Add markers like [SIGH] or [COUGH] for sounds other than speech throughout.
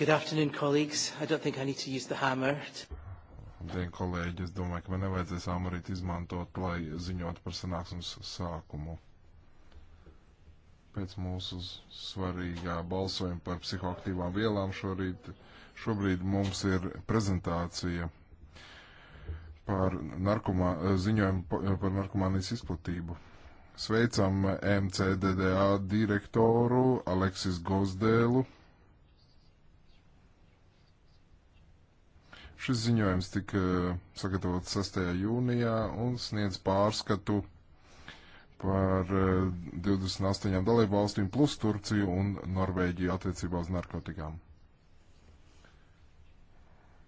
Good afternoon, colleagues. I don't think I need to use the hammer. Labdien, kolēģi! Es domāju, ka man nevajadzēs amarīt izmantot, lai ziņotu par sanāksmes sākumu. Pēc mūsu svarīgā balsojuma par psihoaktīvām vielām šorīt, šobrīd mums ir prezentācija par narkomā, ziņojumu par narkomānijas izplatību. Sveicam MCDDA direktoru Aleksis Gozdēlu Šis ziņojums tika eh, sagatavots 6. jūnijā un sniedz pārskatu par 28 eh, dalību valstīm plus Turciju un Norvēģiju attiecībā uz narkotikām.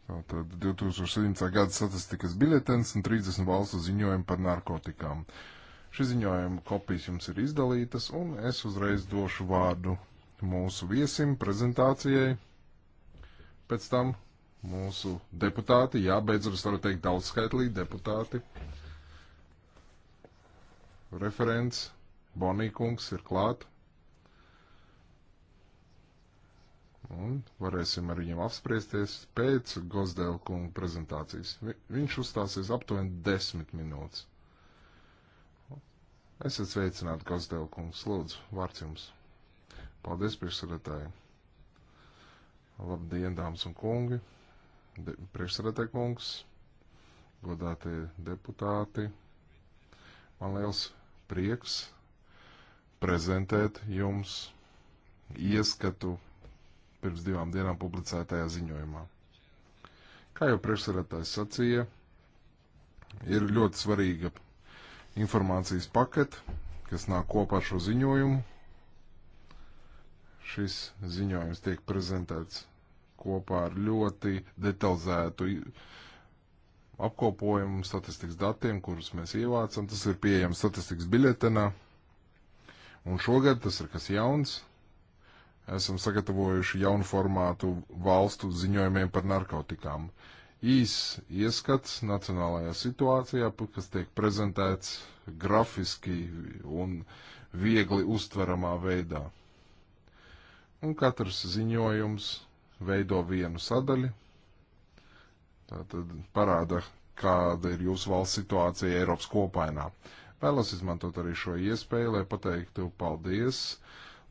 Tātad 2017. gada statistikas biļetens un 30 valstu ziņojumi par narkotikām. Šī ziņojuma kopijas jums ir izdalītas, un es uzreiz došu vārdu mūsu viesim prezentācijai. Pēc tam mūsu deputāti, jā, beidzot es varu teikt daudzskaitlīgi deputāti. Referents Bonīkungs ir klāt. Un varēsim ar viņiem apspriesties pēc Gozdēla kunga prezentācijas. Vi, viņš uzstāsies aptuveni desmit minūtes. Esat sveicināti, Gozdēla kungs. Lūdzu, vārds jums. Paldies, priekšsēdētāji. Labdien, dāmas un kungi! priekšsēdētāj kungs, godātie deputāti. Man liels prieks prezentēt jums ieskatu pirms divām dienām publicētajā ziņojumā. Kā jau priekšsēdētājs sacīja, ir ļoti svarīga informācijas paketa, kas nāk kopā ar šo ziņojumu. Šis ziņojums tiek prezentēts kopā ar ļoti detalizētu apkopojumu statistikas datiem, kurus mēs ievācam. Tas ir pieejams statistikas biļetenā. Un šogad tas ir kas jauns. Esam sagatavojuši jaunu formātu valstu ziņojumiem par narkotikām. Īs ieskats nacionālajā situācijā, kas tiek prezentēts grafiski un viegli uztveramā veidā. Un katrs ziņojums veido vienu sadaļu. Tātad parāda, kāda ir jūsu valsts situācija Eiropas kopainā. Vēlos izmantot arī šo iespēju, lai pateiktu paldies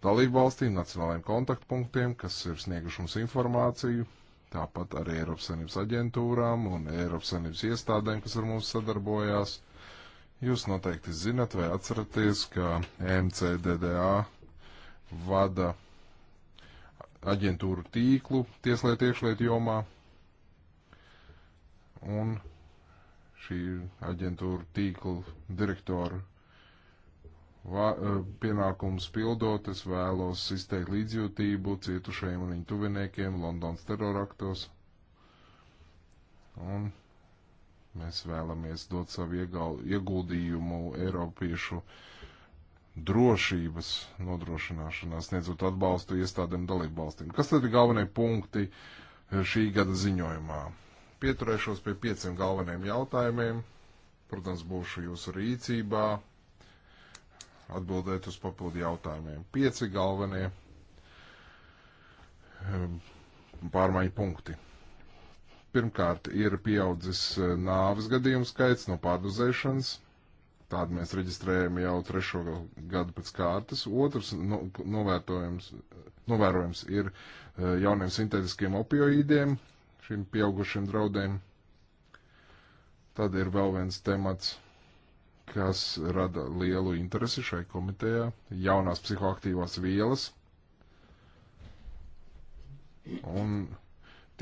dalību valstīm, nacionālajiem kontaktpunktiem, kas ir snieguši mums informāciju, tāpat arī Eiropas Savienības aģentūrām un Eiropas Savienības iestādēm, kas ar mums sadarbojās. Jūs noteikti zinat vai atceraties, ka MCDDA vada aģentūru tīklu tieslietu iekšlietu jomā. Un šī aģentūra tīkla direktora eh, pienākums pildot, es vēlos izteikt līdzjūtību cietušajiem un viņu tuviniekiem Londonas teroraktos. Un mēs vēlamies dot savu ieguldījumu Eiropiešu uh, drošības nodrošināšanā, sniedzot atbalstu iestādēm dalību valstīm. Kas tad ir galvenie punkti eh, šī gada ziņojumā? Pieturēšos pie pieciem galveniem jautājumiem. Protams, būšu jūsu rīcībā atbildēt uz papildu jautājumiem. Pieci galvenie ehm, pārmaiņu punkti. Pirmkārt, ir pieaudzis eh, nāves gadījumu skaits no pārdozēšanas Tādu mēs reģistrējam jau trešo gadu pēc kārtas. Otrs no, novērtojums, novērojums ir e, jauniem sintētiskiem opioīdiem, šīm pieaugušiem draudiem. Tad ir vēl viens temats, kas rada lielu interesi šai komitejā - jaunās psihoaktīvās vielas. Un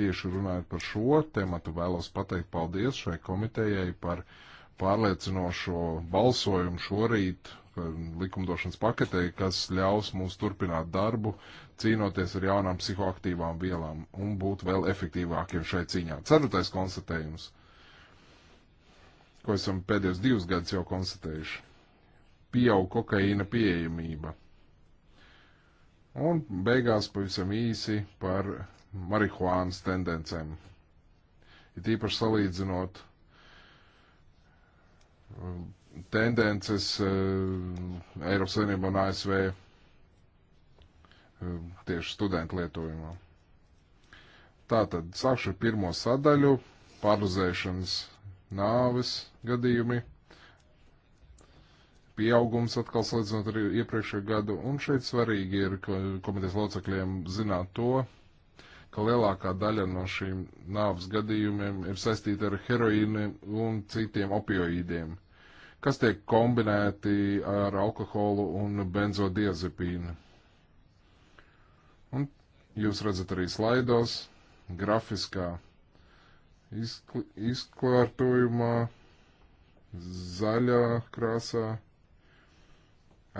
tieši runājot par šo tematu, vēlos pateikt paldies šai komitejai par uh, pārliecinošo balsojumu šorīt e, likumdošanas paketei, kas ļaus mums turpināt darbu, cīnoties ar jaunām psihoaktīvām vielām un būt vēl efektīvākiem šai cīņā. Ceturtais konstatējums, ko esam pēdējos divus gadus jau konstatējuši - pieaug kokaīna pieejamība. Un beigās pavisam īsi par marihuānas tendencēm. Ir ja tīpaši salīdzinot tendences eh, Eiropas Savienībā un ASV eh, tieši studentu lietojumā. Tātad sākšu ar pirmo sadaļu - pārlozēšanas nāves gadījumi, pieaugums atkal salīdzinot ar iepriekšējo gadu, un šeit svarīgi ir komitejas locekļiem zināt to, ka lielākā daļa no šīm nāves gadījumiem ir saistīta ar heroīnu un citiem opioīdiem, kas tiek kombinēti ar alkoholu un benzodiazepīnu. Un jūs redzat arī slaidos, grafiskā izkl izklārtojumā, zaļā krāsā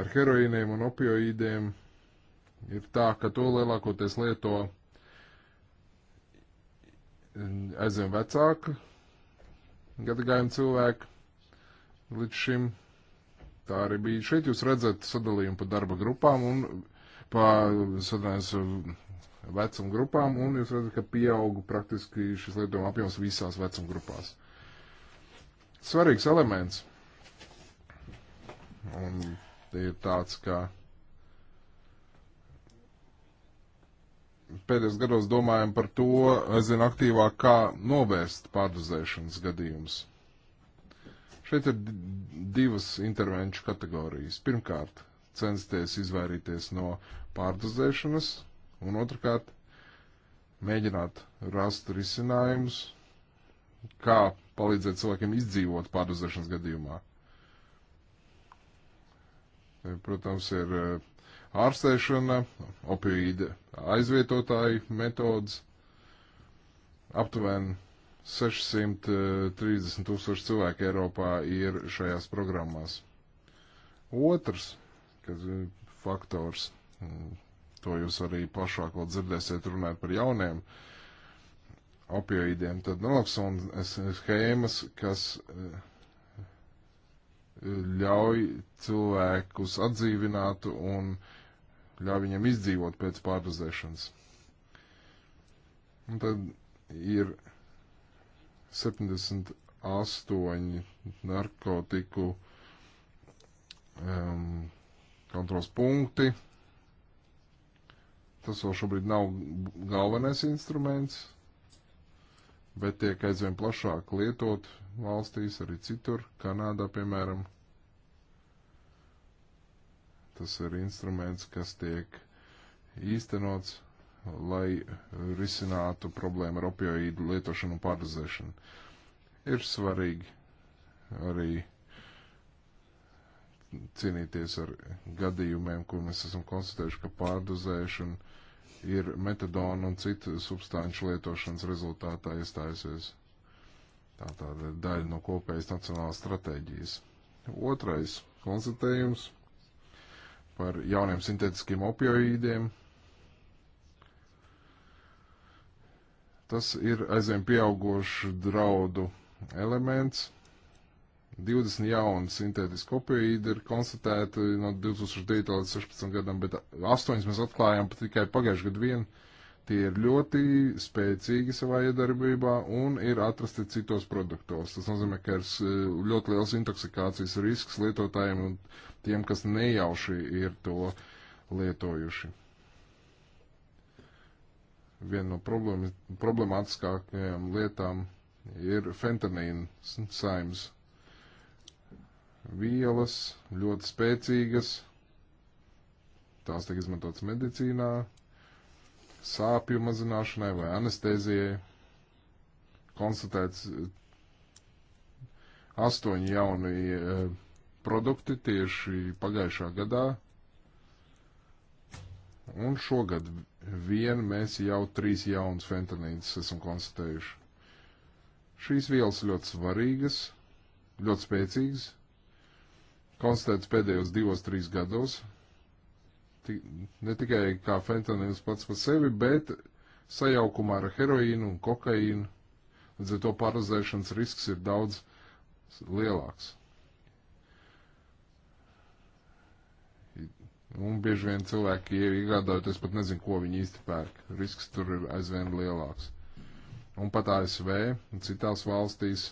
ar heroīniem un opioīdiem ir tā, ka to lielākoties lieto aizvien vecāku gadagājumu cilvēku līdz šim. Tā arī bija. Šeit jūs redzat sadalījumu pa darba grupām un pa sadalījumu vecuma grupām, un jūs redzat, ka pieauga praktiski šis lietojuma apjoms visās vecuma grupās. Svarīgs elements. Un ir tāds, ka pēdējos gados domājam par to, aizvien aktīvāk, kā novērst pārdozēšanas gadījumus. Šeit ir divas intervenču kategorijas. Pirmkārt, censties izvairīties no pārdozēšanas, un otrkārt, mēģināt rast risinājumus, kā palīdzēt cilvēkiem izdzīvot pārdozēšanas gadījumā. Protams, ir ārstēšana, opioīda aizvietotāju metodas. Aptuveni 630 tūkstoši cilvēku Eiropā ir šajās programmās. Otrs kas, faktors, to jūs arī plašāk vēl dzirdēsiet runāt par jauniem opioīdiem, tad naloksona schēmas, kas eh, ļauj cilvēkus atdzīvināt un uh, ļauj viņam izdzīvot pēc pārdozēšanas. Un tad ir 78 narkotiku um, kontrols punkti. Tas vēl šobrīd nav galvenais instruments, bet tiek aizvien plašāk lietot valstīs, arī citur, Kanādā, piemēram. Tas ir instruments, kas tiek īstenots, lai risinātu problēmu ar opioīdu lietošanu un pārdozēšanu. Ir svarīgi arī cīnīties ar gadījumiem, kur mēs esam konstatējuši, ka pārdozēšana ir metadona un citu substanču lietošanas rezultātā iestājusies. Tā tāda daļa no kopējas nacionālās stratēģijas. Otrais konstatējums par jauniem sintētiskiem opioīdiem. Tas ir aizvien pieaugošs draudu elements. 20 jauni sintētiski opioīdi ir konstatēti no 2009. līdz 2016. gadam, bet 8 mēs atklājām tikai pagājušajā gadā vienu Tie ir ļoti spēcīgi savā iedarbībā un ir atrasti citos produktos. Tas nozīmē, ka ir ļoti liels intoksikācijas risks lietotājiem un tiem, kas nejauši ir to lietojuši. Viena no problemātiskākajām lietām ir fentanīna saimes vielas, ļoti spēcīgas. Tās tiek izmantotas medicīnā, sāpju mazināšanai vai anestēzijai. Konstatēts eh, astoņi jauni eh, produkti tieši pagājušā gadā. Un šogad vien mēs jau trīs jaunas fentanīdas esam konstatējuši. Šīs vielas ļoti svarīgas, ļoti spēcīgas, konstatētas pēdējos divos, trīs gados, ne tikai kā fentanils pats par sevi, bet sajaukumā ar heroīnu un kokaīnu. Līdz ar to paralizēšanas risks ir daudz lielāks. Un bieži vien cilvēki iegādājoties pat nezinu, ko viņi īsti pērk. Risks tur ir aizvien lielāks. Un pat ASV un citās valstīs.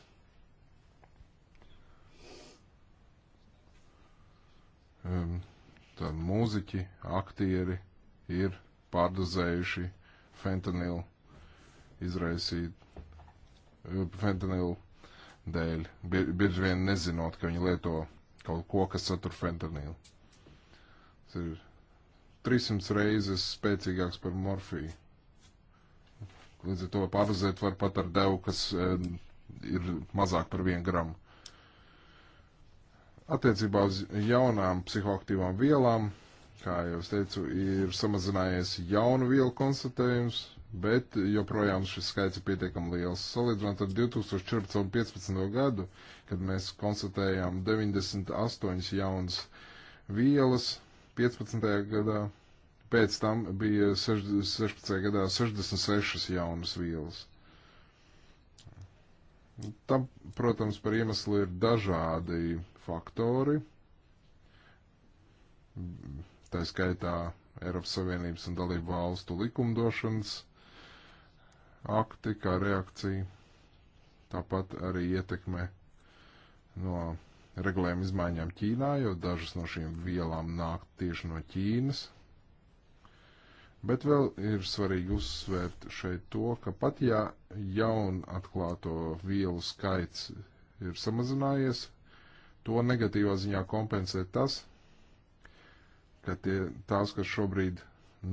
Um, Tad mūziķi, aktieri ir pārdozējuši fentanilu izraisīt eh, fentanilu dēļ, bieži vien nezinot, ka viņi lieto kaut ko, kas satur fentanilu. Tas ir 300 reizes spēcīgāks par morfiju. Līdz ar to pārdozēt var pat ar devu, kas e, ir mazāk par vienu gramu. Attiecībā uz jaunām psihoaktīvām vielām, kā jau es teicu, ir samazinājies jaunu vielu konstatējums, bet joprojām šis skaits ir pietiekami liels. Salīdzinot ar 2014. un 2015. gadu, kad mēs konstatējām 98 jaunas vielas, 15. gadā, pēc tam bija 16. gadā 66 jaunas vielas. Tam, protams, par iemeslu ir dažādi faktori, tā skaitā Eiropas Savienības un dalību valstu likumdošanas akti kā reakcija, tāpat arī ietekme no regulējuma izmaiņām Ķīnā, jo dažas no šīm vielām nāk tieši no Ķīnas. Bet vēl ir svarīgi uzsvērt šeit to, ka pat ja jaun atklāto vielu skaits ir samazinājies, To negatīvā ziņā kompensē tas, ka tie, tās, kas šobrīd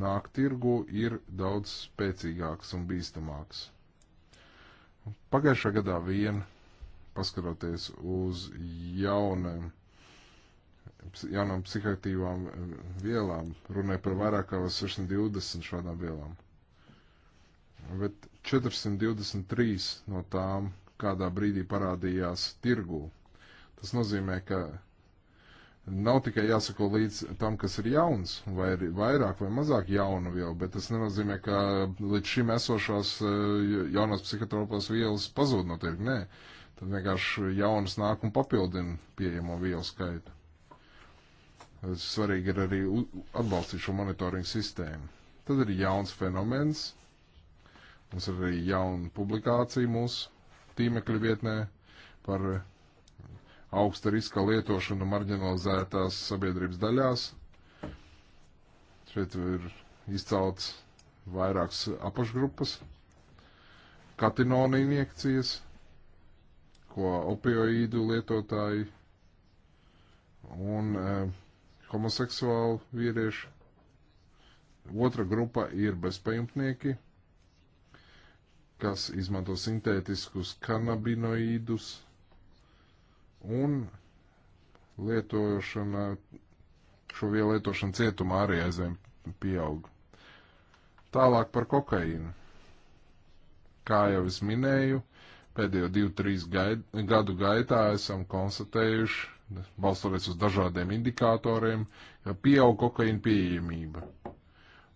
nāk tirgu, ir daudz spēcīgāks un bīstamāks. Pagājušā gadā vien, paskatoties uz jauniem, jaunām psihoaktīvām eh, vielām, runāja par vairāk kā 620 šādām vielām. Bet 423 no tām kādā brīdī parādījās tirgū Tas nozīmē, ka nav tikai jāsako līdz tam, kas ir jauns, vai ir vairāk vai mazāk jaunu vielu, bet tas nenozīmē, ka līdz šim esošās e, jaunās psihotropās vielas pazūd no tirgus. Nē, tad vienkārši jaunas nāk un papildina pieejamo vielu skaitu. Svarīgi ir arī atbalstīt šo monitoringu sistēmu. Tad ir jauns fenomens. Mums ir arī jauna publikācija mūsu tīmekļa vietnē par augsta riska lietošanu marginalizētās sabiedrības daļās. Šeit ir izcelts vairākas apakšgrupas, katinona injekcijas, ko opioīdu lietotāji un e, homoseksuāli vīrieši. Otra grupa ir bezpajumtnieki, kas izmanto sintētiskus kanabinoīdus, un lietošana, šo vielu lietošana cietumā arī aizvien pieaug. Tālāk par kokaīnu. Kā jau es minēju, pēdējo 2-3 gadu gaitā esam konstatējuši, balstoties uz dažādiem indikatoriem, ka pieaug kokaīna pieejamība.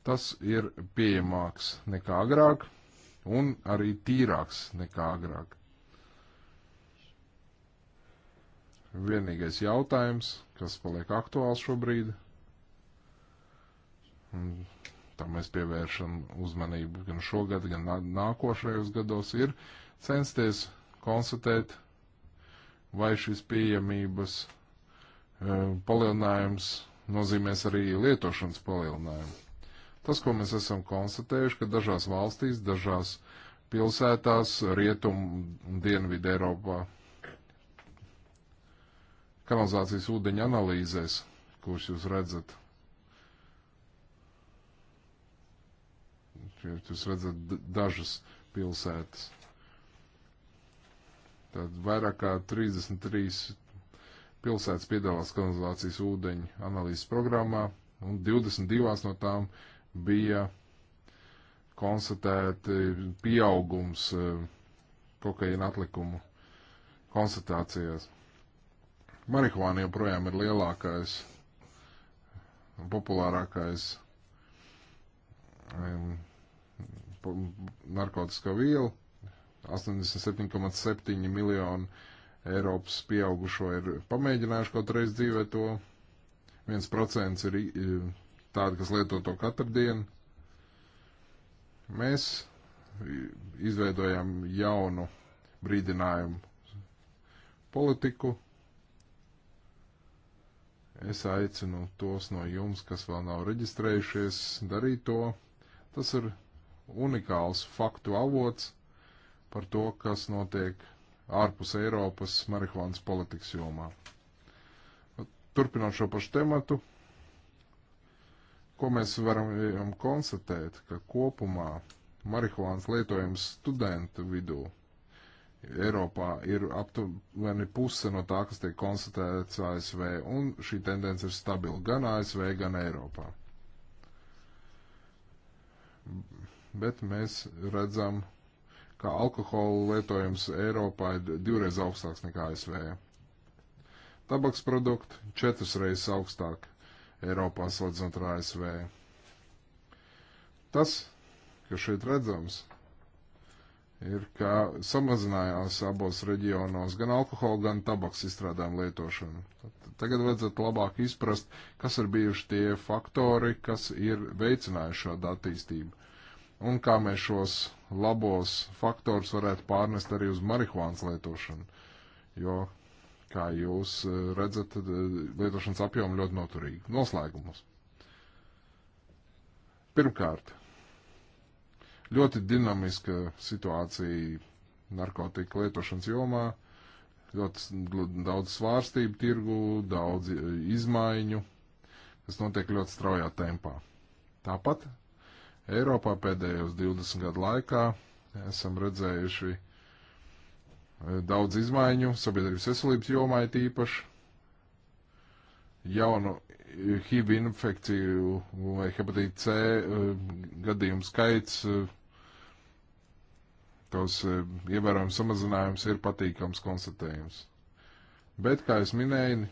Tas ir pieejamāks nekā agrāk un arī tīrāks nekā agrāk. vienīgais jautājums, kas paliek aktuāls šobrīd. Un tam mēs pievēršam uzmanību gan šogad, gan nākošajos gados, ir censties konstatēt, vai šis pieejamības e, palielinājums nozīmēs arī lietošanas palielinājumu. Tas, ko mēs esam konstatējuši, ka dažās valstīs, dažās pilsētās, rietum un dienvidu Eiropā kanalizācijas ūdeņa analīzēs, kuras jūs redzat. Jūs redzat dažas pilsētas. Tad vairāk kā 33 pilsētas piedalās kanalizācijas ūdeņa analīzes programmā, un 22 no tām bija konstatēti pieaugums eh, kokaīna atlikumu konstatācijās. Marihuāna joprojām ir lielākais, populārākais um, narkotika viela. 87,7 miljonu Eiropas pieaugušo ir pamēģinājuši kaut reiz dzīvē to. 1% ir tādi, kas lieto to katru dienu. Mēs izveidojam jaunu brīdinājumu politiku, Es aicinu tos no jums, kas vēl nav reģistrējušies, darīt to. Tas ir unikāls faktu avots par to, kas notiek ārpus Eiropas marihuānas politikas jomā. Turpinot šo pašu tematu, ko mēs varam konstatēt, ka kopumā marihuānas lietojums studentu vidū Eiropā ir aptuveni puse no tā, kas tiek konstatēts ASV, un šī tendence ir stabila gan ASV, gan Eiropā. Bet mēs redzam, ka alkohola lietojums Eiropā ir divreiz augstāks nekā ASV. Tabaks produkti četras reizes augstāk Eiropā salīdzinot ar ASV. Tas, kas šeit redzams, ir, ka samazinājās abos reģionos gan alkohola, gan tabaks izstrādājumu lietošanu. Tagad vajadzētu labāk izprast, kas ir bijuši tie faktori, kas ir veicinājuši šādu attīstību. Un kā mēs šos labos faktorus varētu pārnest arī uz marihuānas lietošanu. Jo, kā jūs eh, redzat, eh, lietošanas apjomu ļoti noturīgi. Noslēgumus. Pirmkārt, Ļoti dinamiska situācija narkotika lietošanas jomā, ļoti daudz svārstību tirgu, daudz e, izmaiņu, kas notiek ļoti straujā tempā. Tāpat Eiropā pēdējos 20 gadu laikā esam redzējuši e, daudz izmaiņu sabiedrības veselības jomā it īpaši. Jaunu e, HIV infekciju vai hepatīta C gadījumu skaits Tos e, ievērojams samazinājums ir patīkams konstatējums. Bet, kā es minēju,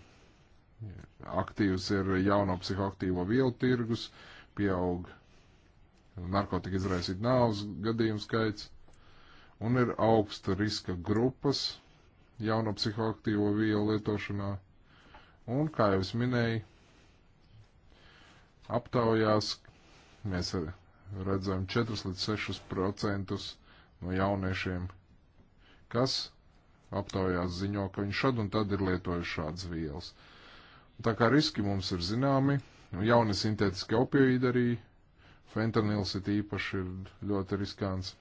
aktīvs ir jauno psihoaktīvo vielu tirgus, pieaug narkotika izraisīt nāvs gadījumu skaits, un ir augsta riska grupas jauno psihoaktīvo vielu lietošanā. Un, kā jau es minēju, aptaujās mēs redzam 4 līdz 6 procentus no jauniešiem, kas aptaujās ziņo, ka viņi šad un tad ir lietojuši šādas vielas. Tā kā riski mums ir zināmi, nu, jauni sintētiski opioīdi arī, fentanils ir īpaši ir ļoti riskants.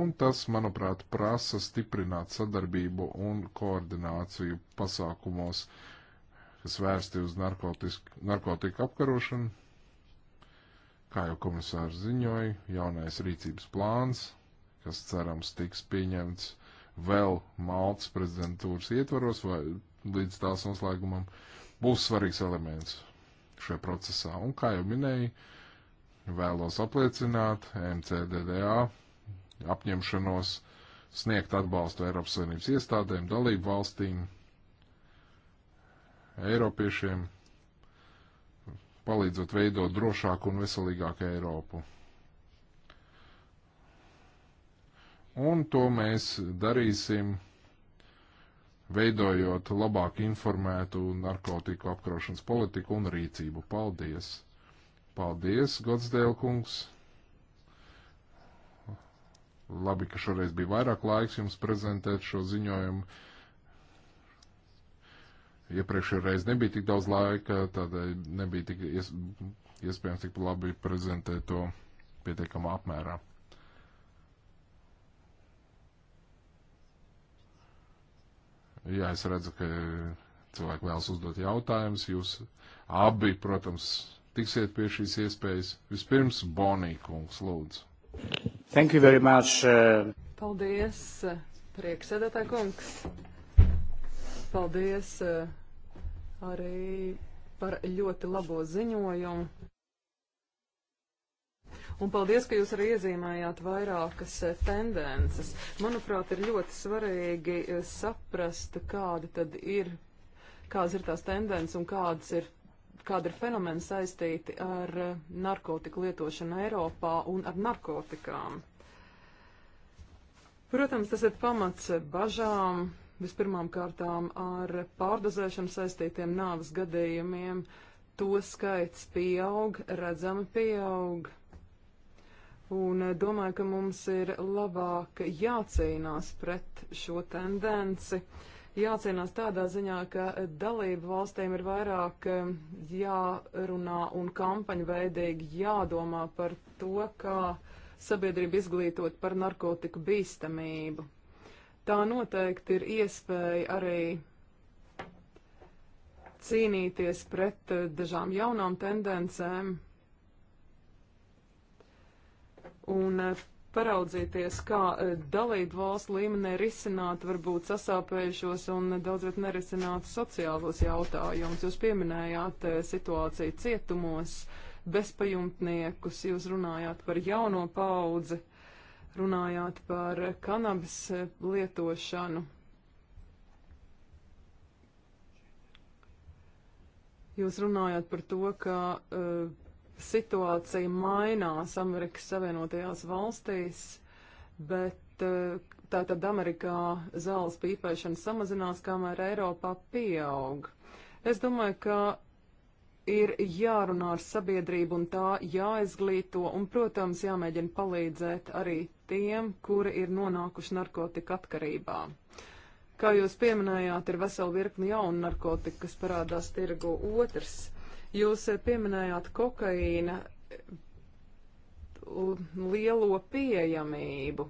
Un tas, manuprāt, prasa stiprināt sadarbību un koordināciju pasākumos, kas vērsti uz narkotiku apkarošanu, Kā jau komisārs ziņoja, jaunais rīcības plāns, kas cerams tiks pieņemts vēl Maltas prezidentūras ietvaros vai līdz tās noslēgumam, būs svarīgs elements šajā procesā. Un, kā jau minēju, vēlos apliecināt MCDDA apņemšanos sniegt atbalstu Eiropas Savienības iestādēm, dalību valstīm, Eiropiešiem palīdzot veidot drošāku un veselīgāku Eiropu. Un to mēs darīsim, veidojot labāk informētu narkotiku apkarošanas politiku un rīcību. Paldies! Paldies, Godsdēl kungs! Labi, ka šoreiz bija vairāk laiks jums prezentēt šo ziņojumu. Iepriekšējā reizē nebija tik daudz laika, tādēļ nebija tik ies, iespējams tik labi prezentēt to pietiekamā apmērā. Jā, es redzu, ka cilvēki vēlas uzdot jautājumus. Jūs abi, protams, tiksiet pie šīs iespējas. Vispirms Bonija kungs, lūdzu. Thank you very much. Uh, Paldies, prieksēdētāj kungs. Liels paldies eh, arī par ļoti labo ziņojumu. Un paldies, ka jūs arī iezīmējāt vairākas eh, tendences. Manuprāt, ir ļoti svarīgi eh, saprast, kāda tad ir, kādas ir tās tendences un kādas ir, kāda ir fenomena saistīti ar narkotiku lietošanu Eiropā un ar narkotikām. Protams, tas ir pamats bažām, vispirmām kārtām ar pārdozēšanu saistītiem nāvas gadījumiem. To skaits pieaug, redzami pieaug. Un eh, domāju, ka mums ir labāk jācīnās pret šo tendenci. Jācīnās tādā ziņā, ka dalību valstīm ir vairāk eh, jārunā un kampaņu veidīgi jādomā par to, kā sabiedrību izglītot par narkotiku bīstamību. Tā noteikti ir iespēja arī cīnīties pret eh, dažām jaunām tendencēm un eh, paraudzīties, kā eh, dalību valsts līmenī risināt varbūt sasāpējušos un daudzviet nerisināt sociālos jautājumus. Jūs pieminējāt situāciju cietumos, bezpajumtniekus, jūs runājāt par jauno paudzi. Uh, runājāt par kanabis lietošanu. Jūs runājat par to, ka uh, situācija mainās Amerikas Savienotajās valstīs, bet uh, tātad Amerikā zāles pīpēšana samazinās, kamēr Eiropā pieaug. Es domāju, ka ir jārunā ar sabiedrību un tā jāizglīto, un, protams, jāmēģina palīdzēt arī tiem, kuri ir nonākuši narkotika atkarībā. Kā jūs pieminējāt, ir vesela virkni jaunu narkotiku, kas parādās tirgu. Otrs, jūs pieminējāt kokaīna lielo pieejamību.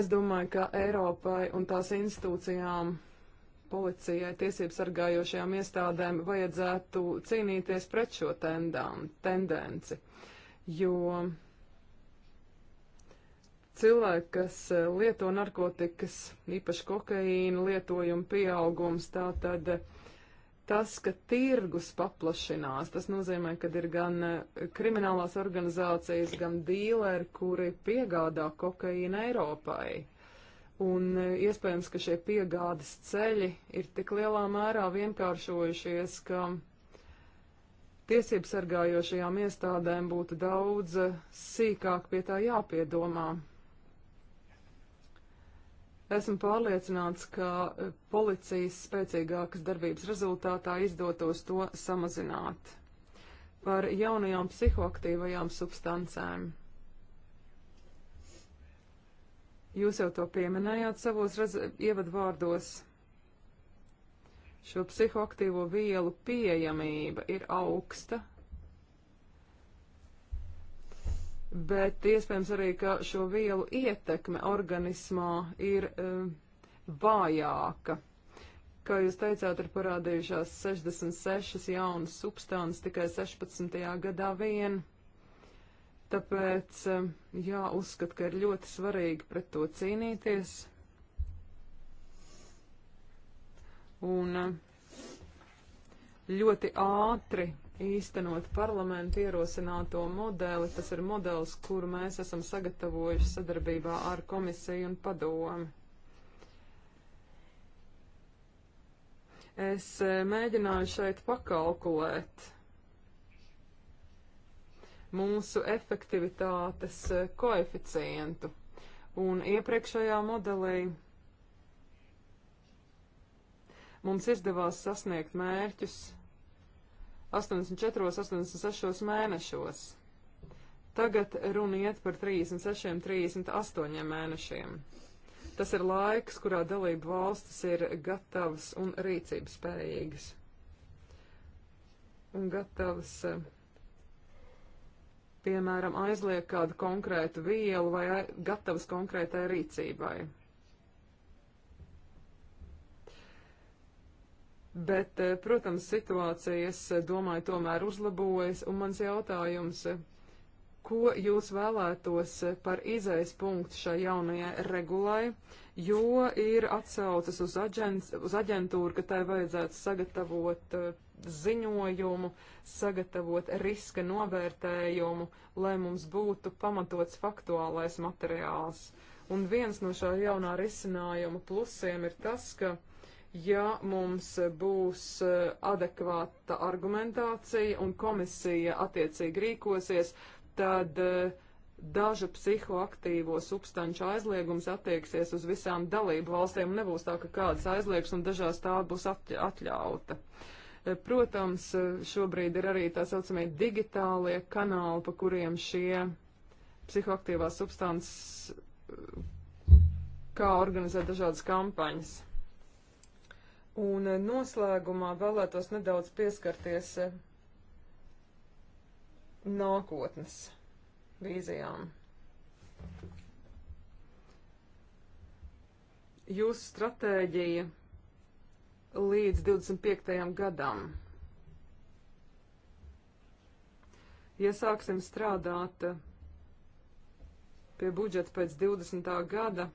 Es domāju, ka Eiropai un tās institūcijām policijai, tiesību sargājošajām iestādēm vajadzētu cīnīties pret šo tendām, tendenci, jo cilvēki, kas eh, lieto narkotikas, īpaši kokaīnu lietojumu pieaugums, tā tad eh, tas, ka tirgus paplašinās, tas nozīmē, ka ir gan eh, kriminālās organizācijas, gan dīleri, kuri piegādā kokaīnu Eiropai. Un eh, iespējams, ka šie piegādes ceļi ir tik lielā mērā vienkāršojušies, ka tiesību sargājošajām iestādēm būtu daudz eh, sīkāk pie tā jāpiedomā. Esmu pārliecināts, ka eh, policijas spēcīgākas darbības rezultātā izdotos to samazināt. Par jaunajām psihoaktīvajām substancēm. Jūs jau to pieminējāt savos ievadvārdos. Šo psihoaktīvo vielu pieejamība ir augsta, bet iespējams arī, ka šo vielu ietekme organismā ir um, vājāka. Kā jūs teicāt, ir parādījušās 66 jaunas substānas tikai 16. gadā vien. Tāpēc eh, jāuzskata, ka ir ļoti svarīgi pret to cīnīties. Un eh, ļoti ātri īstenot parlamentu ierosināto modeli. Tas ir modelis, kuru mēs esam sagatavojuši sadarbībā ar komisiju un padomi. Es eh, mēģināju šeit pakalkulēt mūsu efektivitātes e, koeficientu. Un iepriekšējā modelī mums izdevās sasniegt mērķus 84, 86 mēnešos. Tagad runa iet par 36, 38 mēnešiem. Tas ir laiks, kurā dalību valstis ir gatavas un rīcības spējīgas. Un gatavas uh, piemēram, aizliek kādu konkrētu vielu vai gatavas konkrētai rīcībai. Bet, e, protams, situācijas, e, domāju, tomēr uzlabojas, un mans jautājums, e, ko jūs vēlētos par izaisa punktu šai jaunajai regulai, jo ir atsaucas uz, aģents, uz aģentūru, ka tai vajadzētu sagatavot eh, ziņojumu, sagatavot riska novērtējumu, lai mums būtu pamatots faktuālais materiāls. Un viens no šā jaunā risinājuma plusiem ir tas, ka, ja mums būs eh, adekvāta argumentācija un komisija attiecīgi rīkosies, tad uh, dažu psihoaktīvo substanču aizliegums attieksies uz visām dalību valstīm. Nebūs tā, ka kādas aizliegs un dažās tā būs atļauta. Eh, protams, eh, šobrīd ir arī tā saucamie digitālie kanāli, pa kuriem šie psihoaktīvās substances, eh, kā organizēt dažādas kampaņas. Un noslēgumā vēlētos nedaudz pieskarties nākotnes vīzijām. Jūsu stratēģija līdz 25. gadam. Ja sāksim strādāt eh, pie budžeta pēc 20. gada,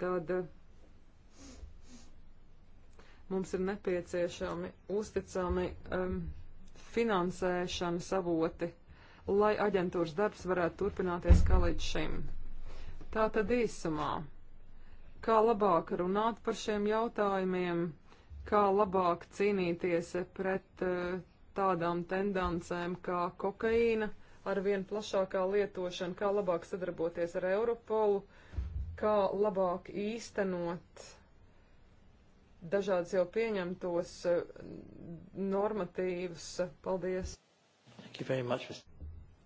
tad eh, mums ir nepieciešami uzticami um, finansēšanas avoti lai aģentūras darbs varētu turpināties kā līdz šim. Tā tad īsumā, kā labāk runāt par šiem jautājumiem, kā labāk cīnīties pret eh, tādām tendencēm kā kokaīna, ar vien plašākā lietošana, kā labāk sadarboties ar Europolu, kā labāk īstenot dažādas jau pieņemtos eh, normatīvas. Paldies! Thank you very much.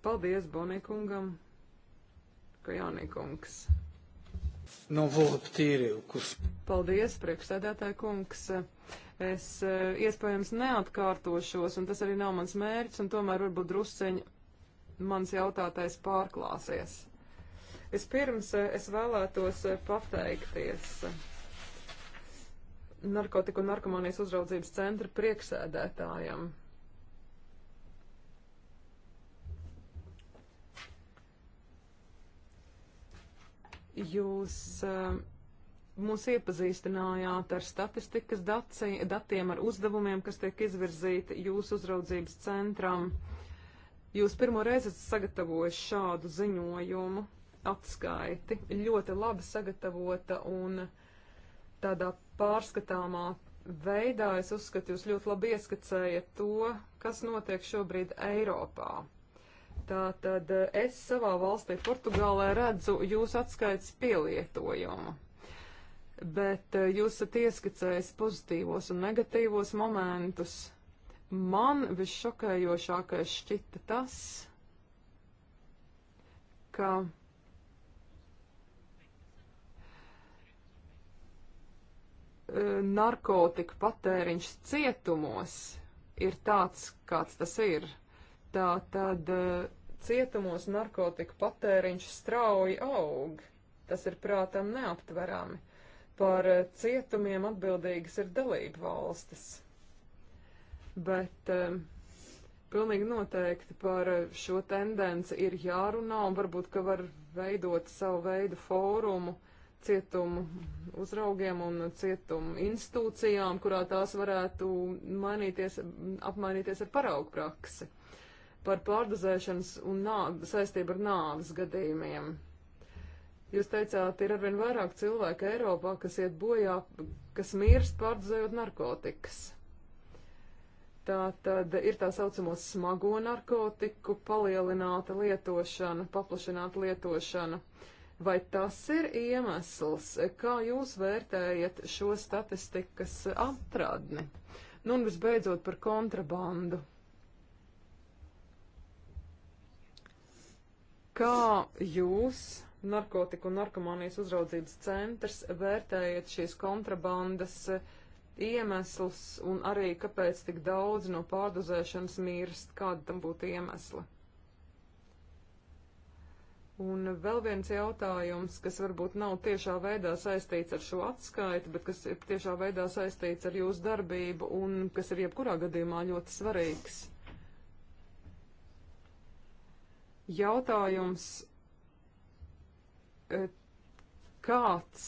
Paldies Bonikungam, Kajanīkungs. No nu, Volptīrīvkus. Paldies, priekšsēdētāji kungs. Es e, iespējams neatkārtošos, un tas arī nav mans mērķis, un tomēr varbūt drusceņi mans jautātais pārklāsies. Es pirms e, es vēlētos e, pateikties narkotiku un narkomānijas uzraudzības centra priekšsēdētājam Jūs uh, mūs iepazīstinājāt ar statistikas daci, datiem, ar uzdevumiem, kas tiek izvirzīti jūsu uzraudzības centram. Jūs pirmo reizi esat sagatavojis šādu ziņojumu, atskaiti, ļoti labi sagatavota un tādā pārskatāmā veidā, es uzskatu, jūs ļoti labi ieskicējat to, kas notiek šobrīd Eiropā. Tātad eh, es savā valstī, Portugālē, redzu jūsu atskaits pielietojumu. Bet eh, jūs esat ieskicējis pozitīvos un negatīvos momentus. Man visšokējošākais šķita tas, ka eh, narkotiku patēriņš cietumos ir tāds, kāds tas ir. Tā tad Cietumos narkotiku patēriņš strauji aug. Tas ir prātam neaptverami. Par eh, cietumiem atbildīgas ir dalība valstis. Bet um, pilnīgi noteikti par eh, šo tendenci ir jārunā un varbūt, ka var veidot savu veidu fórumu cietumu uzraugiem un cietumu institūcijām, kurā tās varētu mainīties, apmainīties ar paraugu praksi par pārdozēšanas un nād, saistību ar nāvis gadījumiem. Jūs teicāt, ir arvien vairāk cilvēku Eiropā, kas iet bojā, kas mirst pārdozējot narkotikas. Tā tad ir tā saucamo smago narkotiku palielināta lietošana, paplašināta lietošana. Vai tas ir iemesls, kā jūs vērtējat šo statistikas atradni? Nu un visbeidzot par kontrabandu. Kā jūs, narkotiku un narkomānijas uzraudzības centrs, vērtējat šīs kontrabandas eh, iemeslus un arī kāpēc tik daudz no pārdozēšanas mirst, kāda tam būtu iemesla? Un vēl viens jautājums, kas varbūt nav tiešā veidā saistīts ar šo atskaiti, bet kas ir tiešā veidā saistīts ar jūsu darbību un kas ir jebkurā gadījumā ļoti svarīgs. Jautājums, e, kāds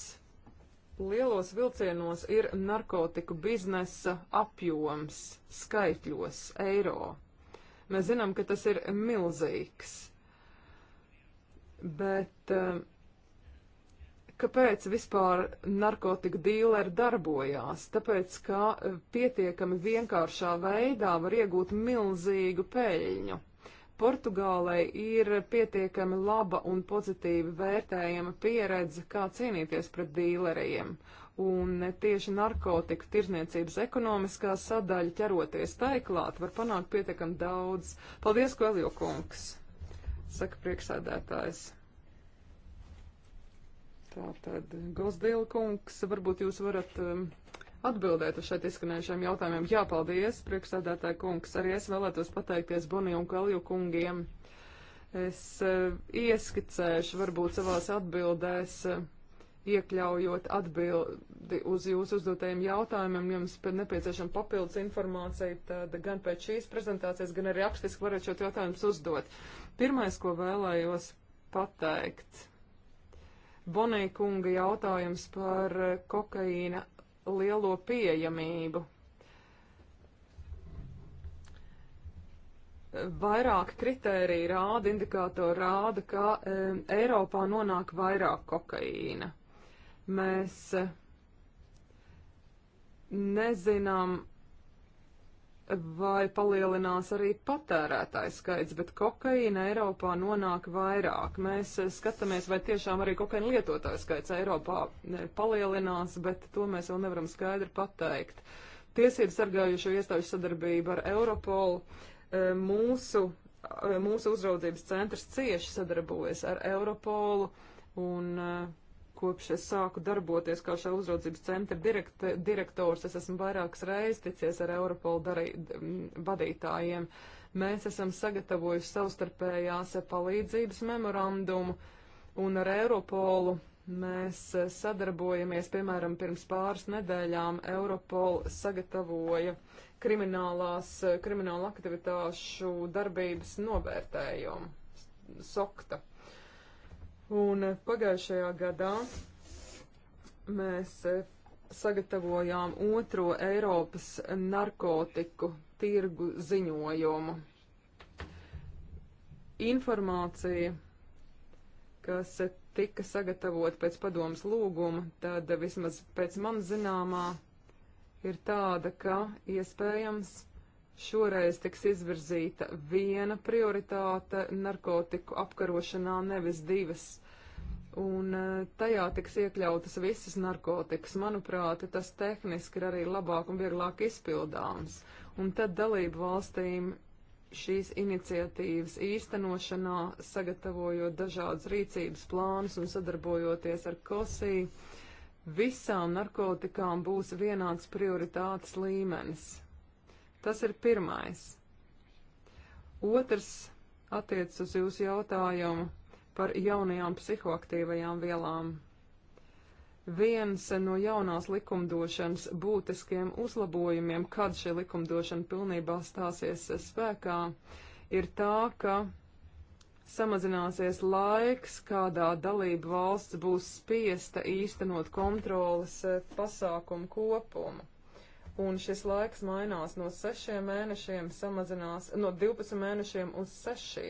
lielos vilcienos ir narkotiku biznesa apjoms skaitļos eiro? Mēs zinām, ka tas ir milzīgs. Bet e, kāpēc vispār narkotika dīleri darbojās? Tāpēc, ka e, pietiekami vienkāršā veidā var iegūt milzīgu peļņu. Portugālei ir pietiekami laba un pozitīvi vērtējama pieredze, kā cīnīties pret dīleriem. Un tieši narkotiku tirzniecības ekonomiskā sadaļa ķeroties taiklāt var panākt pietiekami daudz. Paldies, Koelio kungs, saka priekšsēdētājs. Tātad, Gosdīla kungs, varbūt jūs varat um, atbildēt uz šeit izskanējušiem jautājumiem. Jā, paldies, priekšsēdētāja kungs. Arī es vēlētos pateikties Boniju un Kalju kungiem. Es eh, ieskicēšu varbūt savās atbildēs, eh, iekļaujot atbildi uz jūsu uzdotajiem jautājumiem, jums nepieciešama papildus informācija, tad gan pēc šīs prezentācijas, gan arī rakstiski varat šos jautājumus uzdot. Pirmais, ko vēlējos pateikt. Bonija kunga jautājums par eh, kokaīna lielo pieejamību. Vairāk kritērija rāda, indikātori rāda, ka e, Eiropā nonāk vairāk kokaīna. Mēs e, nezinām, vai palielinās arī patērētājs skaits, bet kokaīna Eiropā nonāk vairāk. Mēs eh, skatāmies, vai tiešām arī kokaīna lietotāju skaits Eiropā eh, palielinās, bet to mēs vēl nevaram skaidri pateikt. Tiesību sargājušo iestāžu sadarbība ar Europolu eh, mūsu, mūsu uzraudzības centrs cieši sadarbojas ar Europolu un uh, kopš es sāku darboties kā šā uzraudzības centra direkt, direktors, es esmu vairākas reizes ticies ar Europolu darī, vadītājiem. Mēs esam sagatavojuši savstarpējās palīdzības memorandumu un ar Europolu Mēs sadarbojamies, piemēram, pirms pāris nedēļām Europol sagatavoja kriminālās, kriminālu aktivitāšu darbības novērtējumu, SOKTA. Un pagājušajā gadā mēs eh, sagatavojām otro Eiropas narkotiku tirgu ziņojumu. Informācija, kas tika sagatavot pēc padomas lūguma, tad vismaz pēc man zināmā ir tāda, ka iespējams Šoreiz tiks izvirzīta viena prioritāte narkotiku apkarošanā, nevis divas. Un e, tajā tiks iekļautas visas narkotikas. Manuprāt, tas tehniski ir arī labāk un vieglāk izpildāms. Un tad dalību valstīm šīs iniciatīvas īstenošanā, sagatavojot dažādas rīcības plānus un sadarbojoties ar Kosī, visām narkotikām būs vienāds prioritātes līmenis. Tas ir pirmais. Otrs attiec uz jūsu jautājumu par jaunajām psihoaktīvajām vielām. Viens no jaunās likumdošanas būtiskiem uzlabojumiem, kad šī likumdošana pilnībā stāsies spēkā, ir tā, ka samazināsies laiks, kādā dalība valsts būs spiesta īstenot kontrolas eh, pasākumu kopumu un šis laiks mainās no 6 mēnešiem, samazinās no 12 mēnešiem uz 6.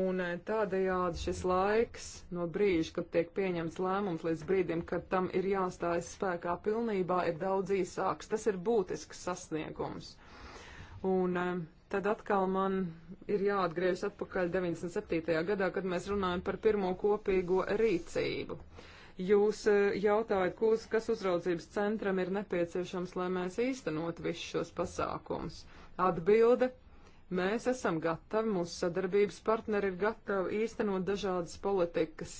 Un eh, tādējādi šis laiks no brīža, kad tiek pieņemts lēmums, līdz brīdim, kad tam ir jāstājas spēkā pilnībā, ir daudz īsāks. Tas ir būtisks sasniegums. Un eh, tad atkal man ir jāatgriežas atpakaļ 97. gadā, kad mēs runājam par pirmo kopīgo rīcību. Uh, Jūs eh, jautājat, kūs, kas uzraudzības centram ir nepieciešams, lai mēs īstenot visus šos pasākums? Atbilde. Mēs esam gatavi, mūsu sadarbības partneri ir gatavi īstenot dažādas politikas.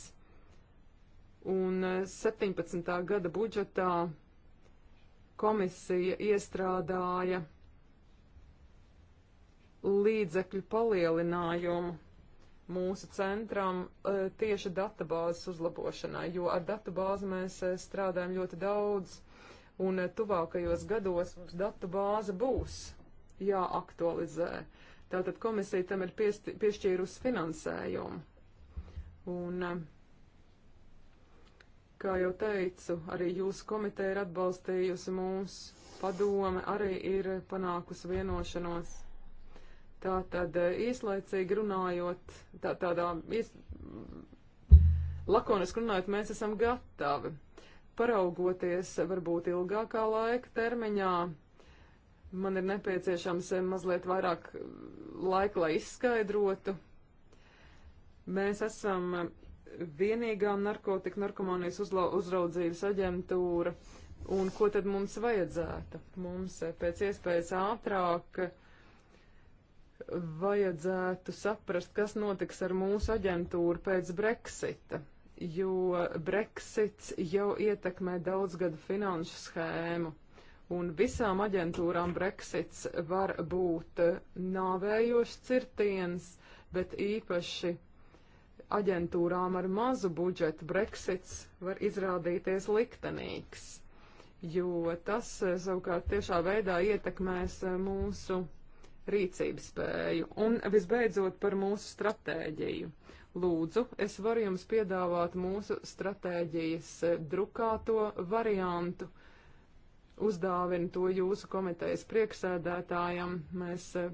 Un 17. Eh, gada budžetā komisija iestrādāja līdzekļu palielinājumu mūsu centram eh, tieši databāzes uzlabošanai, jo ar databāzi mēs eh, strādājam ļoti daudz, un eh, tuvākajos gados mums databāze būs jāaktualizē. Tātad komisija tam ir piešķīrusi finansējumu. Un, kā jau teicu, arī jūsu komiteja ir atbalstījusi mūs, padome arī ir panākusi vienošanos. Tā tad īslaicīgi eh, runājot, tā, tādā īs, lakoniski runājot, mēs esam gatavi. Paraugoties eh, varbūt ilgākā laika termiņā, man ir nepieciešams eh, mazliet vairāk laika, lai izskaidrotu. Mēs esam vienīgā narkotika narkomānijas uzraudzības aģentūra, un ko tad mums vajadzētu? Mums pēc iespējas ātrāk vajadzētu saprast, kas notiks ar mūsu aģentūru pēc Brexita, jo Brexits jau ietekmē daudzgadu finanšu schēmu. Un visām aģentūrām Brexits var būt nāvējošs cirtiens, bet īpaši aģentūrām ar mazu budžetu Brexits var izrādīties liktenīgs, jo tas savukārt tiešā veidā ietekmēs mūsu rīcības spēju. Un visbeidzot par mūsu stratēģiju. Lūdzu, es varu jums piedāvāt mūsu stratēģijas drukāto variantu. Uzdāvinu to jūsu komitejas priekšsēdētājam. Mēs eh,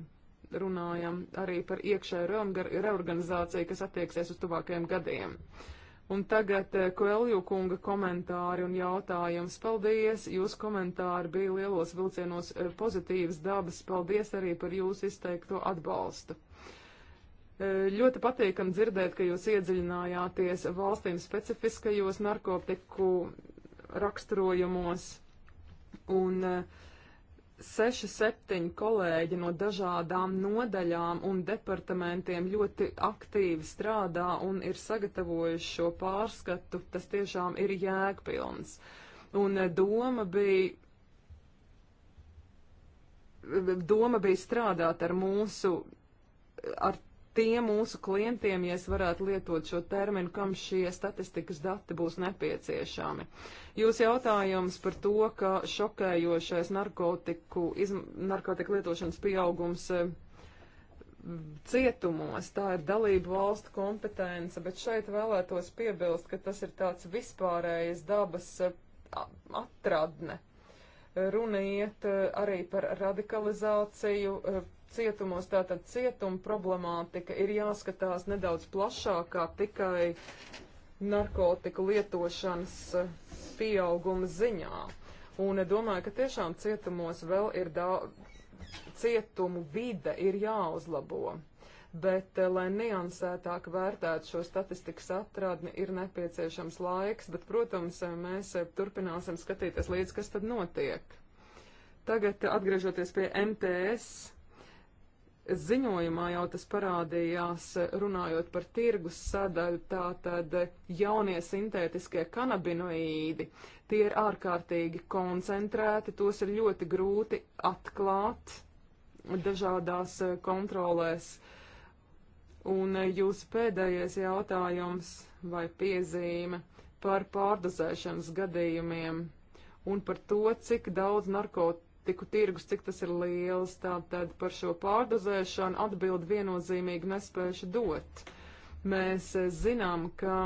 runājam arī par iekšēju reorganizāciju, kas attieksies uz tuvākajiem gadiem. Uh, Un tagad eh, Kvelju kunga komentāri un jautājums. Paldies! Jūsu komentāri bija lielos vilcienos eh, pozitīvas dabas. Paldies arī par jūsu izteikto atbalstu. Eh, ļoti patīkam dzirdēt, ka jūs iedziļinājāties valstīm specifiskajos narkotiku raksturojumos. Un uh, seši, septiņi kolēģi no dažādām nodaļām un departamentiem ļoti aktīvi strādā un ir sagatavojuši šo pārskatu. Tas tiešām ir jēgpilns. Un eh, doma bija. Doma bija strādāt ar mūsu, ar tiem mūsu klientiem, ja es varētu lietot šo terminu, kam šie statistikas dati būs nepieciešami. Jūs jautājums par to, ka šokējošais narkotiku, izm, narkotiku lietošanas pieaugums eh, cietumos, tā ir dalību valstu kompetence, bet šeit vēlētos piebilst, ka tas ir tāds vispārējais dabas eh, atradne. Runa iet eh, arī par radikalizāciju, cietumos, tātad cietuma problemātika ir jāskatās nedaudz plašākā tikai narkotiku lietošanas eh, pieauguma ziņā. Un domāju, ka tiešām cietumos vēl ir daudz, cietumu vide ir jāuzlabo. Bet, eh, lai niansētāk vērtētu šo statistikas atradni, ir nepieciešams laiks, bet, protams, eh, mēs turpināsim skatīties līdz, kas tad notiek. Tagad atgriežoties pie MTS ziņojumā jau tas parādījās, runājot par tirgus sadaļu, tātad jaunie sintētiskie kanabinoīdi. Tie ir ārkārtīgi koncentrēti, tos ir ļoti grūti atklāt dažādās eh, kontrolēs. Un eh, jūsu pēdējais jautājums vai piezīme par pārdozēšanas gadījumiem un par to, cik daudz narkotiku narkotiku tirgus, cik tas ir liels, tātad par šo pārdozēšanu atbild viennozīmīgi nespējuši dot. Mēs eh, zinām, ka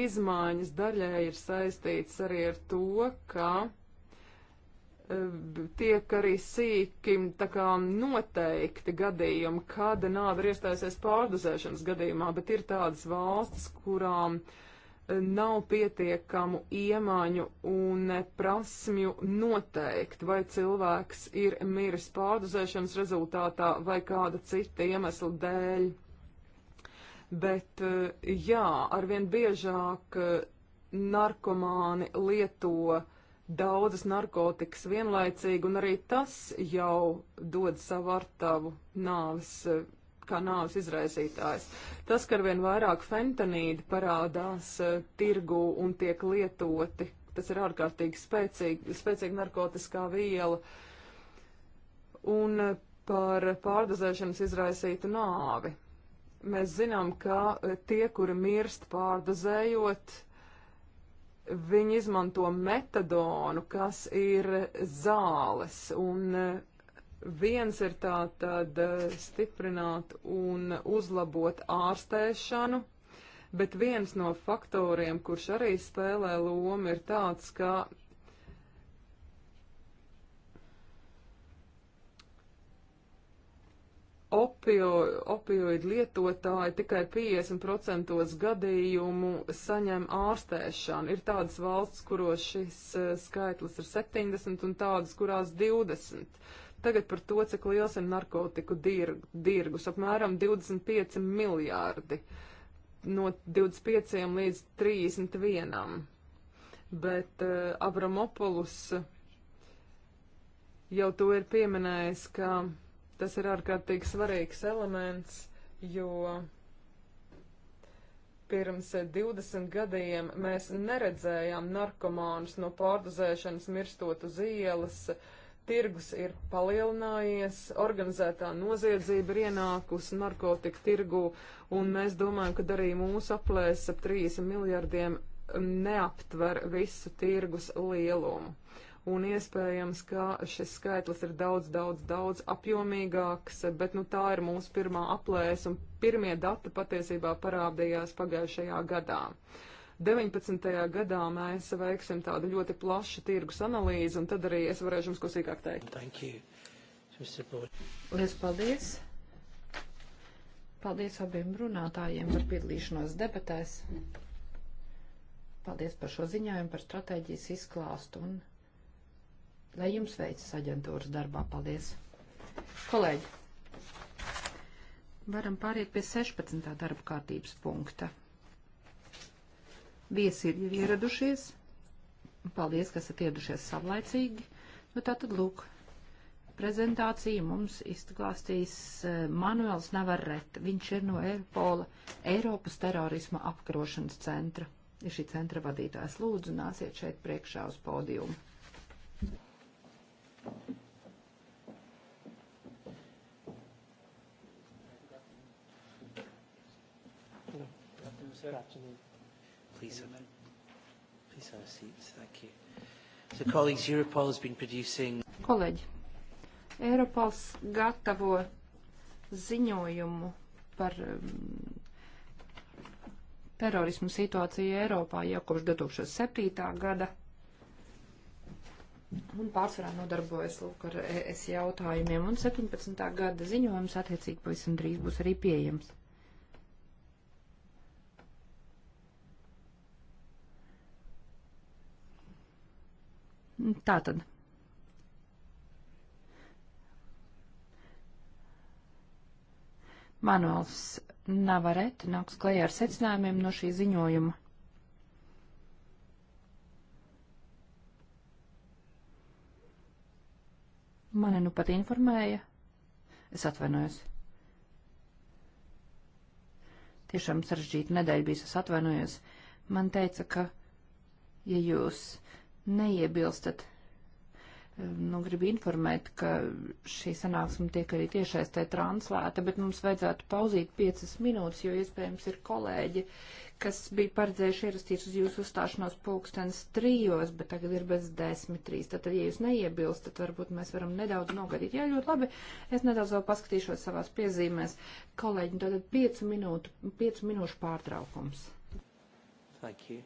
izmaiņas daļai ir saistīts arī ar to, ka eh, tiek arī sīki kā, noteikti gadījumi, kad nāve ir iestājusies pārdozēšanas gadījumā, bet ir tādas valstis, kurām uh, nav pietiekamu iemaņu un prasmju noteikt, vai cilvēks ir miris pārdozēšanas rezultātā vai kāda cita iemesla dēļ. Bet eh, jā, arvien biežāk eh, narkomāni lieto daudzas narkotikas vienlaicīgi, un arī tas jau dod savu artavu nāves eh, kā nāves izraisītājs. Tas, ka arvien vairāk fentanīdi parādās uh, tirgu un tiek lietoti, tas ir ārkārtīgi spēcīgi, spēcīga narkotiskā viela. Un uh, par pārdozēšanas izraisītu nāvi. Mēs zinām, ka uh, tie, kuri mirst pārdozējot, viņi izmanto metadonu, kas ir zāles, un Viens ir tātad eh, stiprināt un uzlabot ārstēšanu, bet viens no faktoriem, kurš arī spēlē lomu, ir tāds, ka opio, opioidu lietotāji tikai 50% gadījumu saņem ārstēšanu. Ir tādas valsts, kuros šis eh, skaitlis ir 70 un tādas, kurās 20. Tagad par to, cik liels ir narkotiku dir dirgus - apmēram 25 miljārdi no 25 līdz 31. Bet uh, eh, Abramopolus jau to ir pieminējis, ka tas ir ārkārtīgi svarīgs elements, jo pirms 20 gadiem mēs neredzējām narkomānus no pārdozēšanas mirstot uz ielas. Uh, tirgus ir palielinājies, organizētā noziedzība ir ienākusi narkotika tirgu, un mēs domājam, ka arī mūsu aplēs ap 30 miljardiem neaptver visu tirgus lielumu. Un iespējams, ka šis skaitlis ir daudz, daudz, daudz apjomīgāks, bet nu, tā ir mūsu pirmā aplēs, un pirmie dati patiesībā parādījās pagājušajā gadā. Uh, 19. gadā mēs veiksim tādu ļoti plašu tirgus analīzi, un tad arī es varēšu jums ko sīkāk teikt. Lielas paldies! Paldies abiem runātājiem par piedalīšanos debatēs. Paldies par šo ziņojumu, par stratēģijas izklāstu un lai jums veicas aģentūras darbā. Paldies! Kolēģi! Varam pāriet pie 16. darba kārtības punkta. Viesi ir jau ieradušies. Paldies, ka esat ieradušies savlaicīgi. Nu, tā tad lūk, prezentāciju mums izklāstīs e, Manuels Navarret. Viņš ir no Eiropola Eiropas terorisma apkarošanas centra. Ir šī centra vadītājs. Lūdzu, nāciet šeit priekšā uz pódiumu. Good afternoon please have a, please have a seat. Thank you. So colleagues, Europol has been producing... Kolēģi, Europols gatavo ziņojumu par um, terorismu situāciju Eiropā jau kopš 2007. gada. Un pārsvarā nodarbojas lūk ar ES jautājumiem, un 17. gada ziņojums attiecīgi pavisam drīz būs arī pieejams. Tātad. Manuels Navaret nāks klajā ar secinājumiem no šī ziņojuma. Mani nu pat informēja. Es atvainojos. Tiešām sarežģīta nedēļa bija, es atvainojos. Man teica, ka, ja jūs neiebilstat, nu, gribu informēt, ka šī sanāksme tiek arī tiešaistē translēta, bet mums vajadzētu pauzīt piecas minūtes, jo iespējams ir kolēģi, kas bija paredzējuši ierasties uz jūsu uzstāšanos pulkstens trijos, bet tagad ir bez desmit trīs. Tad, ja jūs neiebilst, tad varbūt mēs varam nedaudz nogadīt. Jā, ļoti labi. Es nedaudz vēl paskatīšos savās piezīmēs. Kolēģi, tātad nu, piecu minūtu, piecu minūšu pārtraukums. Thank you.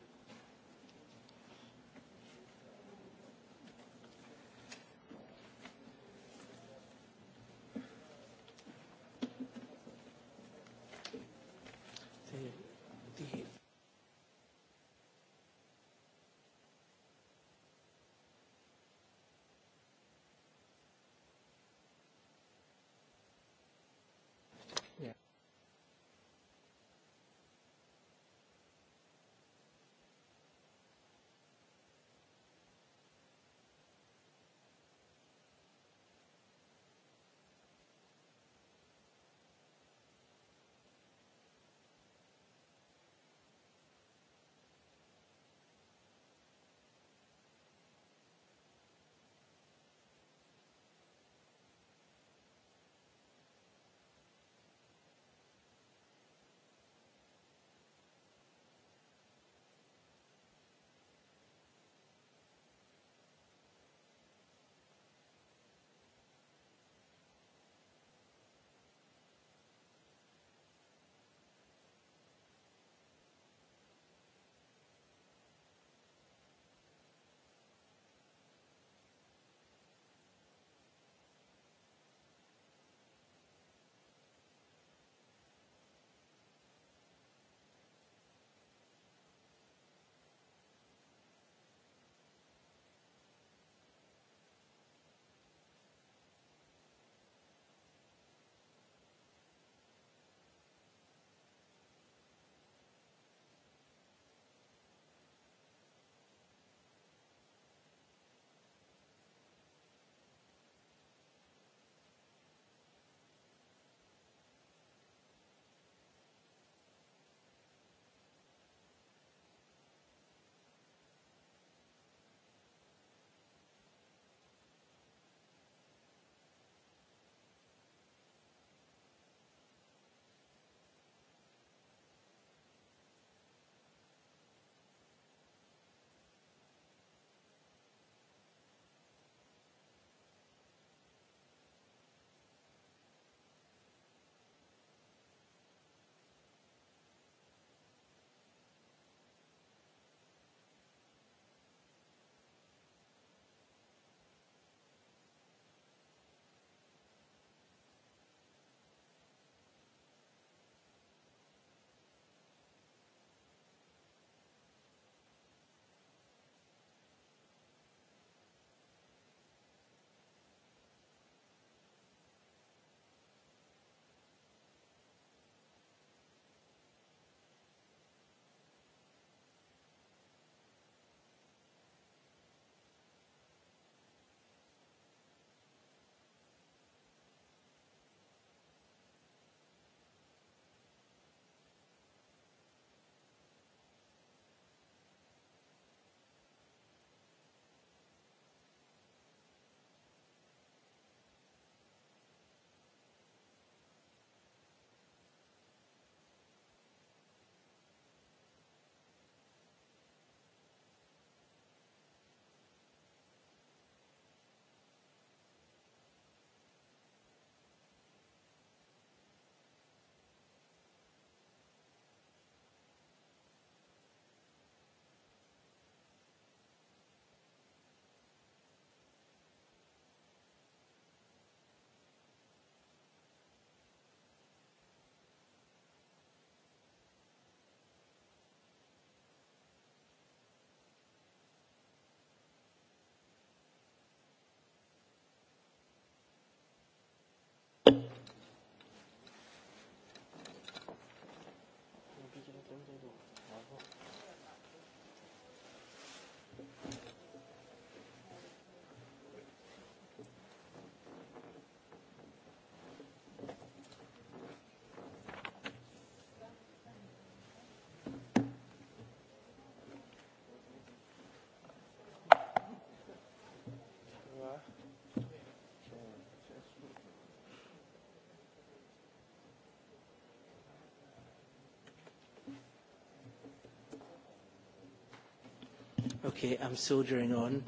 Okay, I'm soldering on.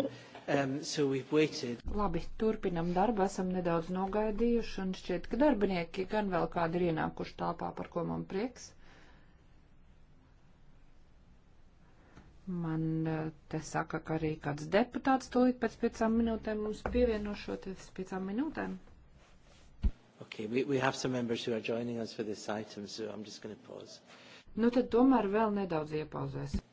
Um, so we've waited. Labi, turpinam darbu, esam nedaudz nogaidījuši, un šķiet, ka darbinieki gan vēl kādi ir ienākuši tāpā, par ko man prieks. Man eh, te saka, ka arī kāds deputāts tūlīt pēc piecām minūtēm mums pievienošoties piecām minūtēm. Okay, we, we have some members who are joining us for this item, so I'm just going to pause. Nu tad tomēr vēl nedaudz iepauzēsim.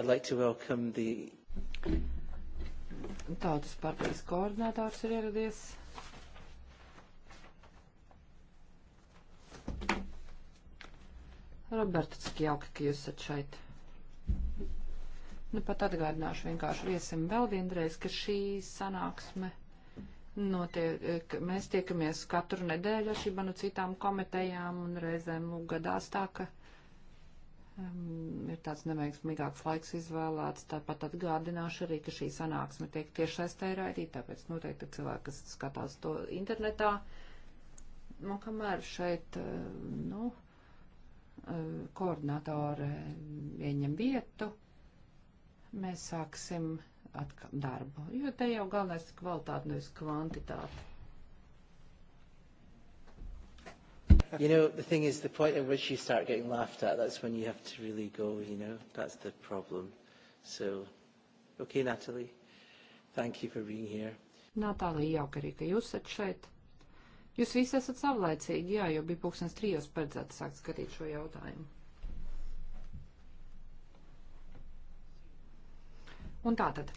I'd like to welcome the... Tautas partijas koordinātors ir ieradies. Roberta, cik jauki, ka jūs esat šeit. Nu, pat atgādināšu vienkārši viesim vēl vienreiz, ka šī sanāksme notiek, eh, mēs tiekamies katru nedēļu ar šīm un citām komitejām un reizēm nu, gadās tā, ka um, ir tāds neveiksmīgāks laiks izvēlēts. Tāpat atgādināšu arī, ka šī sanāksme tiek tiešsaistē raidīta, tāpēc noteikti ir cilvēki, kas skatās to internetā. Un nu, kamēr šeit, eh, nu, eh, koordinātore ieņem vietu, mēs sāksim atkal darbu, jo te jau galvenais ir kvalitāte, nevis kvantitāte. you know, the thing is, the point at which you start getting laughed at, that's when you have to really go, you know. That's the problem. So, okay, Natalie, thank you for being here. Natālija, jauka arī, ka jūs esat šeit. Jūs visi esat savlaicīgi, jā, jo bija pūkstens trijos paredzēts sākt skatīt šo jautājumu. Un tātad.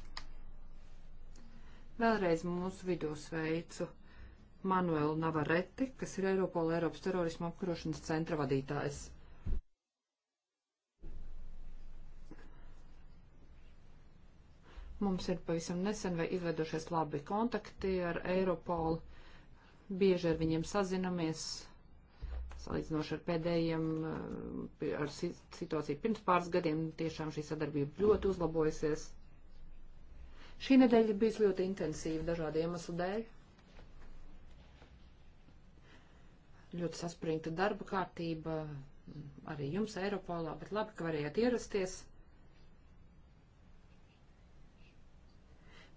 Vēlreiz mūsu vidū sveicu Manuelu Navareti, kas ir Eiropola Eiropas terorismu apkarošanas centra vadītājs. Mums ir pavisam nesen vai izveidošies labi kontakti ar Eiropolu. Bieži ar viņiem sazinamies, salīdzinoši ar pēdējiem, eh, ar situāciju pirms pāris gadiem, tiešām šī sadarbība ļoti uzlabojusies. Šī nedēļa bijusi ļoti intensīva dažādu iemeslu dēļ. ļoti saspringta darba kārtība arī jums Eiropolā, bet labi, ka varējāt ierasties.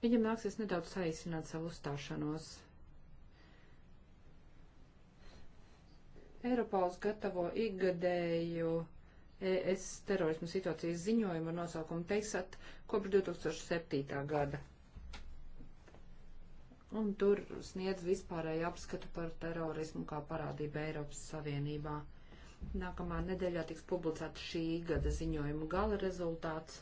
Viņam nāksies nedaudz saīsināt savu uzstāšanos. Eiropols gatavo ikgadēju ES terorismu situācijas ziņojumu ar nosaukumu Teisat kopš 2007. gada un tur sniedz vispārēju apskatu par terorismu kā parādību Eiropas Savienībā. Nākamā nedēļā tiks publicēts šī gada ziņojuma gala rezultāts.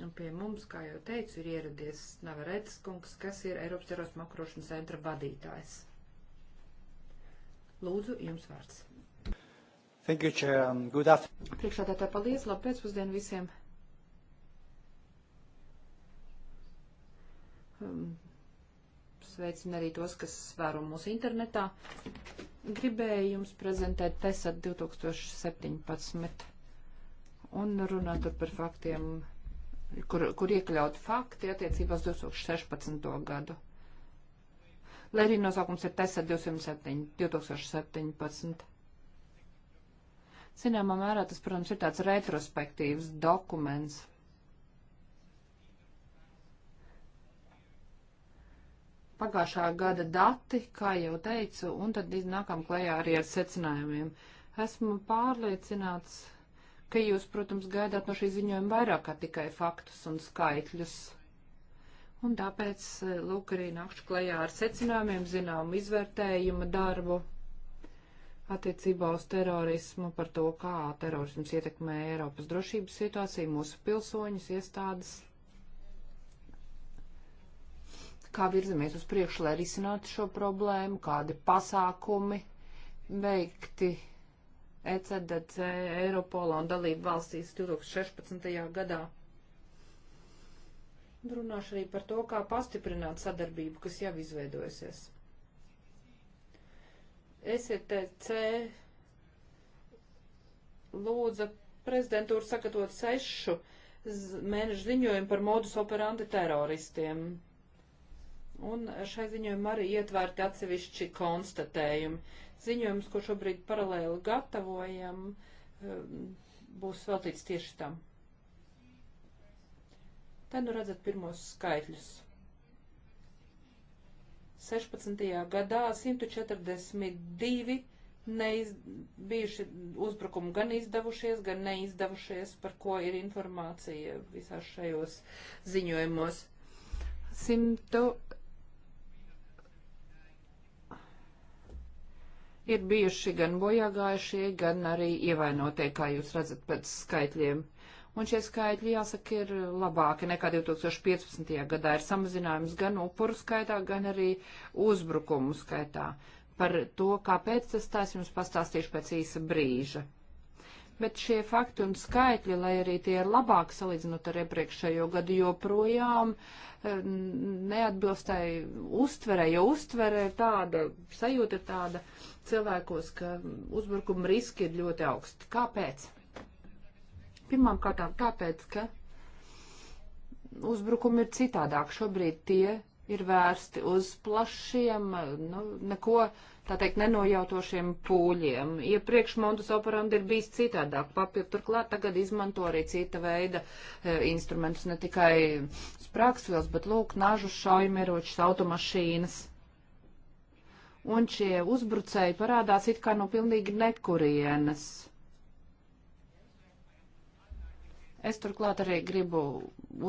Un pie mums, kā jau teicu, ir ieradies Navarētas kungs, kas ir Eiropas terorismu apkarošanas centra vadītājs. Lūdzu, jums vārds. Thank you, Chair. Good afternoon. Priekšā tā tā paldies. Labu pēcpusdienu visiem. Um, sveicina arī tos, kas vēro mūs internetā. Gribēju jums prezentēt TESAT 2017 un runāt par faktiem, kur, kur iekļaut fakti attiecībās 2016. gadu. Lai arī nosaukums ir TESAT 207, 2017. Zināmā mērā tas, protams, ir tāds retrospektīvs dokuments pagājušā gada dati, kā jau teicu, un tad nākam klējā arī ar secinājumiem. Esmu pārliecināts, ka jūs, protams, gaidāt no šī ziņojuma vairāk kā tikai faktus un skaitļus. Un tāpēc, eh, lūk, arī nākšu klējā ar secinājumiem, zinām, izvērtējuma darbu attiecībā uz terorismu, par to, kā terorisms ietekmē Eiropas drošības situāciju, mūsu pilsoņus, iestādes kā virzamies uz priekšu, lai risinātu šo problēmu, kādi pasākumi veikti ECDC, Eiropola un dalību valstīs 2016. gadā. Runāšu arī par to, kā pastiprināt sadarbību, kas jau izveidojusies. ECTC lūdza prezidentūru sagatavot sešu mēnešu ziņojumu par modus operandi teroristiem. Un šai ziņojumā arī ietvērti atsevišķi konstatējumi. Ziņojums, ko šobrīd paralēli gatavojam, um, būs veltīts tieši tam. Te nu redzat pirmos skaitļus. 16. gadā 142 neiz, bijuši uzbrukumi gan izdevušies, gan neizdevušies, par ko ir informācija visās šajos ziņojumos. 100 ir bijuši gan bojāgājušie, gan arī ievainotie, kā jūs redzat pēc skaitļiem. Un šie skaitļi, jāsaka, ir labāki nekā 2015. gadā. Ir samazinājums gan upuru skaitā, gan arī uzbrukumu skaitā. Par to, kāpēc tas tās jums pastāstīšu pēc īsa brīža bet šie fakti un skaitļi, lai arī tie ir labāk salīdzinot ar iepriekšējo gadu, joprojām eh, neatbilstai uztverē, jo uztverē ir tāda, sajūta ir tāda cilvēkos, ka uzbrukuma riski ir ļoti augsti. Kāpēc? Pirmām kārtām tāpēc, ka uzbrukumi ir citādāk. Šobrīd tie ir vērsti uz plašiem, eh, nu, neko tā teikt, nenojautošiem pūļiem. Iepriekš ja modus operandi ir bijis citādāk. Papildu turklāt tagad izmanto arī cita veida e, instrumentus, ne tikai sprākstvils, bet lūk, nažu šaujamieročus, automašīnas. Un šie uzbrucēji parādās it kā no pilnīgi nekurienes. Es turklāt arī gribu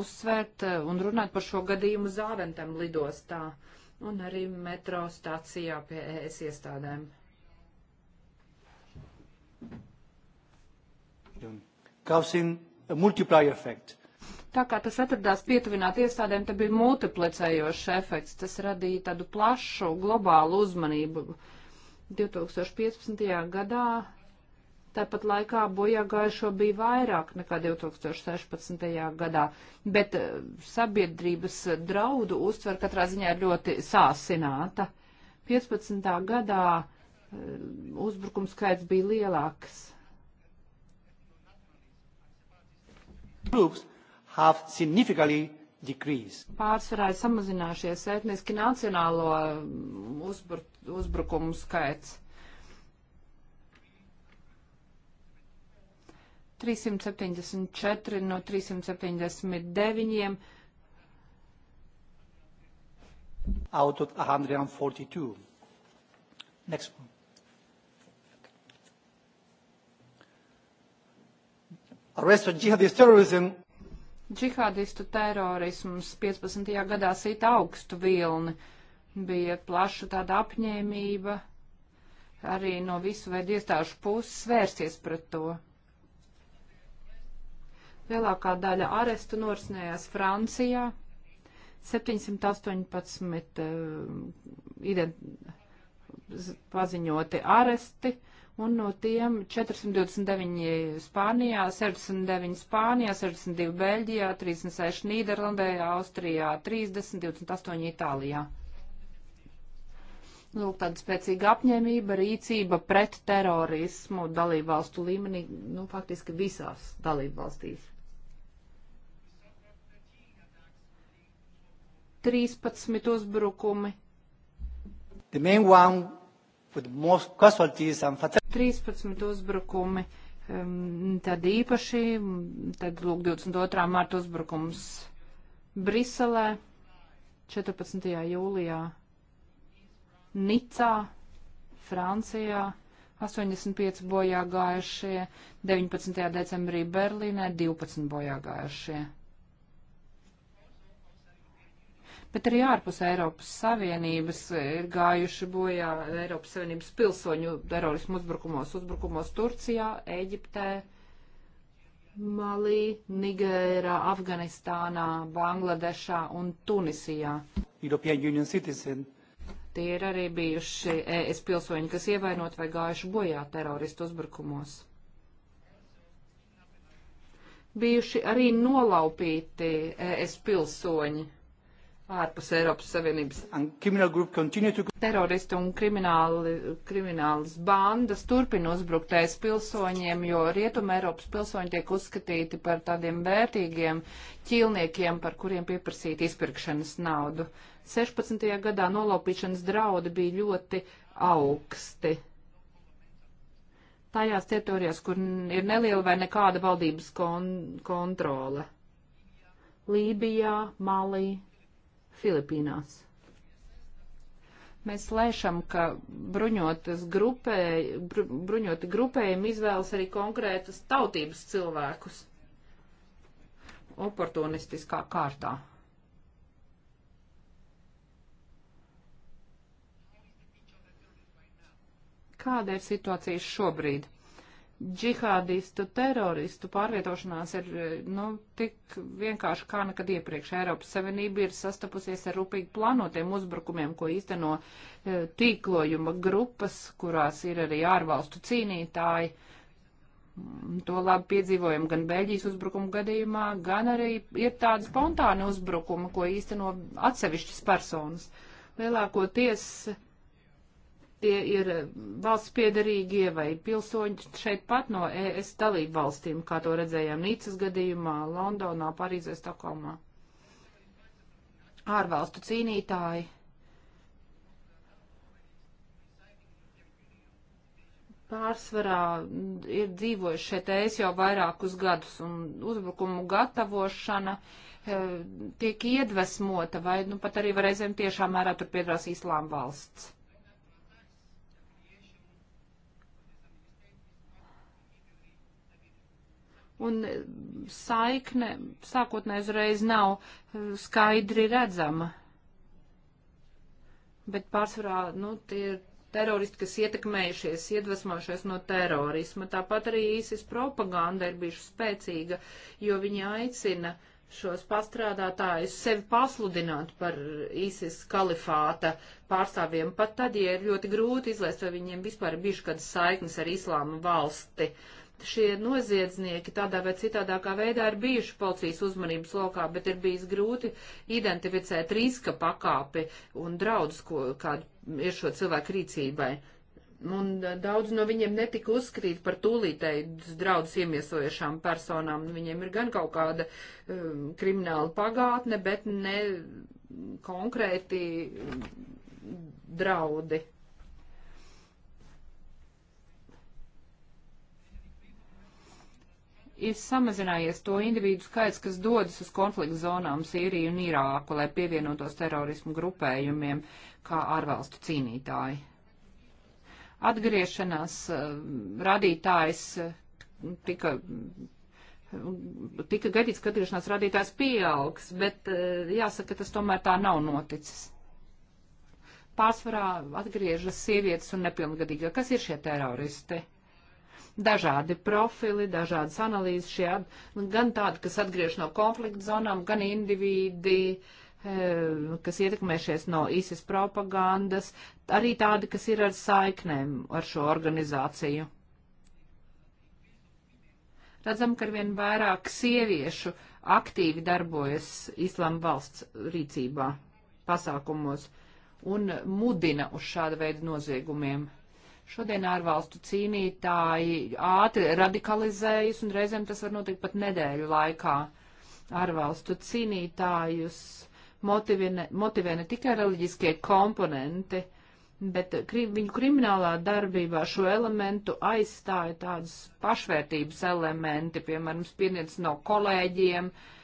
uzsvērt e, un runāt par šo gadījumu Zāventam lidostā. Uh, un arī metro stācijā pie ES iestādēm. Causing a multiplier effect. Tā kā tas atradās pietuvināt iestādēm, te bija multiplicējošs efekts. Tas radīja tādu plašu globālu uzmanību. 2015. gadā Tāpat laikā bojā gājušo bija vairāk nekā 2016. gadā, bet eh, sabiedrības draudu uztver katrā ziņā ir ļoti sāsināta. 15. gadā eh, uzbrukums skaits bija lielāks. Groups have significantly Pārsvarā ir samazinājušies etniski nacionālo mm, uzbrukumu skaits. 374 no 379. Out of 142. Next one. Arrest of jihadist terrorism. Džihādistu terorisms 15. gadā sita augstu vilni. Bija plaša tāda apņēmība arī no visu veidu iestāžu puses vērsties pret to. Lielākā daļa arestu norisinājās Francijā. 718 uh, eh, paziņoti aresti, un no tiem 429 Spānijā, 69 Spānijā, 62 Beļģijā, 36 Nīderlandē, Austrijā, 30, 28 Itālijā. Lūk, tāda spēcīga apņēmība, rīcība pret terorismu dalībvalstu līmenī, nu, faktiski visās dalībvalstīs. 13 uzbrukumi. 13 uzbrukumi, um, tad īpaši, tad lūk 22. mārta uzbrukums Briselē, 14. jūlijā Nicā, Francijā. 85 bojā gājušie, 19. decembrī Berlīnē 12 bojā gājušie. bet arī ārpus Eiropas Savienības e, ir gājuši bojā Eiropas Savienības pilsoņu terorismu uzbrukumos, uzbrukumos Turcijā, Eģiptē, Malī, Nigērā, Afganistānā, Bangladešā un Tunisijā. European Union citizen Tie ir arī bijuši ES pilsoņi, kas ievainot vai gājuši bojā teroristu uzbrukumos. Bijuši arī nolaupīti ES pilsoņi ārpus Eiropas Savienības. To... Teroristi un krimināli, kriminālas bandas turpina uzbruktais pilsoņiem, jo Rietuma Eiropas pilsoņi tiek uzskatīti par tādiem vērtīgiem ķīlniekiem, par kuriem pieprasīt izpirkšanas naudu. 16. gadā nolaupīšanas draudi bija ļoti augsti. Tajās teritorijās, kur ir neliela vai nekāda valdības kon kontrole. Lībijā, Malī, Filipīnās. Mēs lēšam, ka bruņotas grupē, bru, bruņoti grupējumi izvēlas arī konkrētas tautības cilvēkus oportunistiskā kārtā. Kāda ir situācija šobrīd? džihādistu, teroristu pārvietošanās ir eh, nu, tik vienkārši kā nekad iepriekš. Eiropas Savienība ir sastapusies ar rūpīgi plānotiem uzbrukumiem, ko īsteno eh, tīklojuma grupas, kurās ir arī ārvalstu cīnītāji. Mm, to labi piedzīvojam gan Beļģijas uzbrukuma gadījumā, gan arī ir tādi spontāni uzbrukumi, ko īsteno atsevišķas personas. Lielākoties tie ir valsts piedarīgie vai pilsoņi šeit pat no ES dalību valstīm, kā to redzējām Nīcas gadījumā, Londonā, Parīzē, Stokholmā. Ārvalstu cīnītāji. Pārsvarā ir dzīvojuši šeit es jau vairākus gadus, un uzbrukumu gatavošana e, tiek iedvesmota, vai nu pat arī reizēm tiešām mērā tur piedrās Islām valsts. un saikne sākotnēji uzreiz nav eh, skaidri redzama. Bet pārsvarā, nu, tie ir teroristi, kas ietekmējušies, iedvesmojušies no terorisma. Tāpat arī īsis propaganda ir bijuši spēcīga, jo viņi aicina šos pastrādātājus sevi pasludināt par īsis kalifāta pārstāvjiem, pat tad, ja ir ļoti grūti izlēst, vai viņiem vispār ir bijuši kādas saiknes ar islāma valsti. Uh, šie noziedznieki tādā vai citādākā veidā ir bijuši policijas uzmanības lokā, bet ir bijis grūti identificēt riska pakāpi un draudus, ko, kādu ir šo cilvēku rīcībai. Un eh, daudz no viņiem netika uzskatīt par tūlītēji draudus iemiesojušām personām. Viņiem ir gan kaut kāda um, krimināla pagātne, bet ne konkrēti um, draudi. ir samazinājies to individu skaits, kas dodas uz konflikta zonām Sīriju un Irāku, lai pievienotos terorismu grupējumiem kā ārvalstu cīnītāji. Atgriešanās eh, radītājs eh, tika tika gaidīts, ka atgriešanās rādītājs pieaugs, bet eh, jāsaka, tas tomēr tā nav noticis. Pārsvarā atgriežas sievietes un nepilngadīgie. Kas ir šie teroristi? dažādi profili, dažādas analīzes, šie, gan tādi, kas atgriež no konflikta zonām, gan individi, eh, kas ietekmēšies no ISIS propagandas, arī tādi, kas ir ar saiknēm ar šo organizāciju. Redzam, ka arvien vairāk sieviešu aktīvi darbojas Islāma valsts rīcībā, pasākumos un mudina uz šāda veida noziegumiem. Šodien ārvalstu cīnītāji ātri radikalizējas, un reizēm tas var notikt pat nedēļu laikā. Ārvalstu cīnītājus motivē ne, motivē ne tikai reliģiskie komponenti, bet kri, viņu kriminālā darbībā šo elementu aizstāja tādas pašvērtības elementi, piemēram, spiediens no kolēģiem, uh,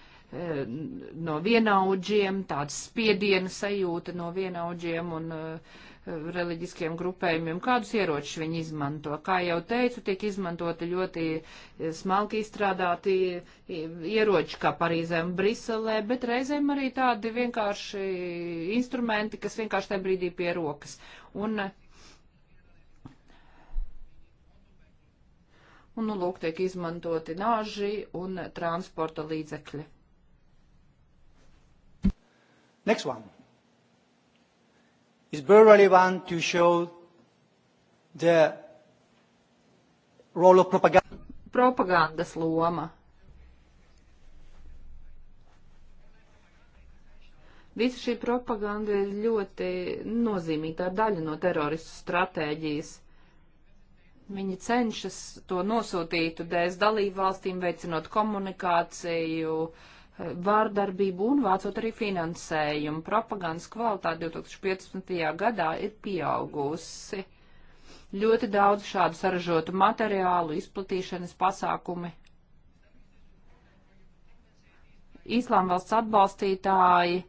no vienaudžiem, tāds spiediena sajūta no vienaudžiem un eh, reliģiskiem grupējumiem, kādus ieročus viņi izmanto. Kā jau teicu, tiek izmantoti ļoti eh, smalki izstrādāti eh, ieroči, kā Parīzē un Briselē, bet reizēm arī tādi vienkārši instrumenti, kas vienkārši tajā brīdī pie rokas. Un Un, nu, lūk, tiek izmantoti nāži un transporta līdzekļi. Next one. It's very relevant to show the role of propaganda. Propagandas loma. Visa šī propaganda ir ļoti nozīmīga, tā ir daļa no teroristu stratēģijas. Viņi cenšas to nosūtīt uz dalību valstīm, veicinot komunikāciju, uh, vārdarbību un vācot arī finansējumu. Propagandas kvalitāte 2015. gadā ir pieaugusi. Ļoti daudz šādu saražotu materiālu, izplatīšanas pasākumi. Īslām valsts atbalstītāji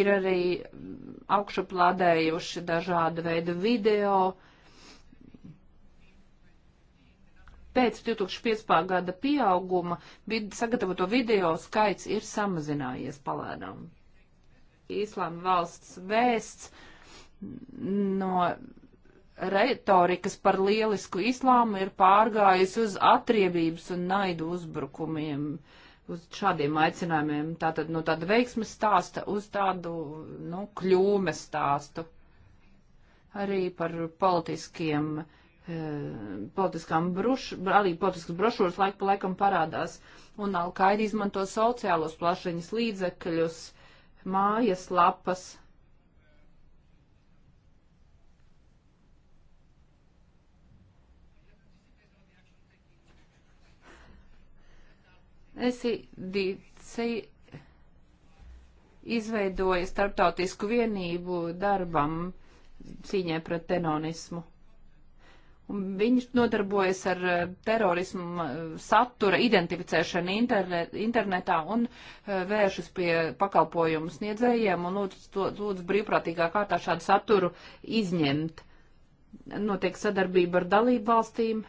ir arī augšuplādējuši dažādu veidu video, uh, pēc 2015. gada pieauguma vid, sagatavoto video skaits ir samazinājies palēnām. Īslāma valsts vēsts no retorikas par lielisku islāmu ir pārgājusi uz atriebības un naidu uzbrukumiem, uz šādiem aicinājumiem. Tātad no tāda veiksmes stāsta uz tādu, nu, kļūmes stāstu. Arī par politiskiem uh, Eh, politiskām bruš, arī politiskas brošūras laik pa laikam parādās, un Alkaida izmanto sociālos plašiņas līdzekļus, mājas lapas. SIDC izveidoja starptautisku vienību darbam cīņai pret tenonismu. Viņš nodarbojas ar eh, terorismu eh, satura identificēšanu internetā un eh, vēršas pie pakalpojumu sniedzējiem un lūdz, lūdz brīvprātīgā kārtā šādu saturu izņemt. Notiek sadarbība ar dalību valstīm.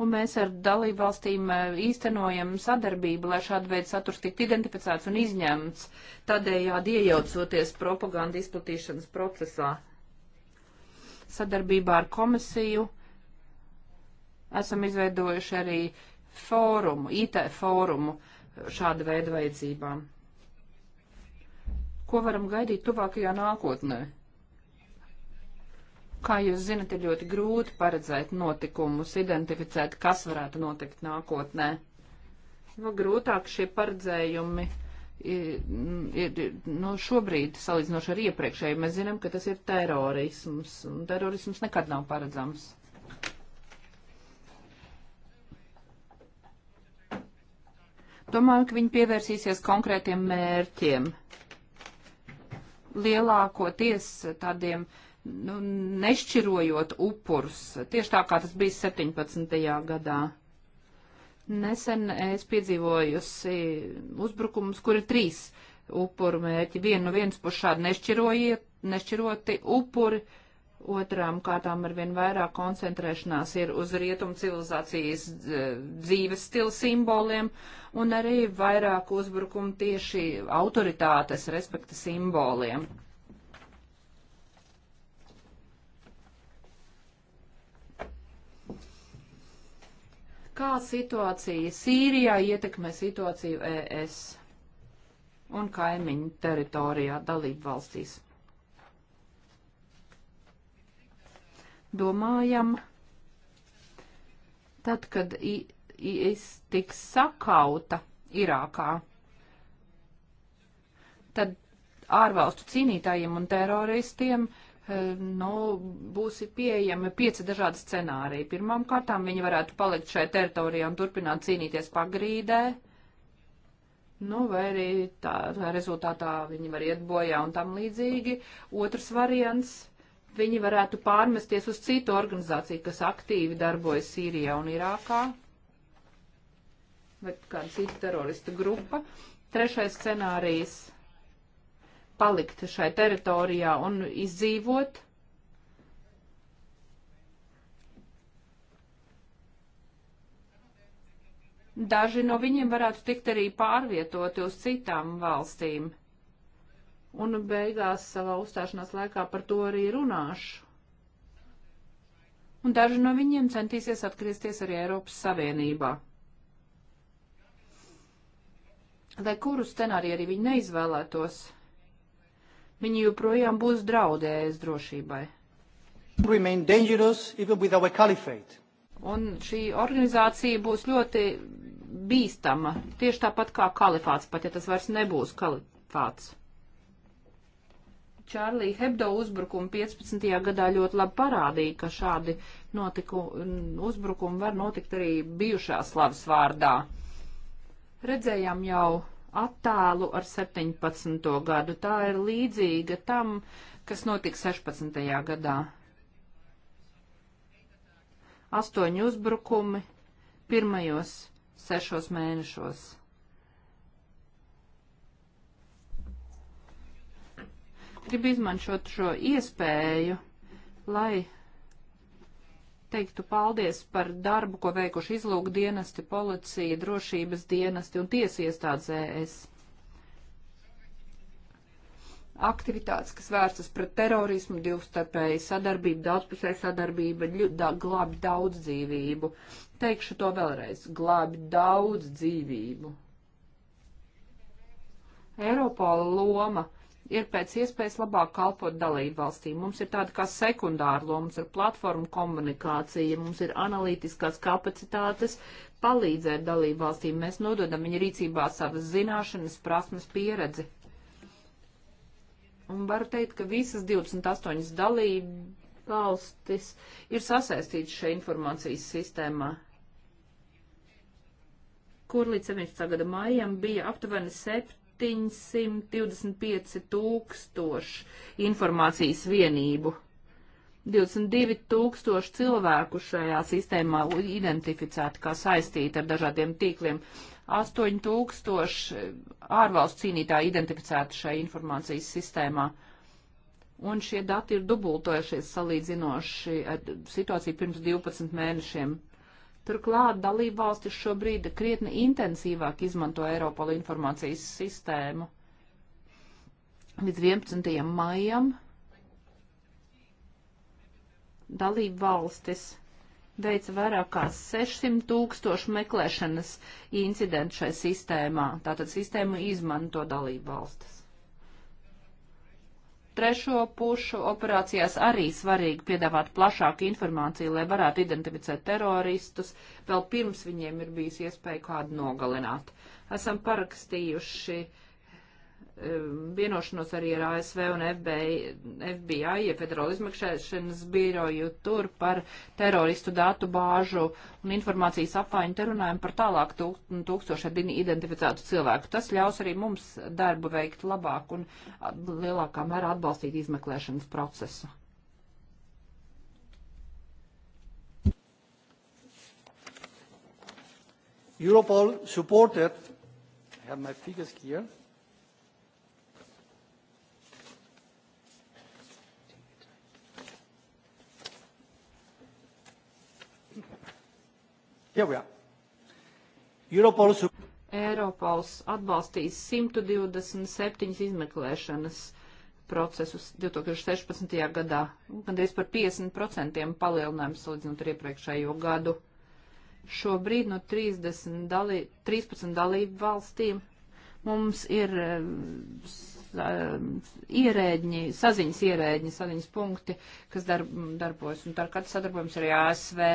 Un mēs ar dalību valstīm īstenojam sadarbību, lai šāda veida saturs tiktu identificēts un izņemts, tādējādi iejaucoties propaganda izplatīšanas procesā sadarbībā ar komisiju esam izveidojuši arī fórumu, IT fórumu šāda veida vajadzībām. Ko varam gaidīt tuvākajā nākotnē? Kā jūs zinat, ir ļoti grūti paredzēt notikumus, identificēt, kas varētu notikt nākotnē. Vēl grūtāk šie paredzējumi ir nu, šobrīd, salīdzinoši ar iepriekšēju, mēs zinām, ka tas ir terorisms, un terorisms nekad nav paredzams. Domāju, ka viņi pievērsīsies konkrētiem mērķiem. Lielākoties tādiem nu, nešķirojot upurus, tieši tā kā tas bija 17. gadā. Nesen es piedzīvojusi uzbrukumus, kur ir trīs upuru mērķi. Vienu no vienas puses šādi nešķiroti upuri, otrām kārtām ar vien vairāk koncentrēšanās ir uz rietumu civilizācijas e, dzīves stila simboliem un arī vairāk uzbrukumu tieši autoritātes respekta simboliem. kā situācija Sīrijā ietekmē situāciju ES un kaimiņu teritorijā dalību valstīs. Domājam, tad, kad IS tiks sakauta Irākā, tad ārvalstu cīnītājiem un teroristiem uh, Eh, nu, būs pieejami pieci dažādi scenāriji. Pirmām kārtām viņi varētu palikt šajā teritorijā un turpināt cīnīties pagrīdē. Nu, vai arī tā, tā rezultātā viņi var iet bojā un tam līdzīgi. Otrs variants - viņi varētu pārmesties uz citu organizāciju, kas aktīvi darbojas Sīrijā un Irākā, vai kāda cita terorista grupa. Trešais scenārijs palikt šai teritorijā un izdzīvot. Daži no viņiem varētu tikt arī pārvietoti uz citām valstīm. Un beigās savā uzstāšanās laikā par to arī runāšu. Un daži no viņiem centīsies atgriezties arī Eiropas Savienībā. Lai kuru scenāriju arī viņi neizvēlētos, viņi joprojām būs draudējis drošībai. Un šī organizācija būs ļoti bīstama, tieši tāpat kā kalifāts, pat ja tas vairs nebūs kalifāts. Čārlī Hebdo uzbrukumi 15. gadā ļoti labi parādīja, ka šādi notiku, uzbrukumi var notikt arī bijušā slavas vārdā. Redzējām jau attēlu ar 17. gadu. Tā ir līdzīga tam, kas notika 16. gadā. Astoņi uzbrukumi pirmajos sešos mēnešos. Gribu izmantot šo iespēju, lai teiktu paldies par darbu, ko veikuši izlūk dienesti, policija, drošības dienesti un tiesiestādes ES. Aktivitātes, kas vērstas pret terorismu, divstarpēji sadarbība, daudzpusēja sadarbība, da, glābi daudz dzīvību. Teikšu to vēlreiz, glābi daudz dzīvību. Eiropola loma ir pēc iespējas labāk kalpot dalību valstīm. Mums ir tāda kā sekundāra loma, mums ir platforma komunikācija, mums ir analītiskās kapacitātes palīdzēt dalību valstīm. Mēs nododam viņa rīcībā savas zināšanas, prasmes, pieredzi. Un varu teikt, ka visas 28 dalību valstis ir sasaistītas šajā informācijas sistēmā kur līdz 17. gada maijam bija aptuveni 7 725 tūkstoši informācijas vienību. 22 tūkstoši cilvēku šajā sistēmā identificēti kā saistīti ar dažādiem tīkliem. 8 tūkstoši ārvalstu cīnītāji identificēti šajā informācijas sistēmā. Un šie dati ir dubultojušies salīdzinoši ar situāciju pirms 12 mēnešiem. Turklāt dalībvalstis šobrīd krietni intensīvāk izmanto Eiropola informācijas sistēmu. Līdz 11. maijam dalībvalstis veica vairāk kā 600 tūkstošu meklēšanas incidentu šai sistēmā. Tātad sistēmu izmanto dalībvalstis trešo pušu operācijās arī svarīgi piedāvāt plašāku informāciju, lai varētu identificēt teroristus, vēl pirms viņiem ir bijis iespēja kādu nogalināt. Esam parakstījuši uh, vienošanos arī ar ASV un FBI, FBI ja federālu izmakšēšanas biroju tur par teroristu datu bāžu un informācijas apmaiņu. Te runājam par tālāk tūk, tūkstošu identificētu cilvēku. Tas ļaus arī mums darbu veikt labāk un lielākā mērā atbalstīt izmeklēšanas procesu. Europol supported, I have my figures here, Here we are. Europols. Europols atbalstīs 127 izmeklēšanas procesus 2016. gadā, gandrīz par 50% palielinājums salīdzinot ar iepriekšējo gadu. Šobrīd no 30 dalī, 13 dalību valstīm mums ir eh, eh, ierēģi, saziņas ierēģi, saziņas punkti, kas darb, darbojas, un tā kā sadarbojamies arī ASV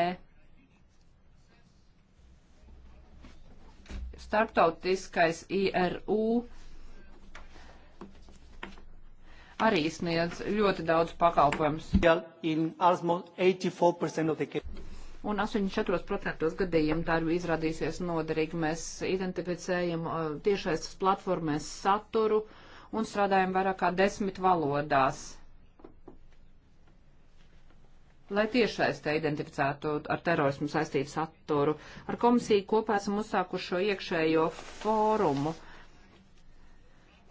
starptautiskais IRU arī sniedz ļoti daudz pakalpojumus. Un 84% gadījumu tā ir izrādīsies noderīga. Mēs identificējam uh, tiešais platformēs saturu un strādājam vairāk kā desmit valodās lai tiešsaistē identificētu ar terorismu saistītu saturu. Ar komisiju kopā esam uzsākuši šo iekšējo fórumu,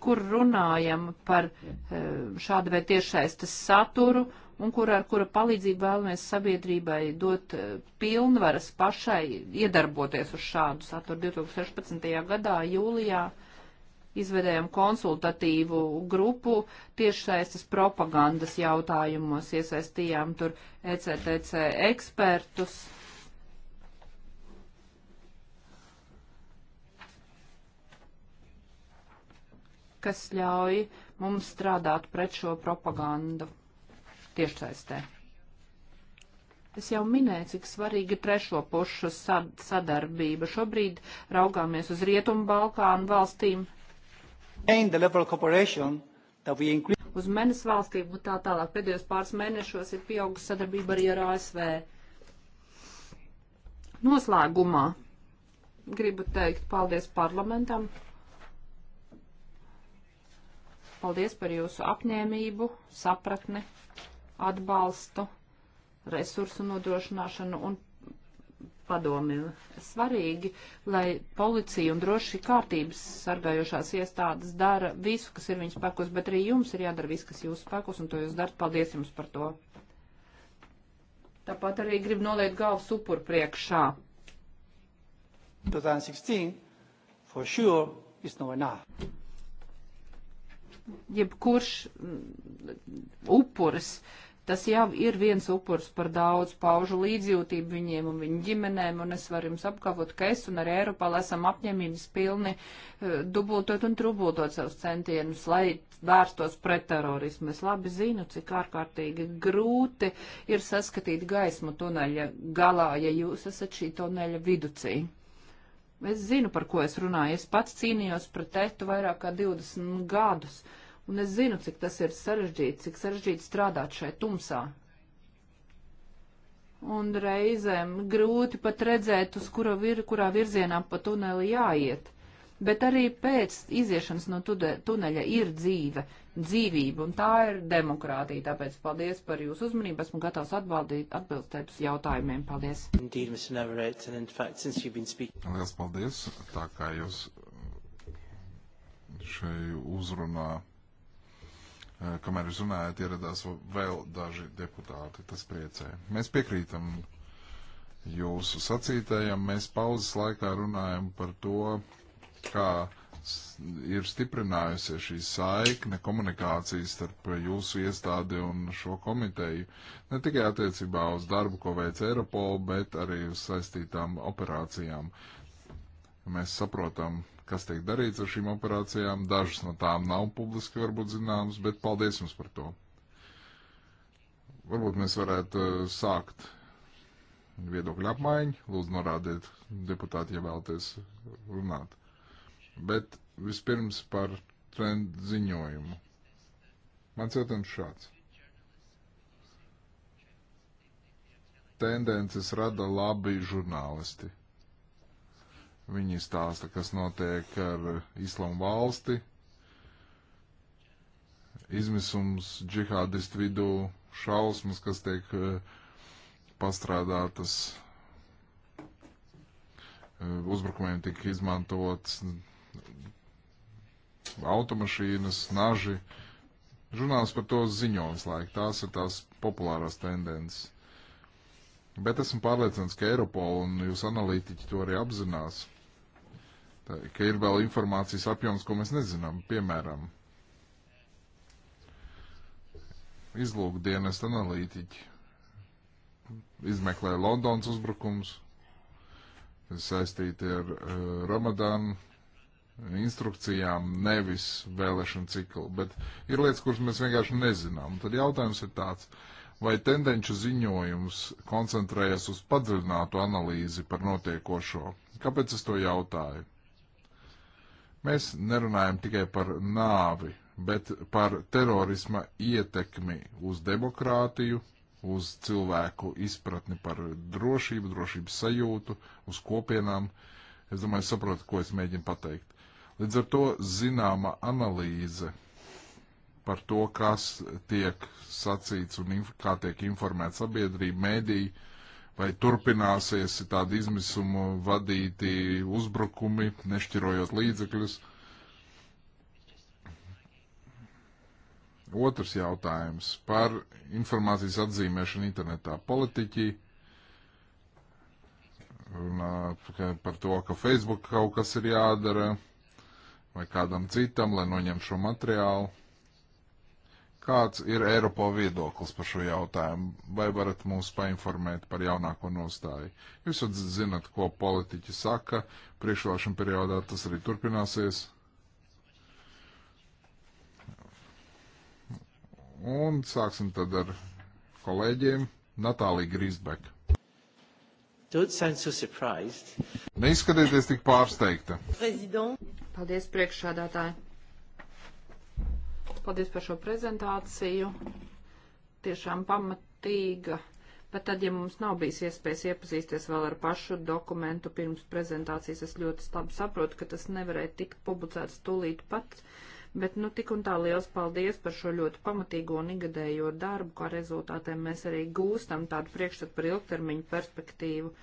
kur runājam par eh, šādu vai tiešsaistes saturu un kur ar kura palīdzību vēlamies sabiedrībai dot eh, pilnvaras pašai iedarboties uz šādu saturu 2016. gadā, jūlijā. Uh, izvedējam konsultatīvu grupu tiešsaistes propagandas jautājumos, iesaistījām tur ECTC ekspertus. kas ļauj mums strādāt pret šo propagandu tiešsaistē. Es jau minēju, cik svarīga trešo pušu sad sadarbība. Šobrīd raugāmies uz Rietumu Balkānu valstīm, uz menes valstīm un tā tālāk. Pēdējos pāris mēnešos ir pieaugusi sadarbība arī ar ASV. Noslēgumā gribu teikt paldies parlamentam. Paldies par jūsu apņēmību, sapratni, atbalstu, resursu nodrošināšanu un padomi svarīgi, lai policija un droši kārtības sargājošās iestādes dara visu, kas ir viņas spēkos, bet arī jums ir jādara viss, kas jūsu spēkos, un to jūs darat. Paldies jums par to. Tāpat arī grib noliet galvu supur priekšā. 2016, for sure, is no enough jebkurš mm, upuris Tas jau ir viens upurs par daudz, paužu līdzjūtību viņiem un viņu ģimenēm, un es varu jums apgalvot, ka es un arī Eiropā esam apņemības pilni eh, dubultot un trubultot savus centienus, lai vērstos pret terorismu. Es labi zinu, cik ārkārtīgi grūti ir saskatīt gaismu tuneļa galā, ja jūs esat šī tuneļa viducī. Es zinu, par ko es runāju. Es pats cīnījos pret tētu vairāk kā 20 gadus. Uh, Un es zinu, cik tas ir sarežģīti, cik sarežģīti strādāt šai tumsā. Un reizēm grūti pat redzēt, uz kura vir, kurā virzienā pa tuneli jāiet. Bet arī pēc iziešanas no tuneļa ir dzīve, dzīvība, un tā ir demokrātija. Tāpēc paldies par jūsu uzmanību. Esmu gatavs atbaldīt, atbildēt uz jautājumiem. Paldies. Lielas paldies. Tā kā jūs šai uzrunā Eh, kamēr jūs runājat, ieradās vēl daži deputāti. Tas priecē. Mēs piekrītam jūsu sacītajam. Mēs pauzes laikā runājam par to, kā ir stiprinājusies šī saikne komunikācijas starp jūsu iestādi un šo komiteju, ne tikai attiecībā uz darbu, ko veic Eiropola, bet arī uz saistītām operācijām. Mēs saprotam, kas tiek darīts ar šīm operācijām. Dažas no tām nav publiski varbūt zināmas, bet paldies jums par to. Varbūt mēs varētu uh, sākt viedokļu apmaiņu. Lūdzu, norādiet deputāti, ja vēlaties runāt. Bet vispirms par trendu ziņojumu. Mans jautājums šāds. Tendences rada labi žurnālisti. Viņi stāsta, kas notiek ar islamu valsti, izmisums džihādistu vidū, šausmas, kas tiek eh, pastrādātas, eh, uzbrukumiem tiek izmantotas automašīnas, naži. Žurnāls par to ziņos laik, tās ir tās populārās tendences. Bet esmu pārliecināts, ka Eiropola un jūs analītiķi to arī apzinās Tā, ka ir vēl informācijas apjoms, ko mēs nezinām. Piemēram, izlūkdienas analītiķi izmeklē Londonas uzbrukums, saistīti ar uh, eh, Ramadānu instrukcijām, nevis vēlēšanu ciklu. Bet ir lietas, kuras mēs vienkārši nezinām. Un tad jautājums ir tāds, vai tendenču ziņojums koncentrējas uz padziļinātu analīzi par notiekošo? Kāpēc es to jautāju? Mēs nerunājam tikai par nāvi, bet par terorisma ietekmi uz demokrātiju, uz cilvēku izpratni par drošību, drošības sajūtu, uz kopienām. Es domāju, saprotu, ko es mēģinu pateikt. Līdz ar to zināma analīze par to, kas tiek sacīts un kā tiek informēta sabiedrība, mēdīja, vai turpināsies tādi izmisuma vadīti uzbrukumi, nešķirojot līdzekļus. Otrs jautājums par informācijas atzīmēšanu internetā. Politiķi runā par to, ka Facebook kaut kas ir jādara vai kādam citam, lai noņem šo materiālu. Kāds ir Eiropo viedoklis par šo jautājumu? Vai varat mūs painformēt par jaunāko nostāju? Jūs jau zinat, ko politiķi saka, priekšvēlēšana periodā tas arī turpināsies. Un sāksim tad ar kolēģiem. Natālija Grīsbeka. So Neizskatieties tik pārsteigta. President. Paldies priekšādātāji paldies par šo prezentāciju. Tiešām pamatīga. Bet tad, ja mums nav bijis iespējas iepazīties vēl ar pašu dokumentu pirms prezentācijas, es ļoti labi saprotu, ka tas nevarēja tikt publicēts tūlīt pat. Bet, nu, tik un tā liels paldies par šo ļoti pamatīgo un igadējo darbu, kā rezultātē mēs arī gūstam tādu priekšstatu par ilgtermiņu perspektīvu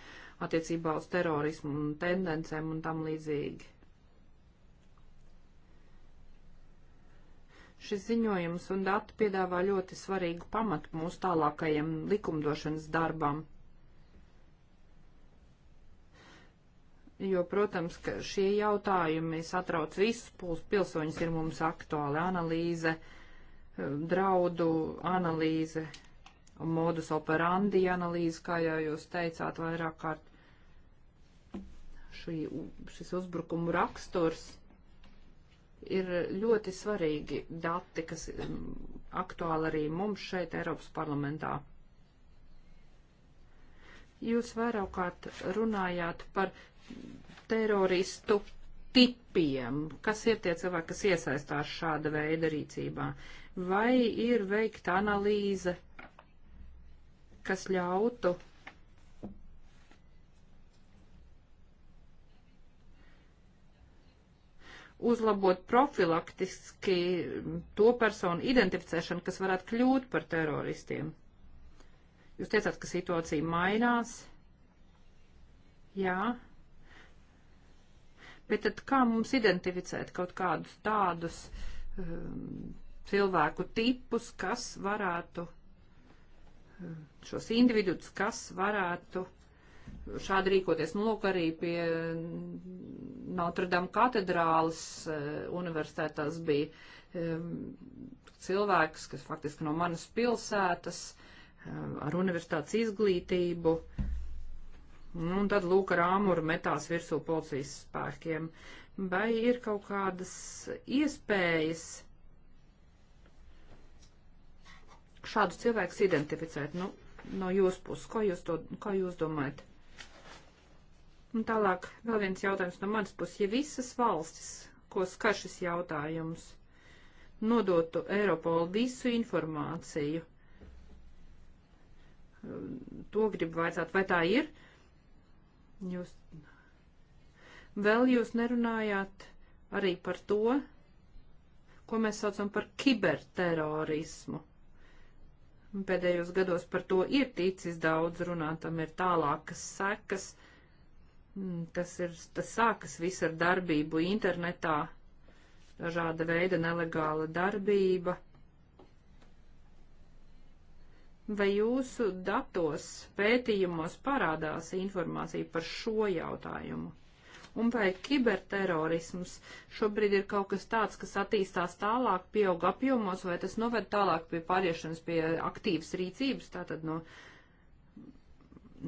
attiecībā uz terorismu un tendencēm un tam līdzīgi. Šis ziņojums un dati piedāvā ļoti svarīgu pamatu mūsu tālākajam likumdošanas darbam. Jo, protams, ka šie jautājumi satrauc visus pilsoņus, ir mums aktuāli analīze, eh, draudu analīze, modus operandi analīze, kā jau jūs teicāt vairāk kārt. Šī, šis uzbrukumu raksturs ir ļoti svarīgi dati, kas mm, aktuāli arī mums šeit Eiropas parlamentā. Jūs vairāk kārt runājāt par teroristu tipiem, kas ir tie cilvēki, kas iesaistās šāda veida rīcībā. Vai ir veikta analīze, kas ļautu uzlabot profilaktiski to personu identificēšanu, kas varētu kļūt par teroristiem? Jūs teicāt, ka situācija mainās. Jā. Bet tad kā mums identificēt kaut kādus tādus um, cilvēku tipus, kas varētu, um, šos individus, kas varētu šādi rīkoties. Nu, lūk, arī pie Notre Dame katedrāles e, universitātās bija e, cilvēks, kas faktiski no manas pilsētas, e, ar universitātes izglītību. Nu, un tad lūk, ar āmuru metās virsū policijas spēkiem. Vai ir kaut kādas iespējas šādus cilvēkus identificēt? Nu, no jūsu puses, kā jūs, to, kā jūs domājat? Un tālāk vēl viens jautājums no manas puses. Ja visas valstis, ko skar šis jautājums, nodotu Eiropolu visu informāciju, to gribu vajadzētu, vai tā ir? Jūs vēl jūs nerunājāt arī par to, ko mēs saucam par kiberterorismu. Pēdējos gados par to ir ticis daudz runāt, tam ir tālākas sekas Mm, tas, ir, tas sākas viss ar darbību internetā, dažāda veida nelegāla darbība. Vai jūsu datos pētījumos parādās informācija par šo jautājumu? Un vai kiberterorisms šobrīd ir kaut kas tāds, kas attīstās tālāk, pieaug apjomos, vai tas noved tālāk pie pāriešanas pie aktīvas rīcības, tātad no uh,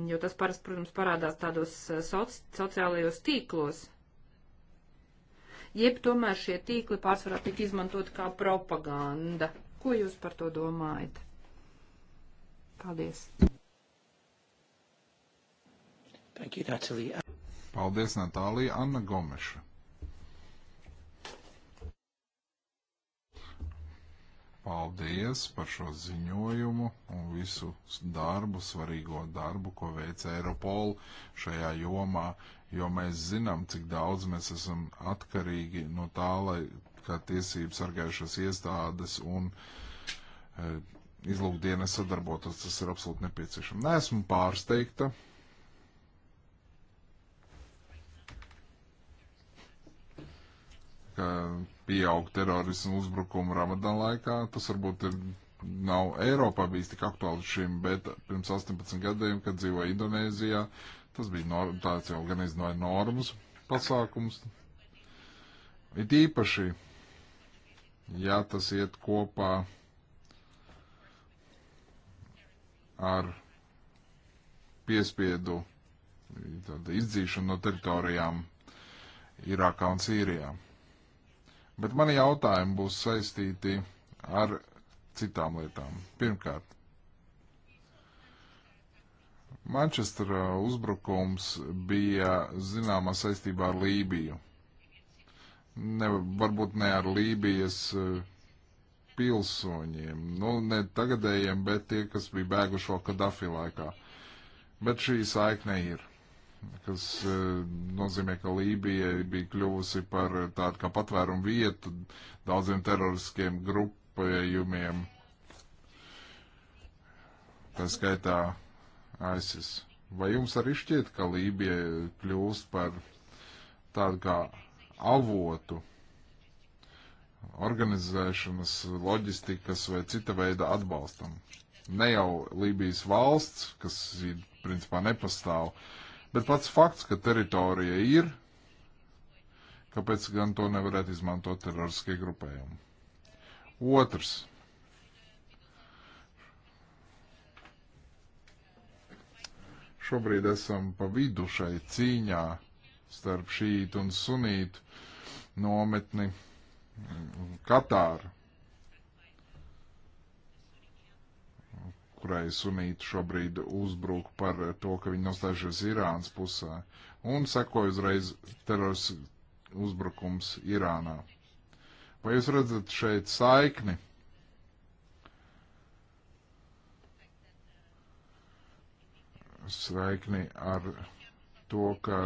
jo tas parasti, protams, parādās tādos eh, soci, sociālajos tīklos. Jeb tomēr šie tīkli pārsvarā tik izmantot kā propaganda. Ko jūs par to domājat? Paldies. Thank you, Natalie. Paldies, Natālija Anna Gomeša. Paldies par šo ziņojumu un visu darbu, svarīgo darbu, ko veica Eiropola šajā jomā, jo mēs zinām, cik daudz mēs esam atkarīgi no tā, lai kā tiesības sargājušas iestādes un e, izlūkdienas sadarbotos, tas ir absolūti nepieciešams. Nesmu pārsteigta. ka pieaug terorismu uzbrukumu Ramadana laikā. Tas varbūt ir, nav Eiropā bijis tik aktuāls šim, bet pirms 18 gadiem, kad dzīvoja Indonēzijā, tas bija norm, tāds jau gan iznāja normas pasākums. It īpaši, ja tas iet kopā ar piespiedu izdzīšanu no teritorijām Irākā un Sīrijā. Bet mani jautājumi būs saistīti ar citām lietām. Pirmkārt, Manchestera uh, uzbrukums bija zināmā saistībā ar Lībiju. Ne, varbūt ne ar Lībijas uh, pilsoņiem, nu ne tagadējiem, bet tie, kas bija bēguši vēl Kadafi laikā. Bet šī saikne ir kas e, nozīmē, ka Lībija bija kļuvusi par tādu kā patvērumu vietu daudziem teroriskiem grupējumiem, tā skaitā ISIS. Vai jums arī šķiet, ka Lībija kļūst par tādu kā avotu organizēšanas, loģistikas vai cita veida atbalstam? Ne jau Lībijas valsts, kas principā nepastāv, uh, Bet pats fakts, ka teritorija ir, kāpēc gan to nevarētu izmantot teroriskie grupējumi? Otrs. Šobrīd esam pa vidu šai cīņā starp šītu un sunītu nometni Katāru. kurai sunīti šobrīd uzbruk par to, ka viņi nostājušies Irānas pusē, un sekoja uzreiz terors uzbrukums Irānā. Vai jūs redzat šeit saikni? Saikni ar to, ka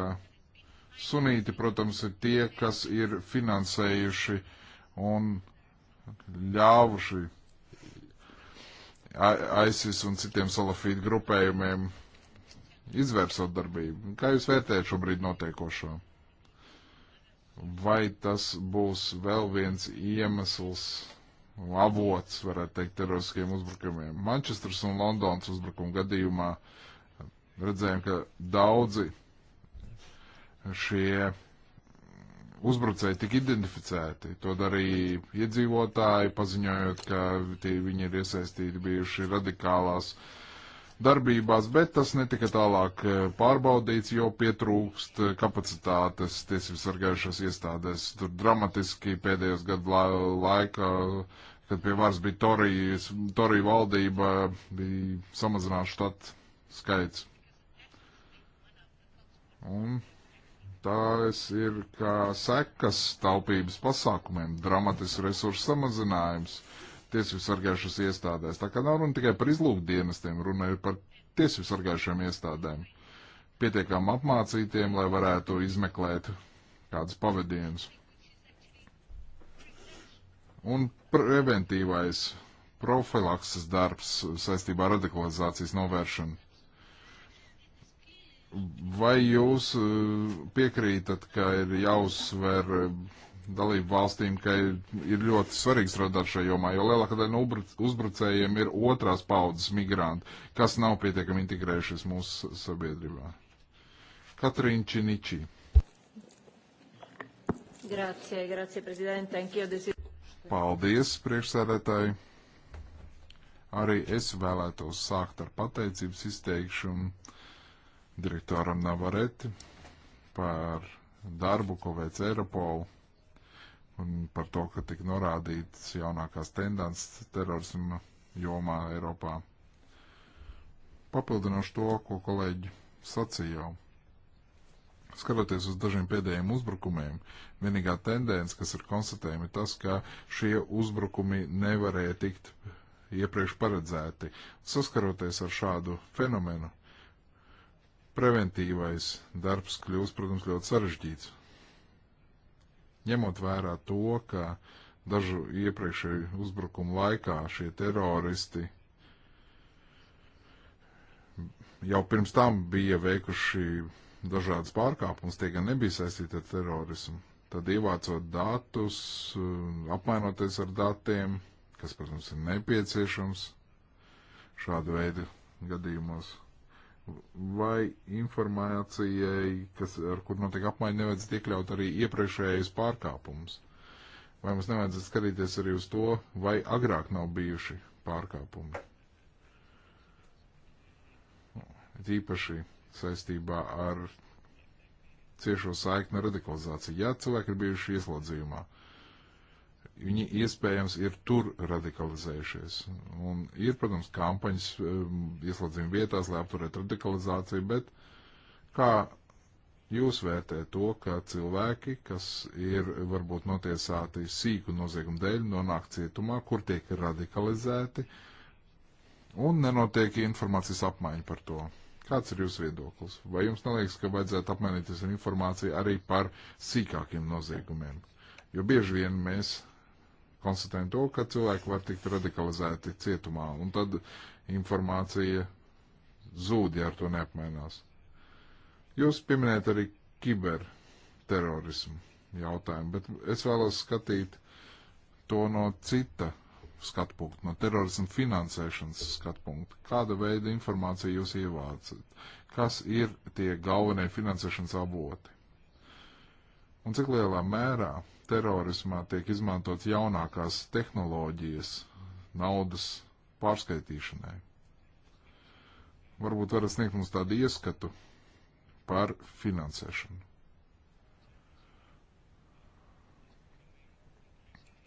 sunīti, protams, ir tie, kas ir finansējuši un ļāvuši ISIS un citiem salafītu grupējumiem izvērsot darbību. Kā jūs vērtējat šobrīd notiekošo? Vai tas būs vēl viens iemesls, avots, varētu teikt, teroriskiem uzbrukumiem? Manchestras un Londonas uzbrukuma gadījumā redzējām, ka daudzi šie uzbrucēji tika identificēti. To darīja iedzīvotāji, paziņojot, ka viņi ir iesaistīti bijuši radikālās darbībās, bet tas netika tālāk eh, pārbaudīts, jo pietrūkst kapacitātes tiesību sargājušās iestādēs. Tur dramatiski pēdējos gadu la laikā, kad pie varas bija Torijas, Torija valdība, bija samazināts štat skaits. Un tās ir kā sekas taupības pasākumiem, dramatisks resursu samazinājums tiesību sargājušas iestādēs. Tā kā nav runa tikai par izlūkdienestiem, runa ir par tiesību sargājušiem iestādēm. Pietiekām apmācītiem, lai varētu izmeklēt kādas pavadienas. Un preventīvais profilakses darbs saistībā ar radikalizācijas novēršanu Vai jūs e, piekrītat, ka ir jāuzsver e, dalību valstīm, ka ir ļoti svarīgi strādāt šajā jomā, jo lielākā daļa no uzbrucējiem ir otrās paudzes migranti, kas nav pietiekami integrējušies mūsu sabiedrībā? Katrīna Činiči. Grazie, grazie, prezidente. Paldies, priekšsēdētāji. Arī es vēlētos sākt ar pateicības izteikšanu direktoram Navareti par darbu, ko veic Eiropolu, un par to, ka tika norādīts jaunākās tendences terorisma jomā Eiropā. Papildinoši to, ko kolēģi sacīja jau. Skatoties uz dažiem pēdējiem uzbrukumiem, vienīgā tendence, kas ir konstatējama, ir tas, ka šie uzbrukumi nevarēja tikt iepriekš paredzēti. Saskaroties ar šādu fenomenu, uh, preventīvais darbs kļūst, protams, ļoti sarežģīts. Ņemot vērā to, ka dažu iepriekšēju uzbrukumu laikā šie teroristi jau pirms tam bija veikuši dažādas pārkāpumus, tie gan nebija saistīti ar terorismu. Tad ievācot datus, apmainoties ar datiem, kas, protams, ir nepieciešams šādu veidu gadījumos vai informācijai, kas, ar kur notiek apmaiņa, nevajadzētu iekļaut arī iepriekšējais pārkāpums? Vai mums nevajadzētu skatīties arī uz to, vai agrāk nav bijuši pārkāpumi? Tīpaši saistībā ar ciešo saikni radikalizāciju. Ja cilvēki ir bijuši ieslodzījumā, viņi iespējams ir tur radikalizējušies. Un ir, protams, kampaņas um, ieslodzījuma vietās, lai apturētu radikalizāciju, bet kā jūs vērtējat to, ka cilvēki, kas ir varbūt notiesāti sīku noziegumu dēļ, nonāk cietumā, kur tiek radikalizēti, un nenotiek informācijas apmaiņa par to? Kāds ir jūsu viedoklis? Vai jums neliekas, ka vajadzētu apmainīties ar informāciju arī par sīkākiem noziegumiem? Jo bieži vien mēs konstatējam to, ka cilvēki var tikt radikalizēti cietumā, un tad informācija zūd, ja ar to neapmainās. Jūs pieminējat arī kiberterorismu jautājumu, bet es vēlos skatīt to no cita skatu punktu, no terorismu finansēšanas skatu punktu. Kāda veida informācija jūs ievācat? Kas ir tie galvenie finansēšanas avoti? Un cik lielā mērā terorismā tiek izmantots jaunākās tehnoloģijas naudas pārskaitīšanai. Varbūt varat sniegt mums tādu ieskatu par finansēšanu.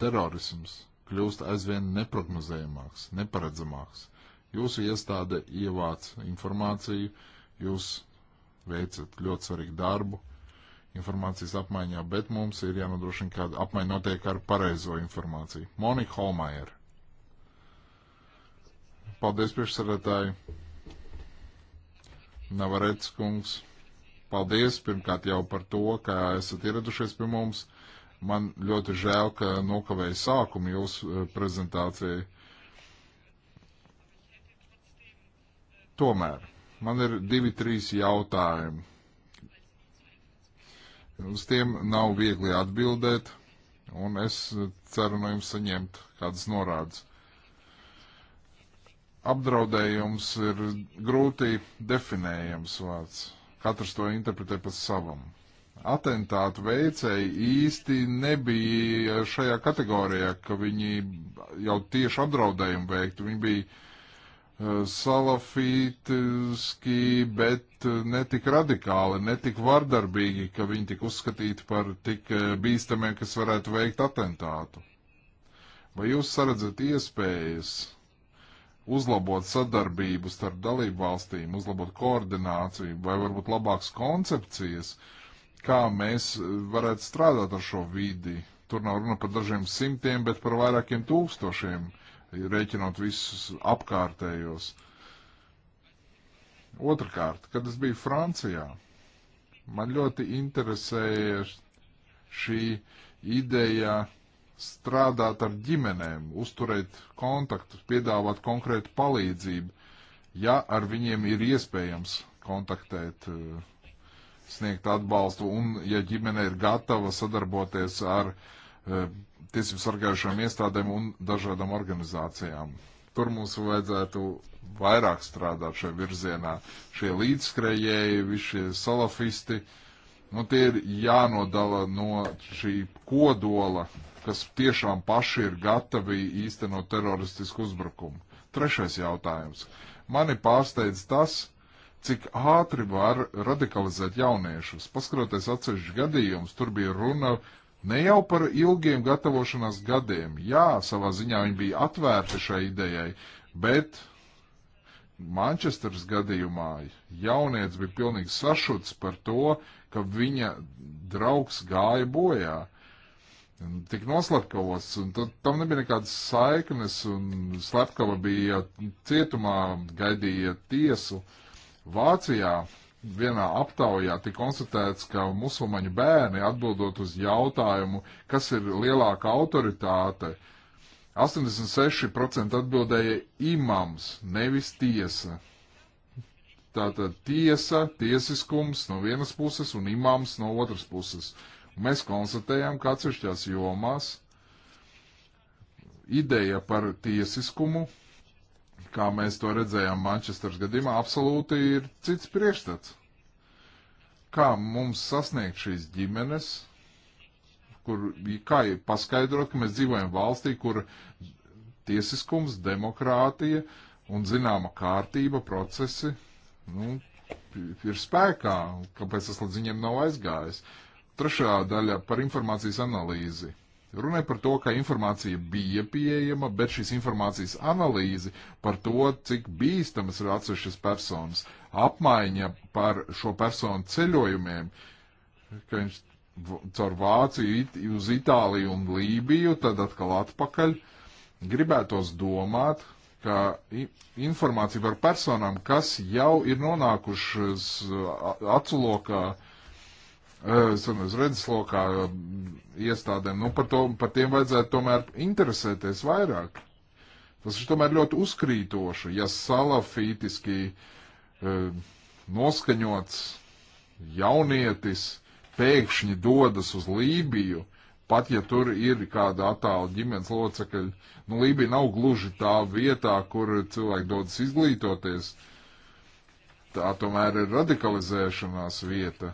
Terorisms kļūst aizvien neprognozējamāks, neparedzamāks. Jūsu iestāde ievāc informāciju, jūs veicat ļoti svarīgu darbu, informācijas apmaiņā, bet mums ir jānodrošina, ka apmaiņa notiek ar pareizo informāciju. Monika Holmajer. Paldies, priekšsarētāji. Navarēts kungs. Paldies pirmkārt jau par to, ka esat ieradušies pie mums. Man ļoti žēl, ka nokavēju sākumu jūsu eh, prezentācijai. Tomēr man ir divi, trīs jautājumi Uz tiem nav viegli atbildēt, un es ceru no jums saņemt kādas norādes. Apdraudējums ir grūti definējams vārds. Katrs to interpretē pa savam atentātu veicēji īsti nebija šajā kategorijā, ka viņi jau tieši apdraudējumu veiktu. Viņi bija salafītiski, bet eh, netik radikāli, netik vardarbīgi, ka viņi tik uzskatīti par tik eh, bīstamiem, kas varētu veikt atentātu. Vai jūs saredzat iespējas uzlabot sadarbību starp dalību valstīm, uzlabot koordināciju vai varbūt labākas koncepcijas, kā mēs eh, varētu strādāt ar šo vidi? Tur nav runa par dažiem simtiem, bet par vairākiem tūkstošiem rēķinot visus apkārtējos. Otrakārt, kad es biju Francijā, man ļoti interesēja šī ideja strādāt ar ģimenēm, uzturēt kontaktus, piedāvāt konkrētu palīdzību, ja ar viņiem ir iespējams kontaktēt, sniegt atbalstu un ja ģimene ir gatava sadarboties ar eh, tiesību sargājušām iestādēm un dažādām organizācijām. Tur mums vajadzētu vairāk strādāt šajā virzienā. Šie līdzskrējēji, visi šie salafisti, nu tie ir jānodala no šī kodola, kas tiešām paši ir gatavi īstenot teroristisku uzbrukumu. Trešais jautājums. Mani pārsteidz tas, cik ātri var radikalizēt jauniešus. Paskatoties atsevišķi gadījumus, tur bija runa Ne jau par ilgiem gatavošanās gadiem. Jā, savā ziņā viņi bija atvērti šai idejai, bet Manchesteras gadījumā jaunieci bija pilnīgi sašuts par to, ka viņa draugs gāja bojā. Tik noslepkavos, un tad, tam nebija nekādas saiknes, un slepkava bija cietumā, gaidīja tiesu. Vācijā vienā aptaujā tika konstatēts, ka musulmaņu bērni atbildot uz jautājumu, kas ir lielāka autoritāte, 86% atbildēja imams, nevis tiesa. Tātad tiesa, tiesiskums no vienas puses un imams no otras puses. Mēs konstatējām, ka atsevišķās jomās ideja par tiesiskumu kā mēs to redzējām Manchesteras gadījumā, absolūti ir cits priekšstats. Kā mums sasniegt šīs ģimenes, kur, kā paskaidrot, ka mēs dzīvojam valstī, kur tiesiskums, demokrātija un zināma kārtība procesi nu, ir spēkā, kāpēc tas līdz viņiem nav aizgājis. Trešā daļa par informācijas analīzi Runāja par to, ka informācija bija pieejama, bet šīs informācijas analīze par to, cik bīstamas ir atsevišķas personas, apmaiņa par šo personu ceļojumiem, ka viņš caur Vāciju it, uz Itāliju un Lībiju, tad atkal atpakaļ, gribētos domāt, ka informācija par personām, kas jau ir nonākušas atsulokā, uh, uz redzeslokā um, iestādēm, nu par, to, par tiem vajadzētu tomēr interesēties vairāk. Tas ir tomēr ļoti uzkrītoši, ja salafītiski uh, noskaņots jaunietis pēkšņi dodas uz Lībiju, pat ja tur ir kāda attāla ģimenes locekļa. Nu, Lībija nav gluži tā vietā, kur cilvēki dodas izglītoties. Tā tomēr ir radikalizēšanās vieta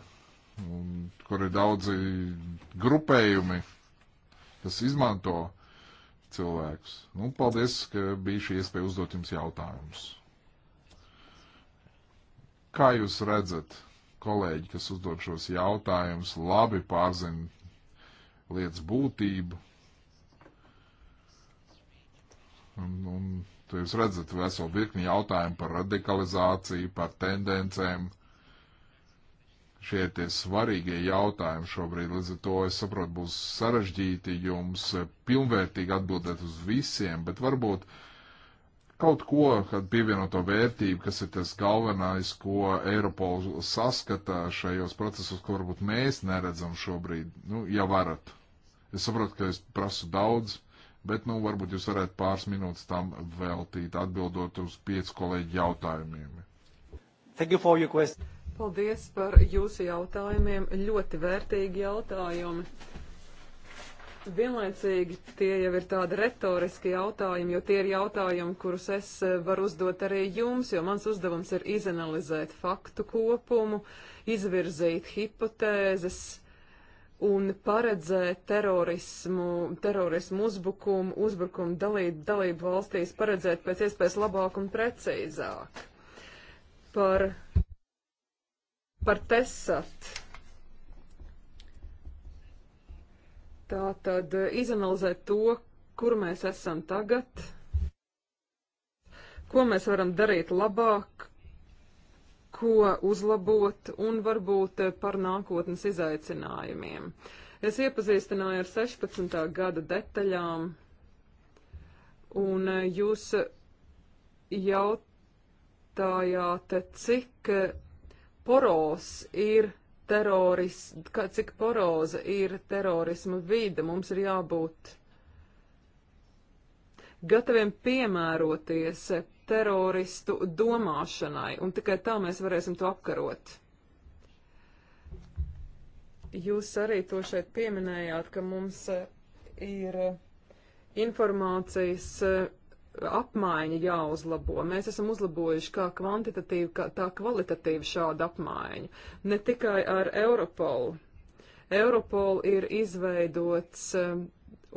un kur ir daudzi grupējumi, kas izmanto cilvēkus. Nu, paldies, ka bija šī iespēja uzdot jums jautājumus. Kā jūs redzat, kolēģi, kas uzdod šos jautājumus, labi pārzina lietas būtību? Un, un Jūs redzat veselu virkni jautājumu par radikalizāciju, par tendencēm, Šie ir tie svarīgie jautājumi šobrīd, līdz ar to es saprotu, būs sarežģīti jums pilnvērtīgi atbildēt uz visiem, bet varbūt kaut ko, kad pievienoto vērtību, kas ir tas galvenais, ko Eiropola saskatā šajos procesos, ko varbūt mēs neredzam šobrīd, nu, ja varat. Es saprotu, ka es prasu daudz, bet nu, varbūt jūs varētu pāris minūtes tam veltīt, atbildot uz piecu kolēģu jautājumiem. Thank you for your question. Paldies par jūsu jautājumiem. Ļoti vērtīgi jautājumi. Vienlaicīgi tie jau ir tādi retoriski jautājumi, jo tie ir jautājumi, kurus es eh, varu uzdot arī jums, jo mans uzdevums ir izanalizēt faktu kopumu, izvirzīt hipotēzes un paredzēt terorismu, terorismu uzbrukumu, uzbrukumu dalību, dalību valstīs, paredzēt pēc iespējas labāk un precīzāk. Par par tesat. Tā tad eh, izanalizēt to, kur mēs esam tagad, ko mēs varam darīt labāk, ko uzlabot un varbūt eh, par nākotnes izaicinājumiem. Es iepazīstināju ar 16. gada detaļām, un eh, jūs jautājāt, cik poros ir teroris, kā, cik poroza ir terorisma vide, mums ir jābūt gataviem piemēroties teroristu domāšanai, un tikai tā mēs varēsim to apkarot. Jūs arī to šeit pieminējāt, ka mums ir informācijas apmaiņa jāuzlabo. Mēs esam uzlabojuši kā kvantitatīvu, kā tā kvalitatīvu šādu apmaiņu. Ne tikai ar Europolu. Europol ir izveidots um,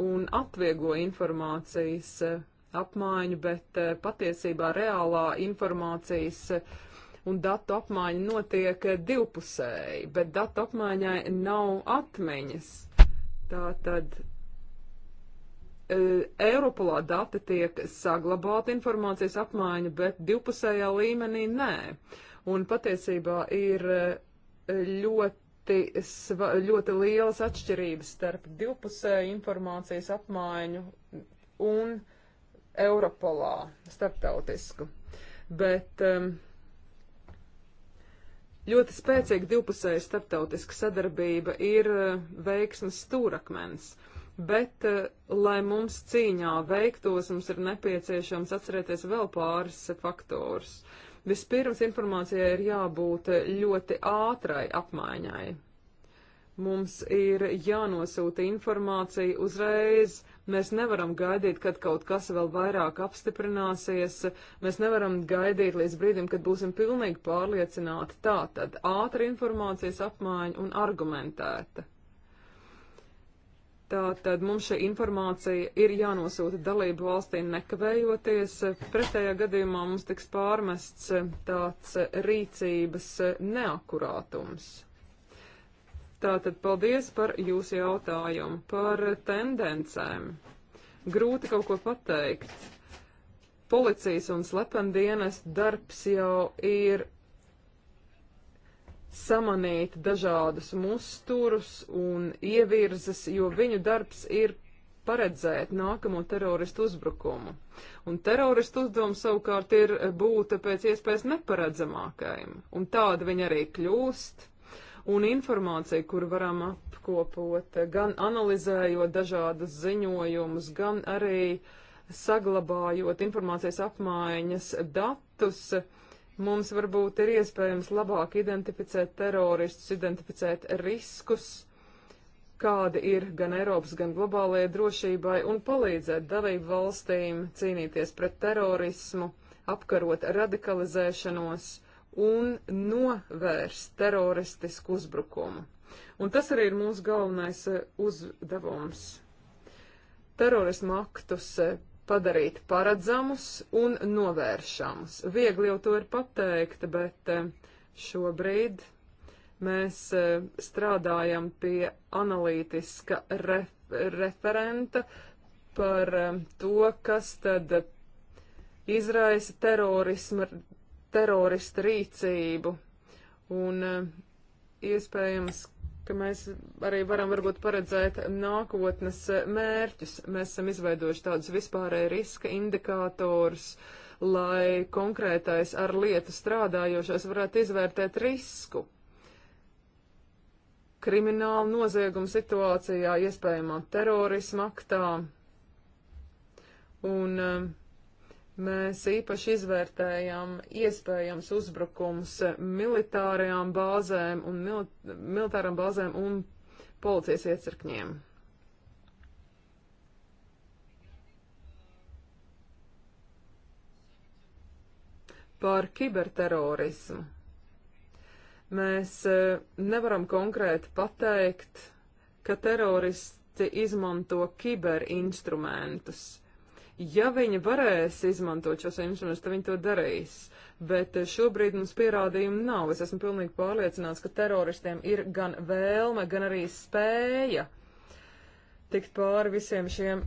un atvieglo informācijas uh, apmaiņu, bet uh, patiesībā reālā informācijas uh, un datu apmaiņa notiek divpusēji, bet datu apmaiņai nav atmiņas. Tā tad E, Eiropolā dati tiek saglabāti informācijas apmaiņa, bet divpusējā līmenī nē. Un patiesībā ir e, ļoti, ļoti lielas atšķirības starp divpusēju informācijas apmaiņu un Eiropolā starptautisku. Bet um, ļoti spēcīga divpusēja starptautiska sadarbība ir e, veiksmes stūrakmens. Uh, Bet, eh, lai mums cīņā veiktos, mums ir nepieciešams atcerēties vēl pāris faktors. Vispirms informācijai ir jābūt ļoti ātrai apmaiņai. Mums ir jānosūta informācija uzreiz. Mēs nevaram gaidīt, kad kaut kas vēl vairāk apstiprināsies. Mēs nevaram gaidīt līdz brīdim, kad būsim pilnīgi pārliecināti. Tā tad ātra informācijas apmaiņa un argumentēta. Tātad mums šī informācija ir jānosūta dalību valstīm nekavējoties, pretējā gadījumā mums tiks pārmests tāds rīcības neakurātums. Tātad paldies par jūsu jautājumu, par tendencēm. Grūti kaut ko pateikt. Policijas un slependienes darbs jau ir samanīt dažādus musturus un ievirzes, jo viņu darbs ir paredzēt nākamo teroristu uzbrukumu. Un teroristu uzdevums savukārt ir būt pēc iespējas neparedzamākajam, un tāda viņa arī kļūst. Un informācija, kuru varam apkopot, gan analizējot dažādas ziņojumus, gan arī saglabājot informācijas apmaiņas datus, uh, Mums varbūt ir iespējams labāk identificēt teroristus, identificēt riskus, kādi ir gan Eiropas, gan globālajai drošībai, un palīdzēt dalību valstīm cīnīties pret terorismu, apkarot radikalizēšanos un novērst teroristisku uzbrukumu. Un tas arī ir mūsu galvenais eh, uzdevums. Terorismu aktus eh, padarīt paredzamus un novēršamus. Viegli jau to ir pateikt, bet eh, šobrīd mēs eh, strādājam pie analītiska re referenta par eh, to, kas tad izraisa terorismu, terorista rīcību. Un iespējams, ka mēs arī varam varbūt paredzēt nākotnes mērķus. Mēs esam izveidojuši tādus vispārēju riska indikātors, lai konkrētais ar lietu strādājošais varētu izvērtēt risku krimināla nozieguma situācijā, iespējamā terorisma aktā. Un, uh, Mēs īpaši izvērtējam iespējams uzbrukums militārajām bāzēm un, mil militārām bāzēm un policijas iecirkņiem. par kiberterorismu. Mēs e, nevaram konkrēti pateikt, ka teroristi izmanto kiberinstrumentus. Ja viņi varēs izmantot šos instrumentus, tad viņi to darīs. Bet eh, šobrīd mums pierādījumu nav. Es esmu pilnīgi pārliecināts, ka teroristiem ir gan vēlme, gan arī spēja tikt pāri visiem šiem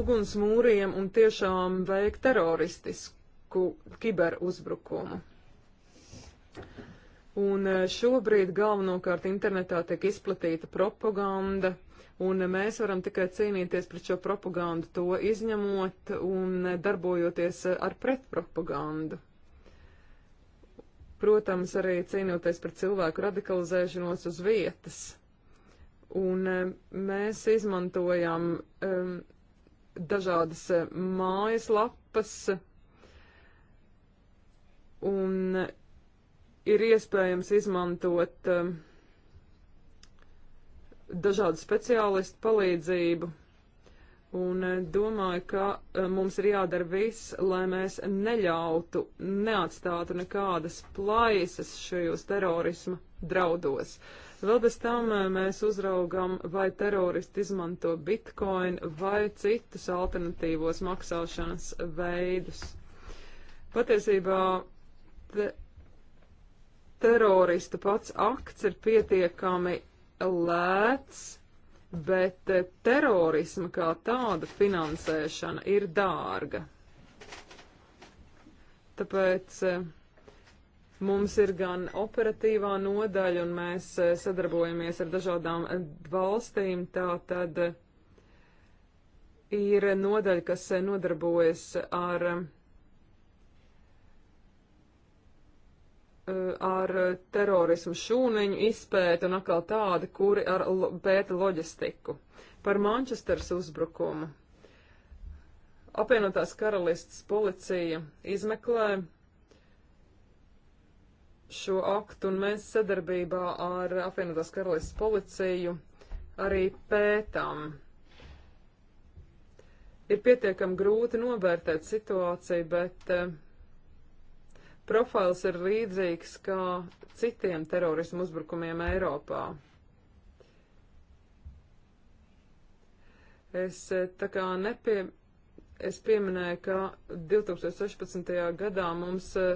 ugunsmūriem un tiešām veikt teroristisku kiberuzbrukumu. Un eh, šobrīd galvenokārt internetā tiek izplatīta propaganda, uh, un mēs varam tikai cīnīties pret šo propagandu, to izņemot un darbojoties ar pretpropagandu. Protams, arī cīnoties pret cilvēku radikalizēšanos uz vietas. Un eh, mēs izmantojam um, dažādas eh, mājas lapas, un ir iespējams izmantot um, dažādu speciālistu palīdzību. Un eh, domāju, ka eh, mums ir jādara viss, lai mēs neļautu, neatstātu nekādas plaisas šajos terorisma draudos. Vēl bez tam eh, mēs uzraugam, vai teroristi izmanto bitcoin vai citus alternatīvos maksāšanas veidus. Patiesībā te, terorista pats akts ir pietiekami lēts, bet terorisma kā tāda finansēšana ir dārga. Tāpēc eh, mums ir gan operatīvā nodaļa, un mēs eh, sadarbojamies ar dažādām eh, valstīm. Tā tad ir nodaļa, kas nodarbojas ar Eh, ar terorismu šūniņu izpēti un atkal tādi, kuri ar lo, pēta loģistiku. Par Manchesteras uzbrukumu. Apvienotās karalistas policija izmeklē šo aktu un mēs sadarbībā ar apvienotās karalistas policiju arī pētām. Ir pietiekami grūti novērtēt situāciju, bet uh, Profils ir līdzīgs kā citiem terorismu uzbrukumiem Eiropā. Es eh, tā kā nepie, es pieminēju, ka 2016. gadā mums eh,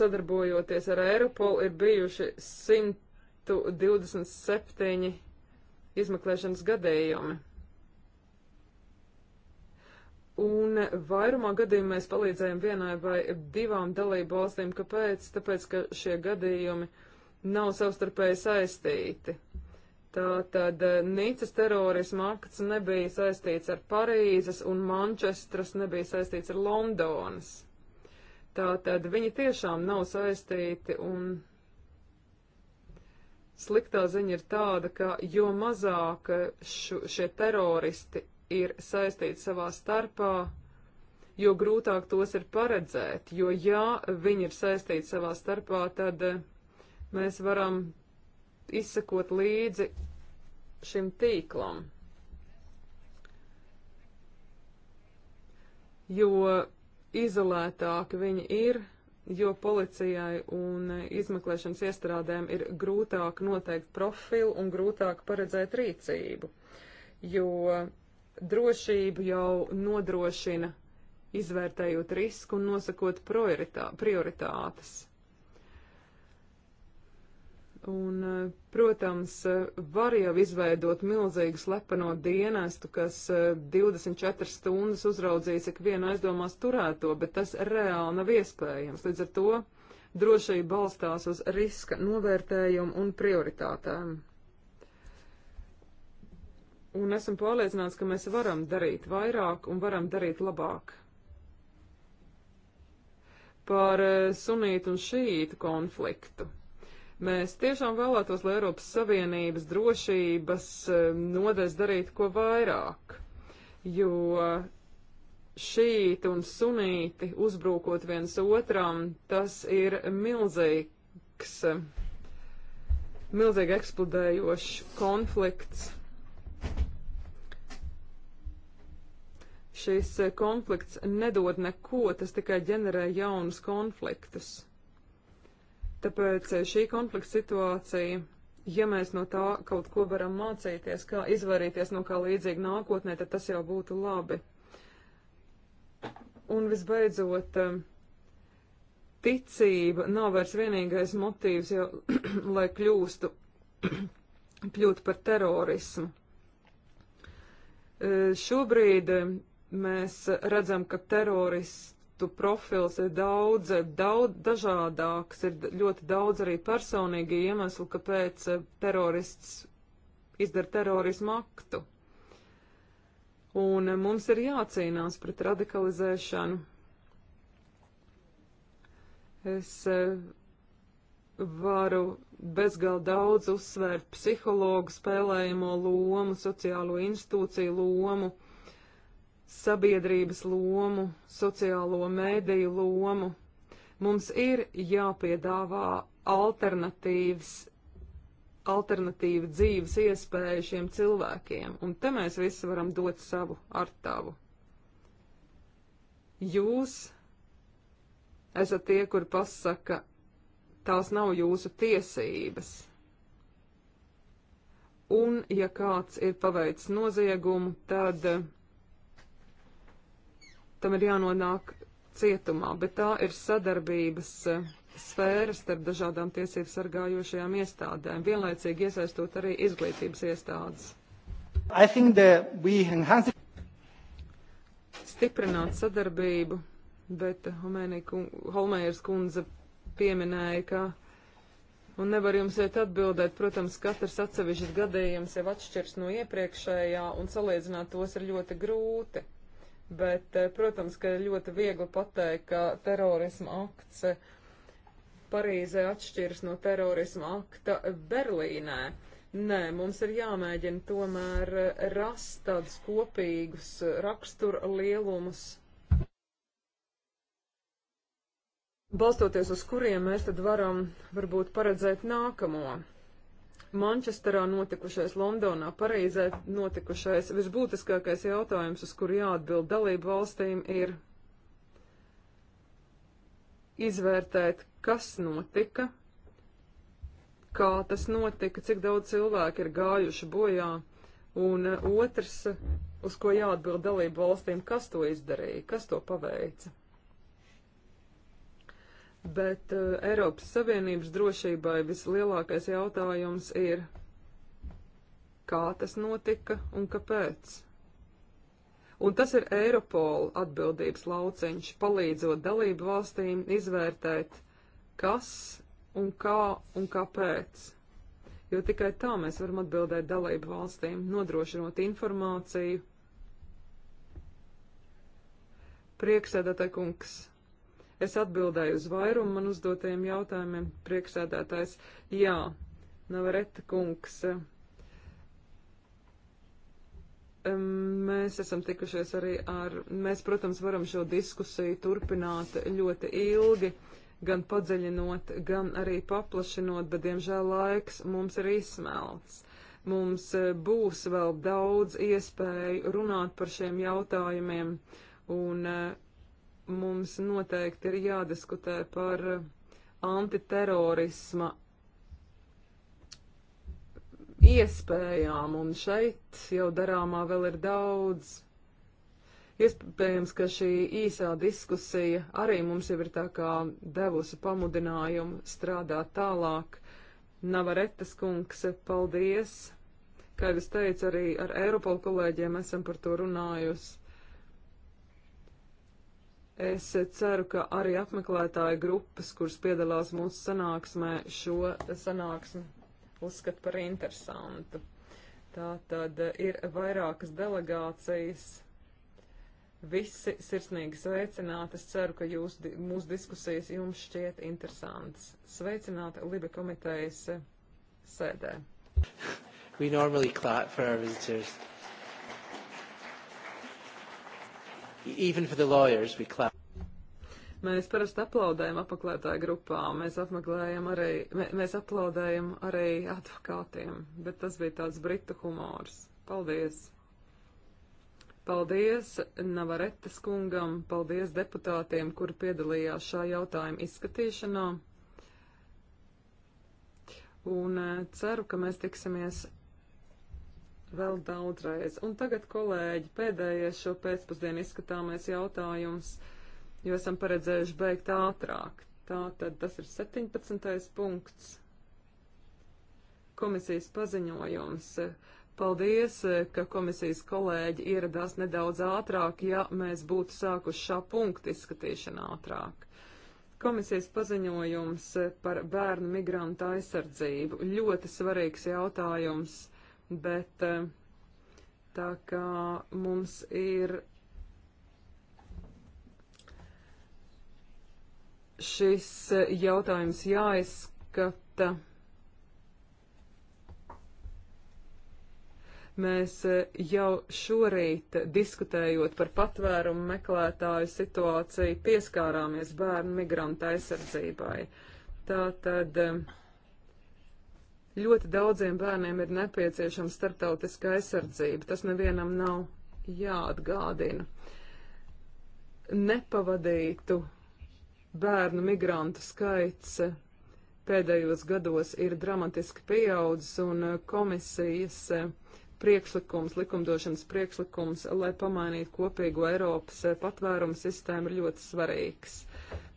sadarbojoties ar Eiropolu ir bijuši 127 izmeklēšanas gadījumi. Un vairumā gadījumā mēs palīdzējām vienai vai divām dalību valstīm. Kāpēc? Tāpēc, ka šie gadījumi nav savstarpēji saistīti. Tātad eh, Nīcas terorisma akts nebija saistīts ar Parīzes un Mančestras nebija saistīts ar Londonas. Tātad viņi tiešām nav saistīti un sliktā ziņa ir tāda, ka jo mazāk šu, šie teroristi ir saistīti savā starpā, jo grūtāk tos ir paredzēt, jo ja viņi ir saistīti savā starpā, tad eh, mēs varam izsekot līdzi šim tīklam. Jo izolētāki viņi ir, jo policijai un izmeklēšanas iestrādēm ir grūtāk noteikt profilu un grūtāk paredzēt rīcību, jo drošību jau nodrošina izvērtējot risku un nosakot prioritā, prioritātes. Un, protams, var jau izveidot milzīgu slepeno dienestu, kas 24 eh, stundas uzraudzīs ikvienu aizdomās turēto, bet tas reāli nav iespējams. Līdz ar to drošība balstās uz riska novērtējumu un prioritātēm un esmu pārliecināts, ka mēs varam darīt vairāk un varam darīt labāk. Par eh, sunītu un šītu konfliktu. Mēs tiešām vēlētos, lai Eiropas Savienības drošības eh, nodeļas darītu ko vairāk, jo šīti un sunīti uzbrūkot viens otram, tas ir milzīgs, eh, milzīgi eksplodējošs konflikts šis eh, konflikts nedod neko, tas tikai ģenerē jaunus konfliktus. Tāpēc eh, šī konflikta situācija, ja mēs no tā kaut ko varam mācīties, kā izvairīties no kā līdzīga nākotnē, tad tas jau būtu labi. Un visbeidzot, eh, ticība nav vairs vienīgais motīvs, jau, [CLEARS THROAT] lai kļūstu, [CLEARS THROAT] kļūtu par terorismu. Šobrīd Mēs redzam, ka teroristu profils ir daudz, daudz dažādāks, ir ļoti daudz arī personīgi iemeslu, kāpēc eh, terorists izdara terorismu aktu. Un eh, mums ir jācīnās pret radikalizēšanu. Es eh, varu bezgalīgi daudz uzsvērt psihologu spēlējamo lomu, sociālo institūciju lomu sabiedrības lomu, sociālo mēdīju lomu. Mums ir jāpiedāvā alternatīvas, alternatīva dzīves iespēja šiem cilvēkiem, un te mēs visi varam dot savu artavu. Jūs esat tie, kur pasaka, tās nav jūsu tiesības un, ja kāds ir paveicis noziegumu, tad tam ir jānonāk cietumā, bet tā ir sadarbības eh, sfēras starp dažādām tiesību sargājošajām iestādēm, vienlaicīgi iesaistot arī izglītības iestādes. Enhanced... Stiprināt sadarbību, bet eh, Holmējers kundze pieminēja, ka, un nevar jums iet atbildēt, protams, katrs atsevišķs gadījums jau atšķirs no iepriekšējā, un salīdzināt tos ir ļoti grūti. Bet, eh, protams, ka ir ļoti viegli pateikt, ka terorisma akts Parīzē atšķiras no terorisma akta Berlīnē. Nē, mums ir jāmēģina tomēr eh, rast tādus kopīgus rakstura lielumus, balstoties uz kuriem mēs tad varam varbūt paredzēt nākamo. Mančesterā notikušais, Londonā, Parīzē notikušais, visbūtiskākais jautājums, uz kuru jāatbild dalību valstīm, ir izvērtēt, kas notika, kā tas notika, cik daudz cilvēku ir gājuši bojā, un uh, otrs, uz ko jāatbild dalību valstīm, kas to izdarīja, kas to paveica bet uh, Eiropas Savienības drošībai vislielākais jautājums ir, kā tas notika un kāpēc. Un tas ir Eiropola atbildības lauciņš, palīdzot dalību valstīm izvērtēt, kas un kā un kāpēc. Jo tikai tā mēs varam atbildēt dalību valstīm, nodrošinot informāciju. Prieksēdētāj kungs. Es atbildēju uz vairumu man uzdotajiem jautājumiem. Priekšsēdētājs, jā, nav reta kungs. Mēs esam tikušies arī ar, mēs, protams, varam šo diskusiju turpināt ļoti ilgi, gan padziļinot, gan arī paplašinot, bet, diemžēl, laiks mums ir izsmelts. Mums e, būs vēl daudz iespēju runāt par šiem jautājumiem, un e, mums noteikti ir jādiskutē par eh, antiterorisma iespējām, un šeit jau darāmā vēl ir daudz. Iespējams, ka šī īsā diskusija arī mums jau ir tā kā devusi pamudinājumu strādāt tālāk. Navaretas kungs, paldies! Kā jau es teicu, arī ar Eiropolu kolēģiem esam par to runājusi. Es ceru, ka arī apmeklētāju grupas, kuras piedalās mūsu sanāksmē, šo sanāksmi uzskata par interesantu. Tā tad ir vairākas delegācijas. Visi sirsnīgi sveicināti. Es ceru, ka jūs, mūsu diskusijas jums šķiet interesantas. Sveicināti Libe komitejas sēdē. We normally clap for our visitors. Even for the lawyers, we clap. Mēs parasti aplaudējam apmeklētāju grupām, mēs apmeklējam arī, mēs aplaudējam arī advokātiem, bet tas bija tāds britu humors. Paldies! Paldies Navaretas kungam, paldies deputātiem, kuri piedalījās šā jautājuma izskatīšanā. Un eh, ceru, ka mēs tiksimies vēl daudzreiz. Un tagad, kolēģi, pēdējais šo pēcpusdienu izskatāmais jautājums, jo esam paredzējuši beigt ātrāk. Tā tad tas ir 17. punkts. Komisijas paziņojums. Paldies, ka komisijas kolēģi ieradās nedaudz ātrāk, ja mēs būtu sākuši šā punkta izskatīšanu ātrāk. Komisijas paziņojums par bērnu migrantu aizsardzību. Ļoti svarīgs jautājums bet eh, tā kā mums ir šis eh, jautājums jāizskata. Mēs eh, jau šorīt diskutējot par patvērumu meklētāju situāciju pieskārāmies bērnu migrantu aizsardzībai. Tātad. tad Ļoti daudziem bērniem ir nepieciešama starptautiska aizsardzība. Tas nevienam nav jāatgādina. Nepavadītu bērnu migrantu skaits pēdējos gados ir dramatiski pieaudzis un eh, komisijas eh, priekšlikums, likumdošanas priekšlikums, lai pamainītu kopīgo Eiropas eh, patvērumu sistēmu, ir ļoti svarīgs.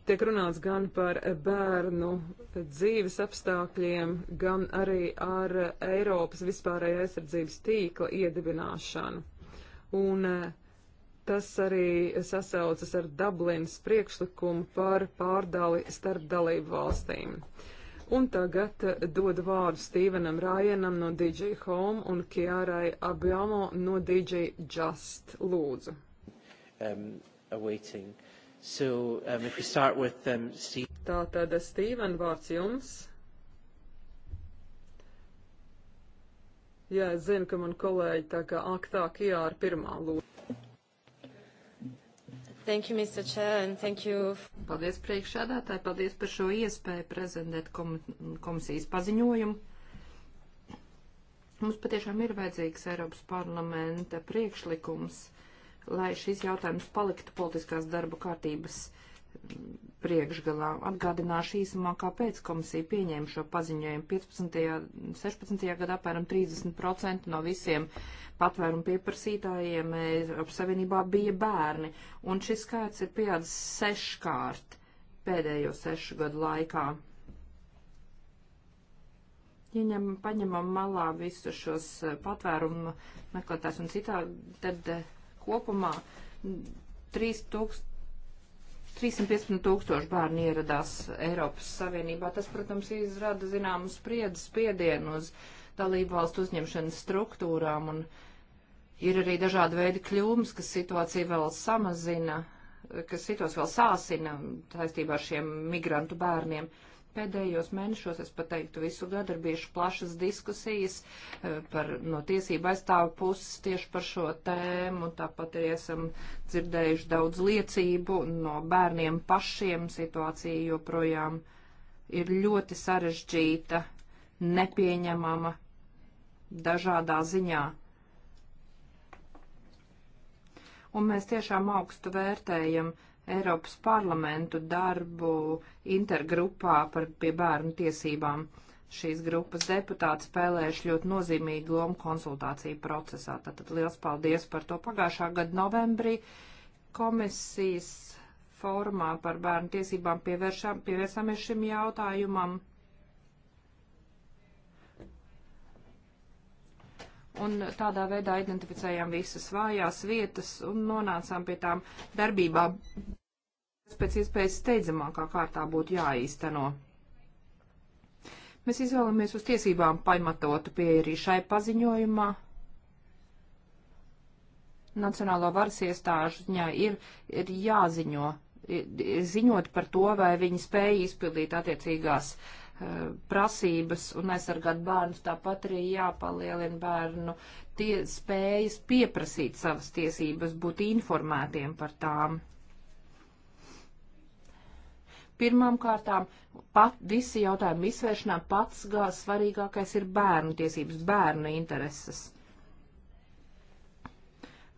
Tiek runāts gan par bērnu dzīves apstākļiem, gan arī ar Eiropas vispārēja aizsardzības tīkla iedibināšanu. Un e, tas arī sasaucas ar Dublinas priekšlikumu par pārdali starp dalību valstīm. Un tagad e, dodu vārdu Stīvenam Rājanam no DJ Home un Kiārai Abjamo no DJ Just. Lūdzu. Um, awaiting. So, um, if we start with um, Steve. Tātad, Steven, vārds jums. Jā, es zinu, ka man kolēģi tā kā aktāk iāra pirmā lūdzu. Thank you, Mr. Chair, and thank you. Paldies priekšādātāji, paldies par šo iespēju prezentēt kom komisijas paziņojumu. Mums patiešām ir vajadzīgs Eiropas parlamenta priekšlikums lai šis jautājums paliktu politiskās darba kārtības mm, priekšgalā. Atgādināšu īsumā, kāpēc komisija pieņēma šo paziņojumu. 15. 16. gadā apmēram 30% no visiem patvērumu pieprasītājiem e, Eiropas Savienībā bija bērni, un šis skaits ir pieaudzis seškārt pēdējo sešu gadu laikā. Ieņem, paņemam malā visus šos e, patvērumu meklētājs un citā, tad e, kopumā 3000. 315 tūkstoši bērni ieradās Eiropas Savienībā. Tas, protams, izrada zināmu spriedzi spiedienu uz dalību valstu uzņemšanas struktūrām, un ir arī dažādi veidi kļūmes, kas situāciju vēl samazina, kas situāciju vēl sāsina saistībā ar šiem migrantu bērniem. Uh, pēdējos mēnešos, es pateiktu visu gadu, ir bijušas plašas diskusijas eh, par, no tiesība aizstāvu puses tieši par šo tēmu. Tāpat arī esam dzirdējuši daudz liecību no bērniem pašiem. Situācija joprojām ir ļoti sarežģīta, nepieņemama dažādā ziņā. Un mēs tiešām augstu vērtējam uh, Eiropas parlamentu darbu intergrupā par pie bērnu tiesībām. Šīs grupas deputāti spēlējuši ļoti nozīmīgu lomu konsultāciju procesā. Tātad liels paldies par to pagājušā gada novembrī komisijas formā par bērnu tiesībām pievērsāmies šim jautājumam. un tādā veidā identificējām visas vājās vietas un nonācām pie tām darbībām, kas pēc iespējas steidzamākā kārtā būtu jāīsteno. Mēs izvēlamies uz tiesībām paimatotu pieeja arī šai paziņojumā. Nacionālo varas iestāžu ziņā ir, ir jāziņo, ir, ir ziņot par to, vai viņi spēja izpildīt attiecīgās uh, Eh, prasības un aizsargāt bērnus, tāpat arī jāpalielina bērnu tie, spējas pieprasīt savas tiesības, būt informētiem par tām. Pirmām kārtām, pat visi jautājumi izvēršanā pats gā svarīgākais ir bērnu tiesības, bērnu intereses.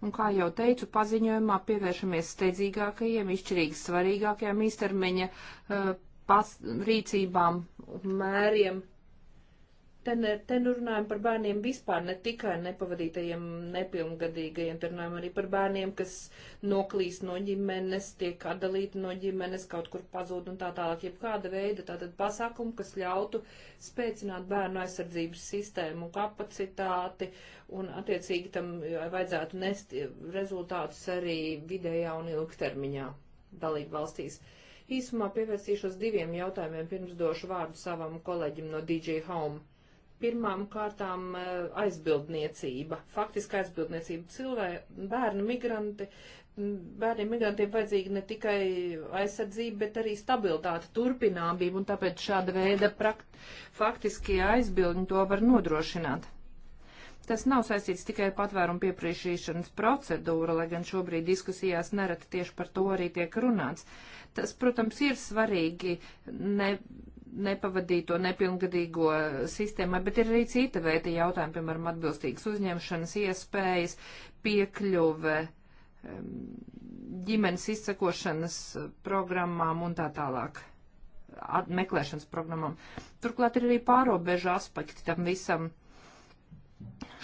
Un, kā jau teicu, paziņojumā pievēršamies steidzīgākajiem, izšķirīgi svarīgākajām īstermiņa uh, pas, rīcībām un mēriem. Te, ne, te nu runājam par bērniem vispār, ne tikai nepavadītajiem nepilngadīgajiem, te runājam arī par bērniem, kas noklīst no ģimenes, tiek atdalīti no ģimenes, kaut kur pazūd un tā tālāk, jebkāda veida tātad pasākumu, kas ļautu spēcināt bērnu aizsardzības sistēmu kapacitāti un attiecīgi tam vajadzētu nest rezultātus arī vidējā un ilgtermiņā dalību valstīs. Uh, Īsumā pievērsīšos diviem jautājumiem, pirms došu vārdu savam kolēģim no DJ Home. Pirmām kārtām eh, aizbildniecība, faktiski aizbildniecība. Cilvēki, bērni, migranti, bērniem migrantiem vajadzīga ne tikai aizsardzība, bet arī stabilitāte, turpināmība, un tāpēc šāda veida prakt, faktiski aizbildņi to var nodrošināt. Tas nav saistīts tikai patvērumu pieprīšīšanas procedūra, lai gan šobrīd diskusijās nereti tieši par to arī tiek runāts. Uh, Tas, protams, ir svarīgi ne, nepavadīto nepilngadīgo sistēmā, bet ir arī cita veida jautājumi, piemēram, atbilstīgas uzņemšanas iespējas, piekļuve ģimenes izsakošanas programmām un tā tālāk meklēšanas programmām. Turklāt ir arī pārobežu aspekti tam visam.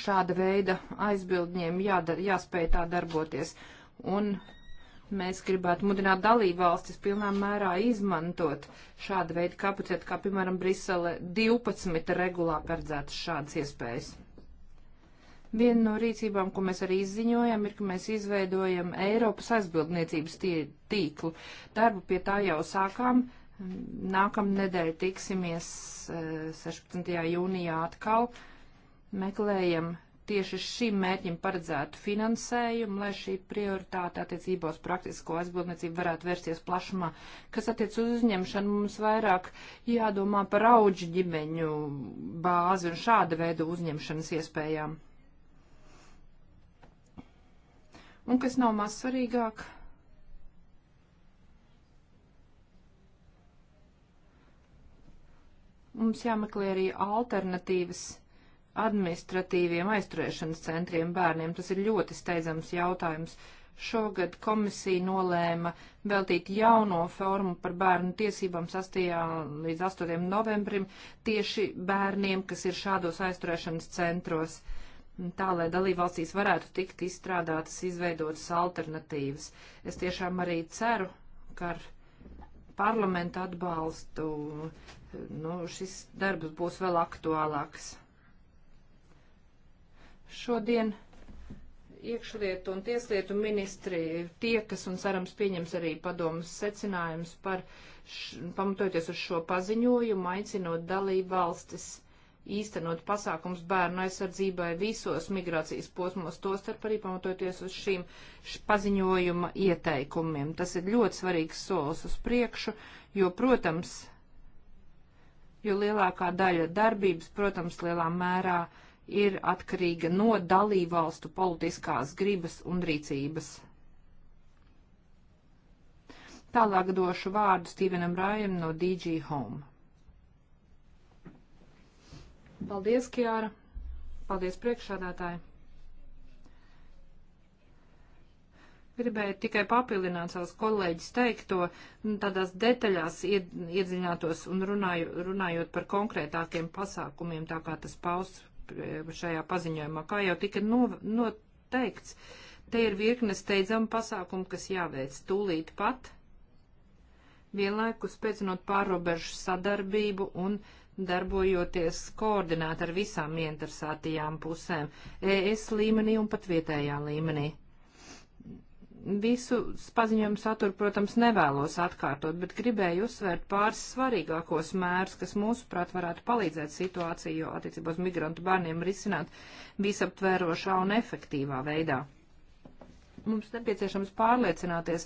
Šāda veida aizbildņiem jādara, jāspēj tā darboties. Un Mēs gribētu mudināt dalību valstis pilnā mērā izmantot šādu veidu kapacitāti, kā piemēram Brisele 12 regulā paredzētas šādas iespējas. Viena no rīcībām, ko mēs arī izziņojam, ir, ka mēs izveidojam Eiropas aizbildniecības tīklu. Darbu pie tā jau sākām. Nākamnedēļ tiksimies 16. Eh, jūnijā atkal. Meklējam tieši šim mērķim paredzētu finansējumu, lai šī prioritāte attiecībā uz praktisko aizbildniecību varētu vērsties plašumā. Kas attiec uz uzņemšanu, mums vairāk jādomā par auģu ģimeņu bāzi un šāda veida uzņemšanas iespējām. Un kas nav maz svarīgāk? Mums jāmeklē arī alternatīvas administratīviem aizturēšanas centriem bērniem. Tas ir ļoti steidzams jautājums. Šogad komisija nolēma veltīt jauno formu par bērnu tiesībām 6. līdz 8. novembrim tieši bērniem, kas ir šādos aizturēšanas centros, tā lai dalībvalstīs varētu tikt izstrādātas, izveidotas alternatīvas. Es tiešām arī ceru, ka ar parlamentu atbalstu nu, šis darbs būs vēl aktuālāks šodien iekšlietu un tieslietu ministri tiekas un cerams pieņems arī padomus secinājumus par š, pamatojoties uz šo paziņojumu, aicinot dalību valstis īstenot pasākums bērnu aizsardzībai visos migrācijas posmos, tostarp arī pamatojoties uz šīm š, paziņojuma ieteikumiem. Tas ir ļoti svarīgs solis uz priekšu, jo, protams, jo lielākā daļa darbības, protams, lielā mērā uh, ir atkarīga no dalībvalstu politiskās gribas un rīcības. Tālāk došu vārdu Stīvenam Rājam no DG Home. Paldies, Kjāra. Paldies, priekšsādātāji. Gribēju tikai papildināt savus kolēģis teikto, nu, tādās detaļās iedziļinātos un runāju, runājot par konkrētākiem pasākumiem, tā kā tas paus šajā paziņojumā. Kā jau tika noteikts, te ir virkne steidzama pasākumu, kas jāveic tūlīt pat, vienlaikus spēcinot pārobežu sadarbību un darbojoties koordinēt ar visām ieinteresētajām pusēm, ES līmenī un pat vietējā līmenī. Visu paziņojumu saturu, protams, nevēlos atkārtot, bet gribēju uzsvērt pāris svarīgākos mērus, kas mūsuprāt varētu palīdzēt situāciju attiecībā uz migrantu bērniem risināt visaptvērošā un efektīvā veidā mums nepieciešams pārliecināties,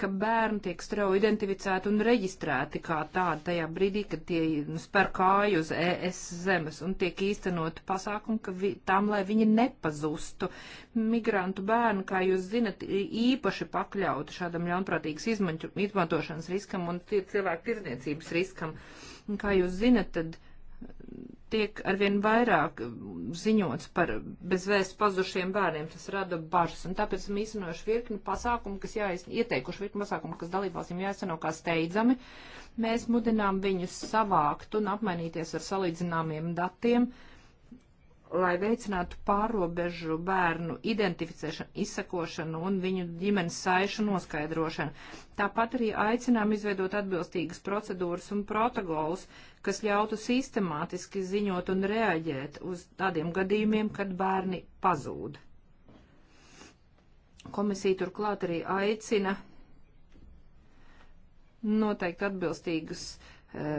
ka bērni tiek strauji identificēti un reģistrēti kā tādi tajā brīdī, kad tie spēr kāju uz ES zemes un tiek īstenot pasākumi, ka vi, tam, lai viņi nepazustu. Migrantu bērni, kā jūs zinat, īpaši pakļauti šādam ļaunprātīgas izmantošanas riskam un cilvēku tirdzniecības riskam. Un, kā jūs zinat, tad tiek arvien vairāk mm, ziņots par bezvēst pazudušiem bērniem. Tas rada bažas. Un tāpēc esam īstenojuši virkni pasākumu, kas jāies, ieteikuši virkni pasākumu, kas dalībvalstīm jāizsano kā steidzami. Mēs mudinām viņus savākt un apmainīties ar salīdzināmiem datiem. Uh, lai veicinātu pārobežu bērnu identificēšanu, izsakošanu un viņu ģimenes saišu noskaidrošanu. Tāpat arī aicinām izveidot atbilstīgas procedūras un protokolus, kas ļautu sistemātiski ziņot un reaģēt uz tādiem gadījumiem, kad bērni pazūd. Komisija turklāt arī aicina noteikti atbilstīgas e,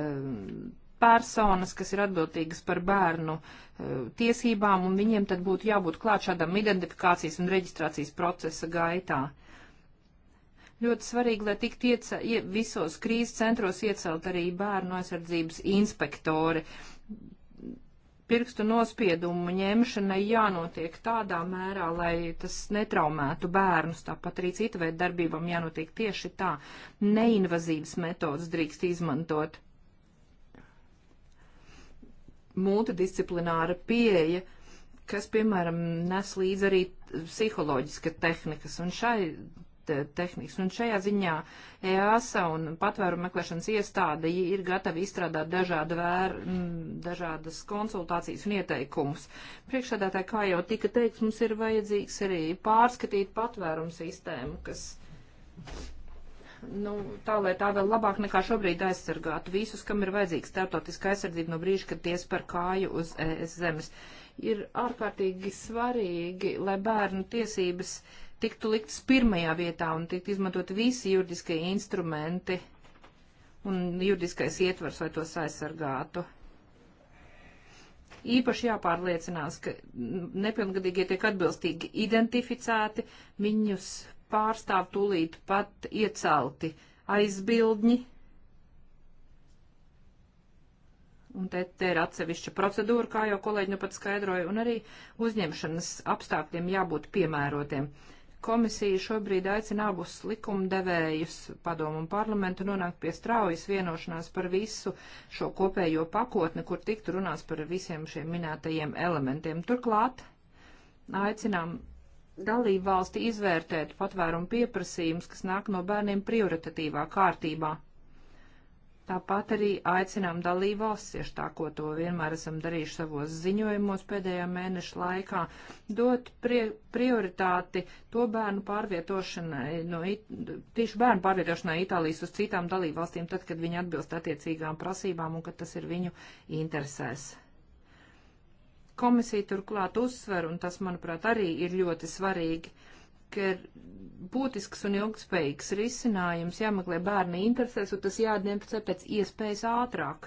personas, kas ir atbildīgas par bērnu eh, tiesībām, un viņiem tad būtu jābūt klāt šādam identifikācijas un reģistrācijas procesa gaitā. Ļoti svarīgi, lai tiktu ieca, ie, visos krīzes centros iecelt arī bērnu aizsardzības inspektori. Pirkstu nospiedumu ņemšanai jānotiek tādā mērā, lai tas netraumētu bērnus, tāpat arī cita veida darbībām jānotiek tieši tā. Neinvazīvas metodas drīkst izmantot multidisciplināra pieeja, kas, piemēram, nes līdz arī psiholoģiska tehnikas. Un šai tehnikas. Un šajā ziņā EASA un patvēru meklēšanas iestāde ir gatava izstrādāt dažādu vēr, dažādas konsultācijas un ieteikumus. Priekšsēdētāji, kā jau tika teikts, mums ir vajadzīgs arī pārskatīt patvērumu sistēmu, kas nu, tā, lai tā vēl labāk nekā šobrīd aizsargātu visus, kam ir vajadzīga starptautiska aizsardzība no brīža, kad ties par kāju uz ES zemes. Ir ārkārtīgi svarīgi, lai bērnu tiesības tiktu liktas pirmajā vietā un tiktu izmantot visi juridiskie instrumenti un juridiskais ietvers, lai tos aizsargātu. Īpaši jāpārliecinās, ka nepilngadīgie tiek atbilstīgi identificēti, viņus pārstāv tūlīt pat iecelti aizbildņi. Un te, te ir atsevišķa procedūra, kā jau kolēģi nu pat skaidroja, un arī uzņemšanas apstākļiem jābūt piemērotiem. Komisija šobrīd aicina abus likumdevējus, padomu un parlamentu, nonākt pie straujas vienošanās par visu šo kopējo pakotni, kur tiktu runās par visiem šiem minētajiem elementiem. Turklāt aicinām dalību valsti izvērtēt patvērumu pieprasījumus, kas nāk no bērniem prioritatīvā kārtībā. Tāpat arī aicinām dalību valsts, tieši tā, ko to vienmēr esam darījuši savos ziņojumos pēdējā mēneša laikā, dot prie, prioritāti to bērnu pārvietošanai, no, tieši bērnu pārvietošanai Itālijas uz citām dalību valstīm, tad, kad viņi atbilst attiecīgām prasībām un kad tas ir viņu interesēs. Komisija turklāt uzsver, un tas, manuprāt, arī ir ļoti svarīgi, ka ir būtisks un ilgspējīgs risinājums jāmeklē bērni interesēs, un tas jāidentificē pēc iespējas ātrāk.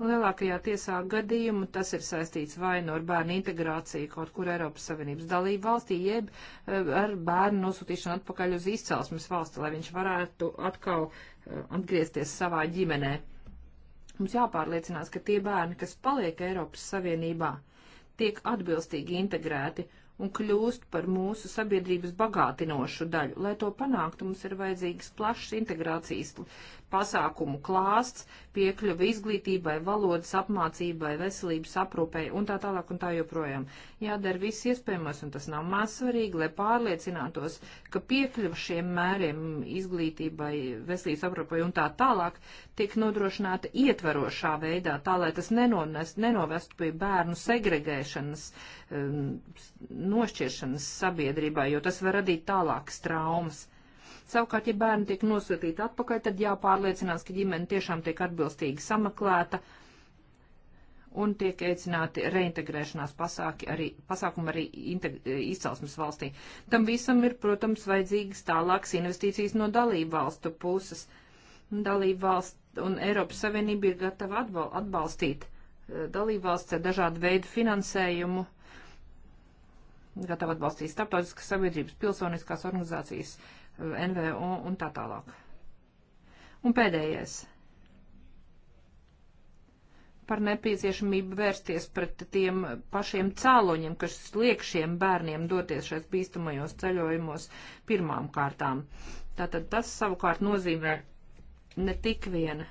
Lielākajā tiesā gadījumu tas ir saistīts vai no nu ar bērnu integrāciju kaut kur Eiropas Savienības dalību valstī, jeb eh, ar bērnu nosūtīšanu atpakaļ uz izcelsmes valsti, lai viņš varētu atkal eh, atgriezties savā ģimenē. Mums jāpārliecinās, ka tie bērni, kas paliek Eiropas Savienībā, tiek atbilstīgi integrēti un kļūst par mūsu sabiedrības bagātinošu daļu. Lai to panāktu, mums ir vajadzīgs plašs integrācijas pasākumu klāsts, piekļuva izglītībai, valodas apmācībai, veselības aprūpei un tā tālāk un tā joprojām. Jādara viss iespējamais, un tas nav maz svarīgi, lai pārliecinātos, ka piekļuva šiem mēriem izglītībai, veselības aprūpei un tā tālāk tiek nodrošināta ietverošā veidā, tā lai tas nenonest, nenovest pie bērnu segregēšanas, um, nošķiršanas sabiedrībā, jo tas var radīt tālākas traumas Savukārt, ja bērni tiek nosūtīti atpakaļ, tad jāpārliecinās, ka ģimene tiešām tiek atbilstīgi samaklēta un tiek aicināti reintegrēšanās pasāki arī, pasākumi arī izcelsmes valstī. Tam visam ir, protams, vajadzīgas tālākas investīcijas no dalību valstu puses. Dalību valsts un Eiropas Savienība ir gatava atbal atbalstīt eh, dalību valsts ar dažādu veidu finansējumu, gatava atbalstīt starptautiskas sabiedrības pilsoniskās organizācijas uh, NVO un tā tālāk. Un pēdējais par nepieciešamību vērsties pret tiem pašiem cēloņiem, kas liek šiem bērniem doties šais bīstamajos ceļojumos pirmām kārtām. Tātad tas savukārt nozīmē ne tik viena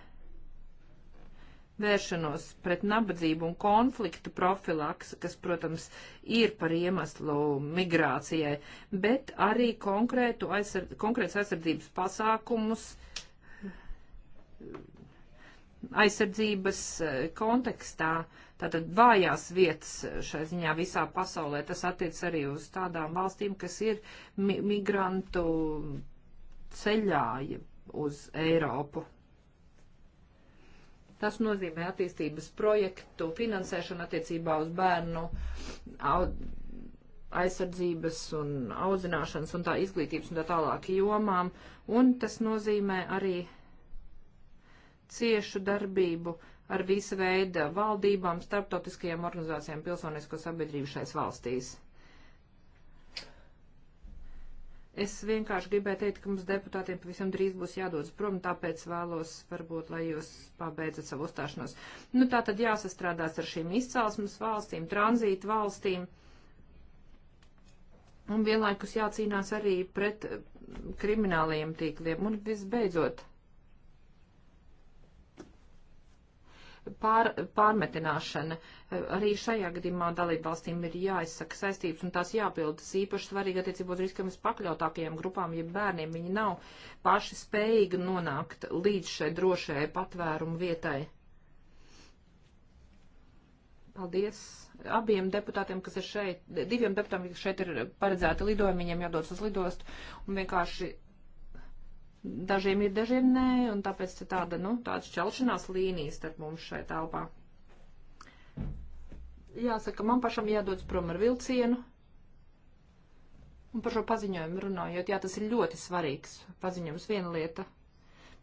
vēršanos pret nabadzību un konfliktu profilaks, kas, protams, ir par iemeslu migrācijai, bet arī konkrētu aizsard, konkrēts aizsardzības pasākumus aizsardzības eh, kontekstā, tātad vājās vietas eh, šai ziņā visā pasaulē. Tas attiec arī uz tādām valstīm, kas ir mi migrantu ceļā uz Eiropu. Tas nozīmē attīstības projektu finansēšanu attiecībā uz bērnu aizsardzības un audzināšanas un tā izglītības un tā tālāk jomām, un tas nozīmē arī ciešu darbību ar visu veidu valdībām, starptautiskajām organizācijām, pilsonisko sabiedrību šais valstīs. Es vienkārši gribēju teikt, ka mums deputātiem pavisam drīz būs jādodas prom, tāpēc vēlos varbūt, lai jūs pabeidzat savu uzstāšanos. Nu, tā tad jāsastrādās ar šīm izcelsmes valstīm, tranzītu valstīm. Un vienlaikus jācīnās arī pret eh, krimināliem tīkliem. Un visbeidzot, pār, pārmetināšana. Arī šajā gadījumā dalībvalstīm ir jāizsaka saistības un tās jāpildas īpaši svarīgi attiecībā uz riskam spakļautākajām grupām, ja bērniem viņi nav paši spējīgi nonākt līdz šai drošajai patvērumu vietai. Paldies abiem deputātiem, kas ir šeit, diviem deputātiem, kas šeit ir paredzēti lidojumi, viņiem jādodas uz lidostu un vienkārši dažiem ir, dažiem nē, un tāpēc ir tāda, nu, tāda šķelšanās līnija starp mums šai telpā. Jāsaka, man pašam jādodas prom ar vilcienu. Un par šo paziņojumu runājot, jā, tas ir ļoti svarīgs paziņojums. Viena lieta.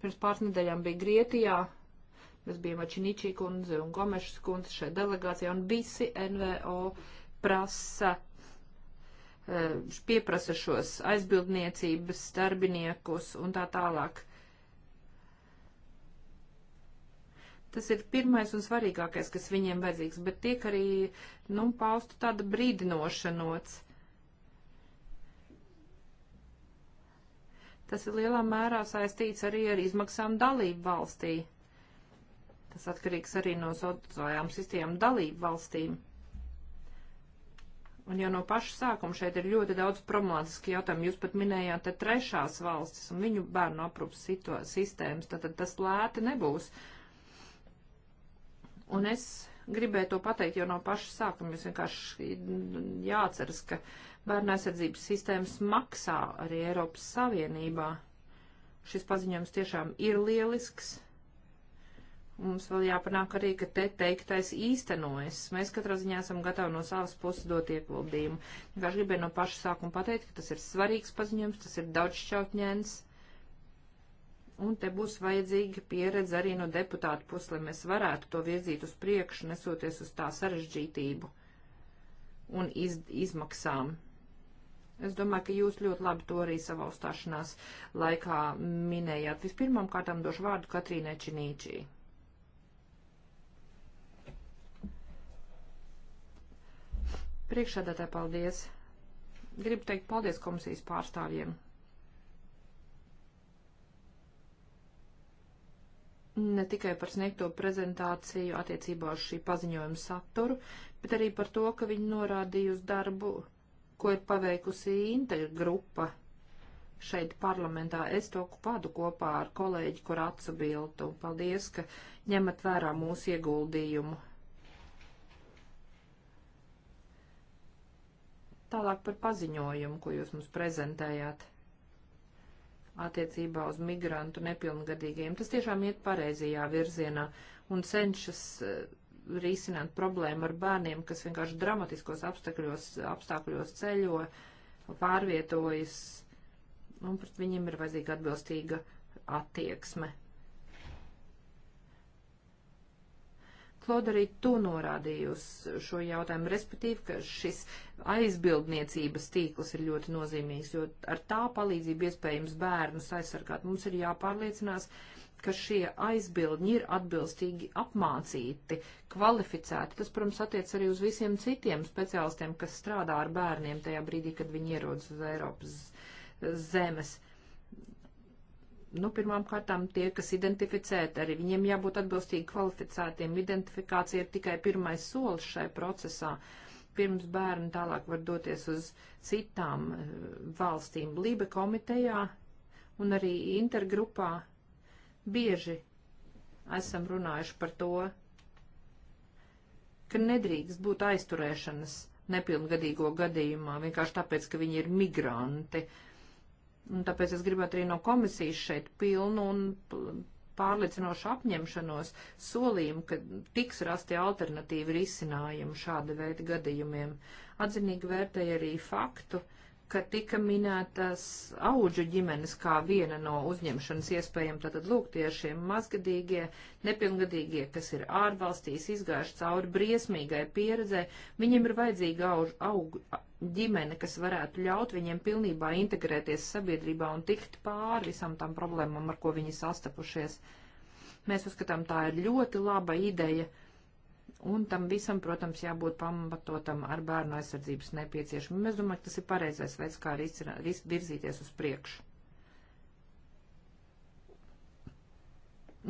Pirms pāris nedēļām bija Grietijā, mēs bijām ar Činičī kundzi un Gomešas kundzi šai delegācijā, un visi NVO prasa Eh, pieprasa šos aizbildniecības darbiniekus un tā tālāk. Tas ir pirmais un svarīgākais, kas viņiem vajadzīgs, bet tiek arī, nu, pausta tāda brīdinošanots. Tas ir lielā mērā saistīts arī ar izmaksām dalību valstī. Tas atkarīgs arī no sociālajām sistēmām dalību valstīm. Un jau no paša sākuma šeit ir ļoti daudz problemātiski jautājumi. Jūs pat minējāt te trešās valstis un viņu bērnu aprūpas sistēmas, tad tas lēti nebūs. Un es gribēju to pateikt jau no paša sākuma. Jūs vienkārši jāatceras, ka bērnu aizsardzības sistēmas maksā arī Eiropas Savienībā. Šis paziņojums tiešām ir lielisks. Mums vēl jāpanāk arī, ka te teiktais īstenojas. Mēs katrā ziņā esam gatavi no savas puses dot ieguldījumu. Vienkārši gribēju no paša sākuma pateikt, ka tas ir svarīgs paziņojums, tas ir daudzšķautņēns. Un te būs vajadzīga pieredze arī no deputāta puses, lai mēs varētu to virzīt uz priekšu, nesoties uz tā sarežģītību un iz, izmaksām. Es domāju, ka jūs ļoti labi to arī savā uzstāšanās laikā minējāt. Vispirmām kārtām došu vārdu Katrīnai Činīčī. Priekšādātāji, paldies! Gribu teikt paldies komisijas pārstāvjiem. Ne tikai par sniegto prezentāciju attiecībā uz šī paziņojuma saturu, bet arī par to, ka viņi norādīja uz darbu, ko ir paveikusi Integra grupa šeit parlamentā. Es to padu kopā ar kolēģi Kuratsu Biltu. Paldies, ka ņemat vērā mūsu ieguldījumu Tālāk par paziņojumu, ko jūs mums prezentējāt attiecībā uz migrantu nepilngadīgiem. Tas tiešām iet pareizajā virzienā un cenšas eh, risināt problēmu ar bērniem, kas vienkārši dramatiskos apstākļos, apstākļos ceļo, pārvietojas, un pret viņiem ir vajadzīga atbilstīga attieksme. Klod, arī tu norādīji uz šo jautājumu, respektīvi, ka šis aizbildniecības tīkls ir ļoti nozīmīgs, jo ar tā palīdzību iespējams bērnus aizsargāt. Mums ir jāpārliecinās, ka šie aizbildņi ir atbilstīgi apmācīti, kvalificēti. Tas, protams, attiec arī uz visiem citiem speciālistiem, kas strādā ar bērniem tajā brīdī, kad viņi ierodas uz Eiropas zemes. Uh, zemes nu, pirmām kārtām tie, kas identificēti, arī viņiem jābūt atbilstīgi kvalificētiem. Identifikācija ir tikai pirmais solis šai procesā. Pirms bērni tālāk var doties uz citām eh, valstīm. Lība komitejā un arī intergrupā bieži esam runājuši par to, ka nedrīkst būt aizturēšanas nepilngadīgo gadījumā, vienkārši tāpēc, ka viņi ir migranti. Uh, Un tāpēc es gribētu arī no komisijas šeit pilnu un pārliecinošu apņemšanos solījumu, ka tiks rasti alternatīvi risinājumi šāda veida gadījumiem. Atzinīgi vērtēja arī faktu, uh, ka tika minētas auģu ģimenes kā viena no uzņemšanas iespējām. Tātad lūk tiešie mazgadīgie, nepilngadīgie, kas ir ārvalstīs izgājuši cauri briesmīgai pieredzē, viņiem ir vajadzīga auģu, augu ģimene, kas varētu ļaut viņiem pilnībā integrēties sabiedrībā un tikt pāri visam tam problēmam, ar ko viņi sastapušies. Mēs uzskatām, tā ir ļoti laba ideja Un tam visam, protams, jābūt pamatotam ar bērnu aizsardzības nepieciešamību. Es domāju, ka tas ir pareizais veids, kā ris, ris, virzīties uz priekšu.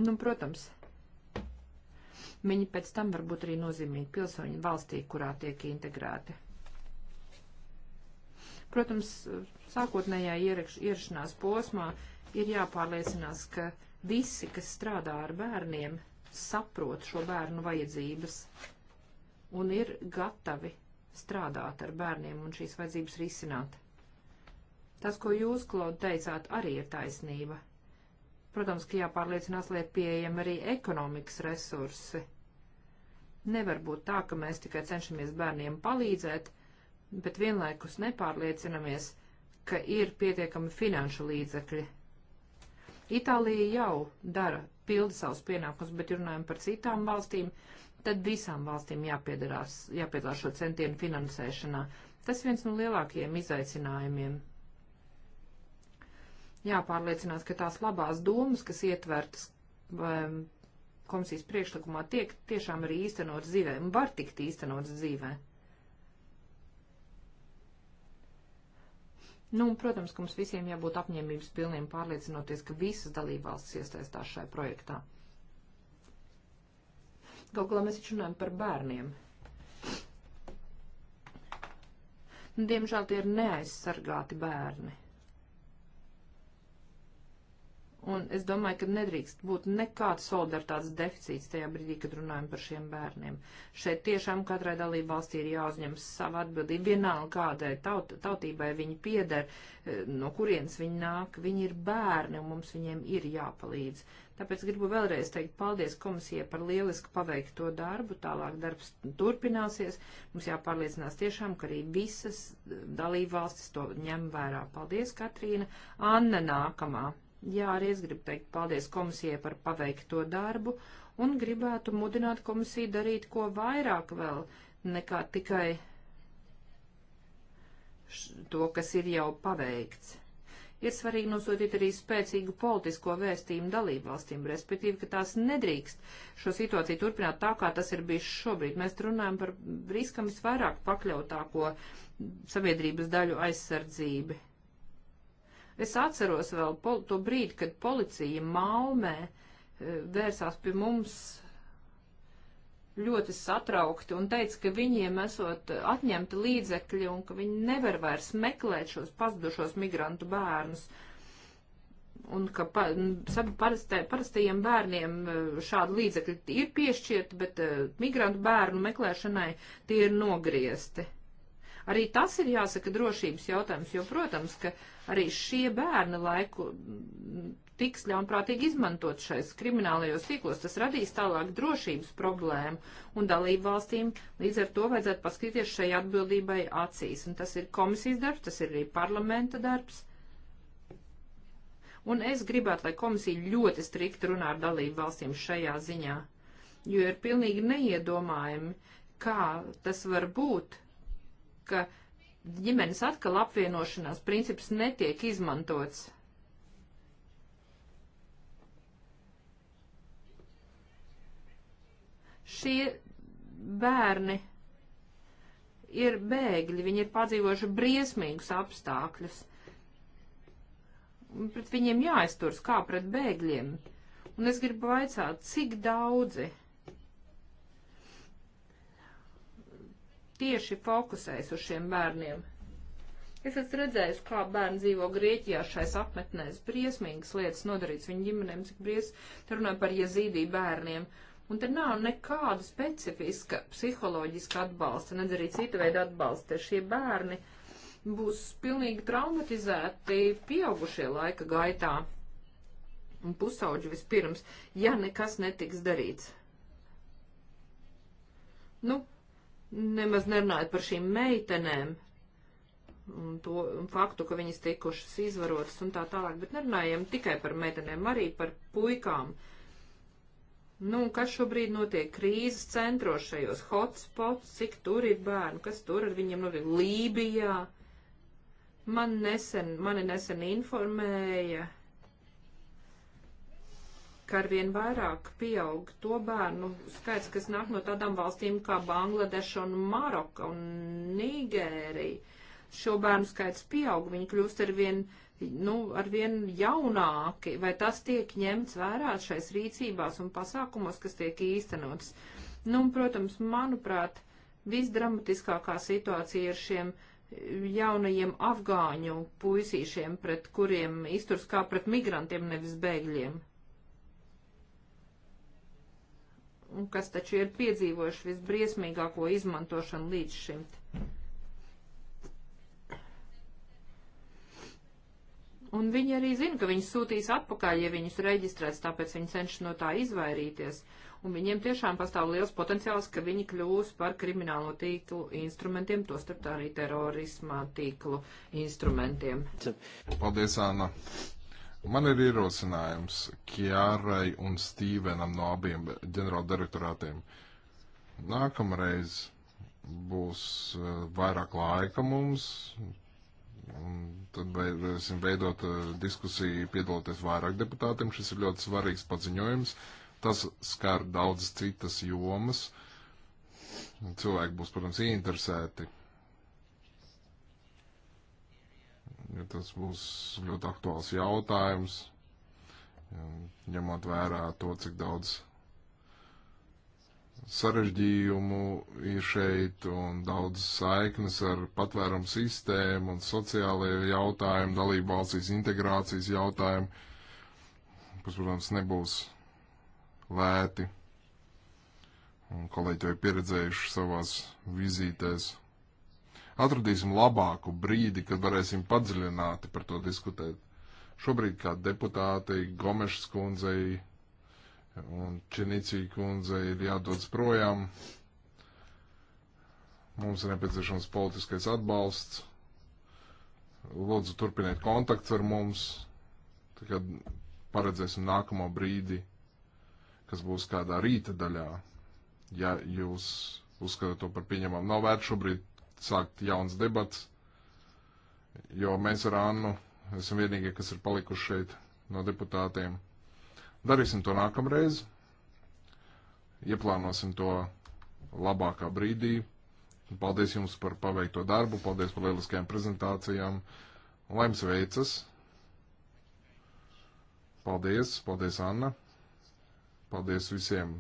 Nu, protams, viņi pēc tam varbūt arī nozīmīgi pilsoņi valstī, kurā tiek integrēti. Protams, sākotnējā ierakš, ierašanās posmā ir jāpārliecinās, ka visi, kas strādā ar bērniem, saprot šo bērnu vajadzības un ir gatavi strādāt ar bērniem un šīs vajadzības risināt. Tas, ko jūs, Klaud, teicāt, arī ir taisnība. Protams, ka jāpārliecinās, lai pieejam arī ekonomikas resursi. Nevar būt tā, ka mēs tikai cenšamies bērniem palīdzēt, bet vienlaikus nepārliecinamies, ka ir pietiekami finanšu līdzekļi Itālija jau dara, pilda savus pienākumus, bet runājam par citām valstīm, tad visām valstīm jāpiedarās, jāpiedalās šo centienu finansēšanā. Tas viens no lielākajiem izaicinājumiem. Jāpārliecinās, ka tās labās domas, kas ietvertas um, komisijas priekšlikumā, tiek tiešām arī īstenot dzīvē un var tikt īstenot dzīvē. Nu, un, protams, ka mums visiem jābūt apņēmības pilniem pārliecinoties, ka visas dalībvalstis iesaistās šajā projektā. Galu galā mēs taču runājam par bērniem. Diemžēl tie ir neaizsargāti bērni. Un es domāju, ka nedrīkst būt nekāds solidaritātes deficīts tajā brīdī, kad runājam par šiem bērniem. Šeit tiešām katrai dalību valstī ir jāuzņem savu atbildību. Vienalga kādai taut, tautībai viņi pieder, eh, no kurienes viņi nāk, viņi ir bērni un mums viņiem ir jāpalīdz. Tāpēc gribu vēlreiz teikt paldies komisijai par lielisku paveikto darbu. Tālāk darbs turpināsies. Mums jāpārliecinās tiešām, ka arī visas dalību valstis to ņem vērā. Paldies, Katrīna. Anna nākamā. Jā, arī es gribu teikt paldies komisijai par paveikto darbu un gribētu mudināt komisiju darīt ko vairāk vēl nekā tikai to, kas ir jau paveikts. Ir svarīgi nosūtīt arī spēcīgu politisko vēstījumu dalībvalstīm, respektīvi, ka tās nedrīkst šo situāciju turpināt tā, kā tas ir bijis šobrīd. Mēs runājam par riskam visvairāk pakļautāko sabiedrības daļu aizsardzību Es atceros vēl to brīdi, kad policija Maumē e, vērsās pie mums ļoti satraukti un teica, ka viņiem esot atņemti līdzekļi un ka viņi nevar vairs meklēt šos pazudušos migrantu bērnus. Un ka pa, parastai, parastajiem bērniem e, šādi līdzekļi ir piešķirti, bet uh, migrantu bērnu meklēšanai tie ir nogriezti. Arī tas ir jāsaka drošības jautājums, jo, protams, ka arī šie bērni laiku tiks ļaunprātīgi izmantot šais kriminālajos tīklos. Tas radīs tālāk drošības problēmu un dalību valstīm līdz ar to vajadzētu paskatīties šai atbildībai acīs. Un tas ir komisijas darbs, tas ir arī parlamenta darbs. Un es gribētu, lai komisija ļoti strikt runā ar dalību valstīm šajā ziņā, jo ir pilnīgi neiedomājami, kā tas var būt ka ģimenes atkal apvienošanās princips netiek izmantots. Šie bērni ir bēgļi, viņi ir padzīvojuši briesmīgus apstākļus. Pret viņiem jāizturas kā pret bēgļiem. Un es gribu vaicāt, cik daudzi tieši fokusējas uz šiem bērniem. Es esmu redzējis, kā bērni dzīvo Grieķijā šais apmetnēs, briesmīgas lietas nodarīts viņu ģimenēm, cik bries, te runāju par jezīdī bērniem. Un te nav nekāda specifiska psiholoģiska atbalsta, nedz arī cita veida atbalsta. Šie bērni būs pilnīgi traumatizēti pieaugušie laika gaitā un pusauģi vispirms, ja nekas netiks darīts. Nu, nemaz nerunājot par šīm meitenēm un to un faktu, ka viņas tikušas izvarotas un tā tālāk, bet nerunājam tikai par meitenēm, arī par puikām. Nu, un kas šobrīd notiek krīzes centros šajos hotspots, cik tur ir bērnu, kas tur ar viņiem notiek Lībijā. Man nesen, mani nesen informēja ka arvien vairāk pieaug to bērnu skaits, kas nāk no tādām valstīm kā Bangladeša un Maroka un Nigērija. Šo bērnu skaits pieaug, viņi kļūst arvien, nu, arvien jaunāki, vai tas tiek ņemts vērā šais rīcībās un pasākumos, kas tiek īstenots. Nu, un, protams, manuprāt, visdramatiskākā situācija ir šiem jaunajiem afgāņu puisīšiem, pret kuriem izturs kā pret migrantiem, nevis bēgļiem. kas taču ir piedzīvojuši visbriesmīgāko izmantošanu līdz šim. Un viņi arī zina, ka viņus sūtīs atpakaļ, ja viņus reģistrēs, tāpēc viņi cenšas no tā izvairīties. Un viņiem tiešām pastāv liels potenciāls, ka viņi kļūs par kriminālo tīklu instrumentiem, tostarp arī terorismā tīklu instrumentiem. Paldies, Anna! Man ir ierosinājums Kjārai un Stīvenam no abiem ģenerāldirektorātiem. Nākamreiz būs eh, vairāk laika mums, un tad varēsim veidot eh, diskusiju, piedaloties vairāk deputātiem. Šis ir ļoti svarīgs paziņojums. Tas skar daudzas citas jomas. Cilvēki būs, protams, ieinteresēti jo tas būs ļoti aktuāls jautājums, ņemot vērā to, cik daudz sarežģījumu ir šeit un daudz saiknes ar patvērumu sistēmu un sociālajiem jautājumiem, dalību valstīs integrācijas jautājumiem, kas, protams, nebūs lēti. Un kolēģi jau ir pieredzējuši savās vizītēs atradīsim labāku brīdi, kad varēsim padziļināti par to diskutēt. Šobrīd kā deputāti Gomešas kundzei un Čenīcija kundzei ir jādodas projām. Mums ir nepieciešams politiskais atbalsts. Lūdzu, turpiniet kontakts ar mums. Tagad paredzēsim nākamo brīdi, kas būs kādā rīta daļā, ja jūs uzskatāt to par pieņemamu. Nav vērts šobrīd sākt jauns debats, jo mēs ar Annu esam vienīgie, kas ir palikuši šeit no deputātiem. Darīsim to nākamreiz, ieplānosim to labākā brīdī. Paldies jums par paveikto darbu, paldies par lieliskajām prezentācijām. Lai jums veicas! Paldies, paldies Anna! Paldies visiem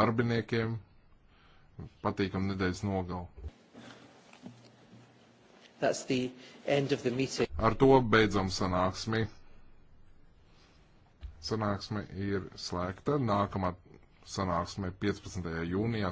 darbiniekiem! Patīkam nedēļas nogalu! That's the end of the meeting. Ar to beidzam sanāksmi. Sanāksme ir slēgta. Nākamā sanāksme 15. jūnijā.